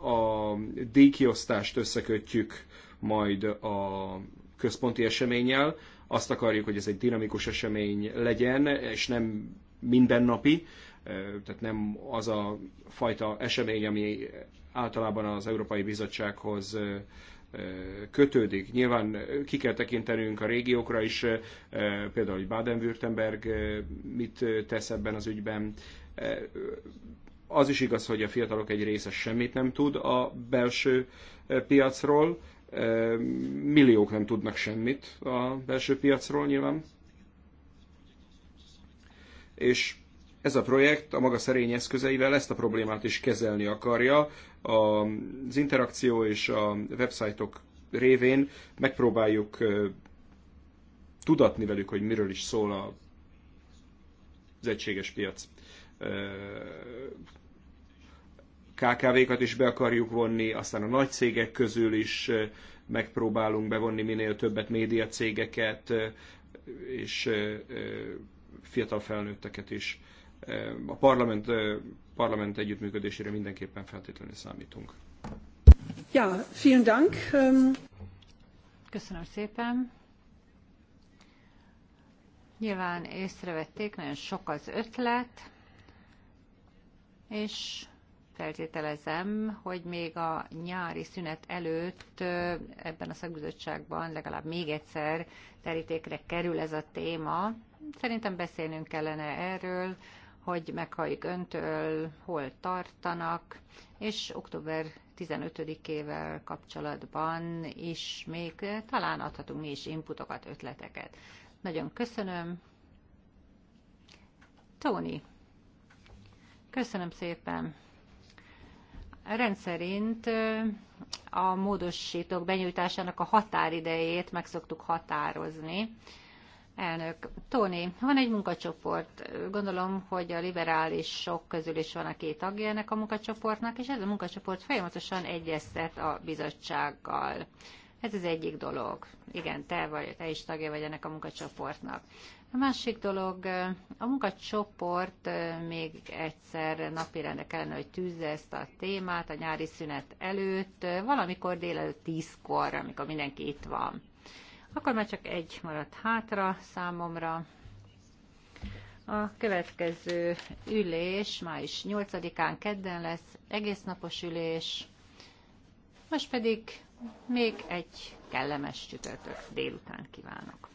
A díjkiosztást összekötjük majd a központi eseményel azt akarjuk, hogy ez egy dinamikus esemény legyen, és nem mindennapi, tehát nem az a fajta esemény, ami általában az Európai Bizottsághoz kötődik. Nyilván ki kell tekintenünk a régiókra is, például, hogy Baden-Württemberg mit tesz ebben az ügyben. Az is igaz, hogy a fiatalok egy része semmit nem tud a belső piacról, milliók nem tudnak semmit a belső piacról nyilván. És ez a projekt a maga szerény eszközeivel ezt a problémát is kezelni akarja. Az interakció és a websájtok révén megpróbáljuk tudatni velük, hogy miről is szól az egységes piac KKV-kat is be akarjuk vonni, aztán a nagy cégek közül is megpróbálunk bevonni minél többet médiacégeket és fiatal felnőtteket is. A parlament, parlament együttműködésére mindenképpen feltétlenül számítunk. Ja, vielen Dank. Ähm, Köszönöm szépen. Nyilván észrevették, nagyon sok az ötlet, és feltételezem, hogy még a nyári szünet előtt ebben a szakbizottságban legalább még egyszer terítékre kerül ez a téma. Szerintem beszélnünk kellene erről, hogy meghalljuk öntől, hol tartanak, és október 15-ével kapcsolatban is még talán adhatunk mi is inputokat, ötleteket. Nagyon köszönöm. Tony, köszönöm szépen. Rendszerint a módosítók benyújtásának a határidejét meg szoktuk határozni. Elnök, Tóni, van egy munkacsoport, gondolom, hogy a liberálisok közül is van a két tagja ennek a munkacsoportnak, és ez a munkacsoport folyamatosan egyeztet a bizottsággal. Ez az egyik dolog. Igen, te vagy, te is tagja vagy ennek a munkacsoportnak. A másik dolog, a munkacsoport még egyszer napirendre kellene, hogy tűzze ezt a témát a nyári szünet előtt, valamikor délelőtt tízkor, amikor mindenki itt van. Akkor már csak egy maradt hátra számomra. A következő ülés május 8-án kedden lesz, egésznapos ülés. Most pedig még egy kellemes csütörtök délután kívánok.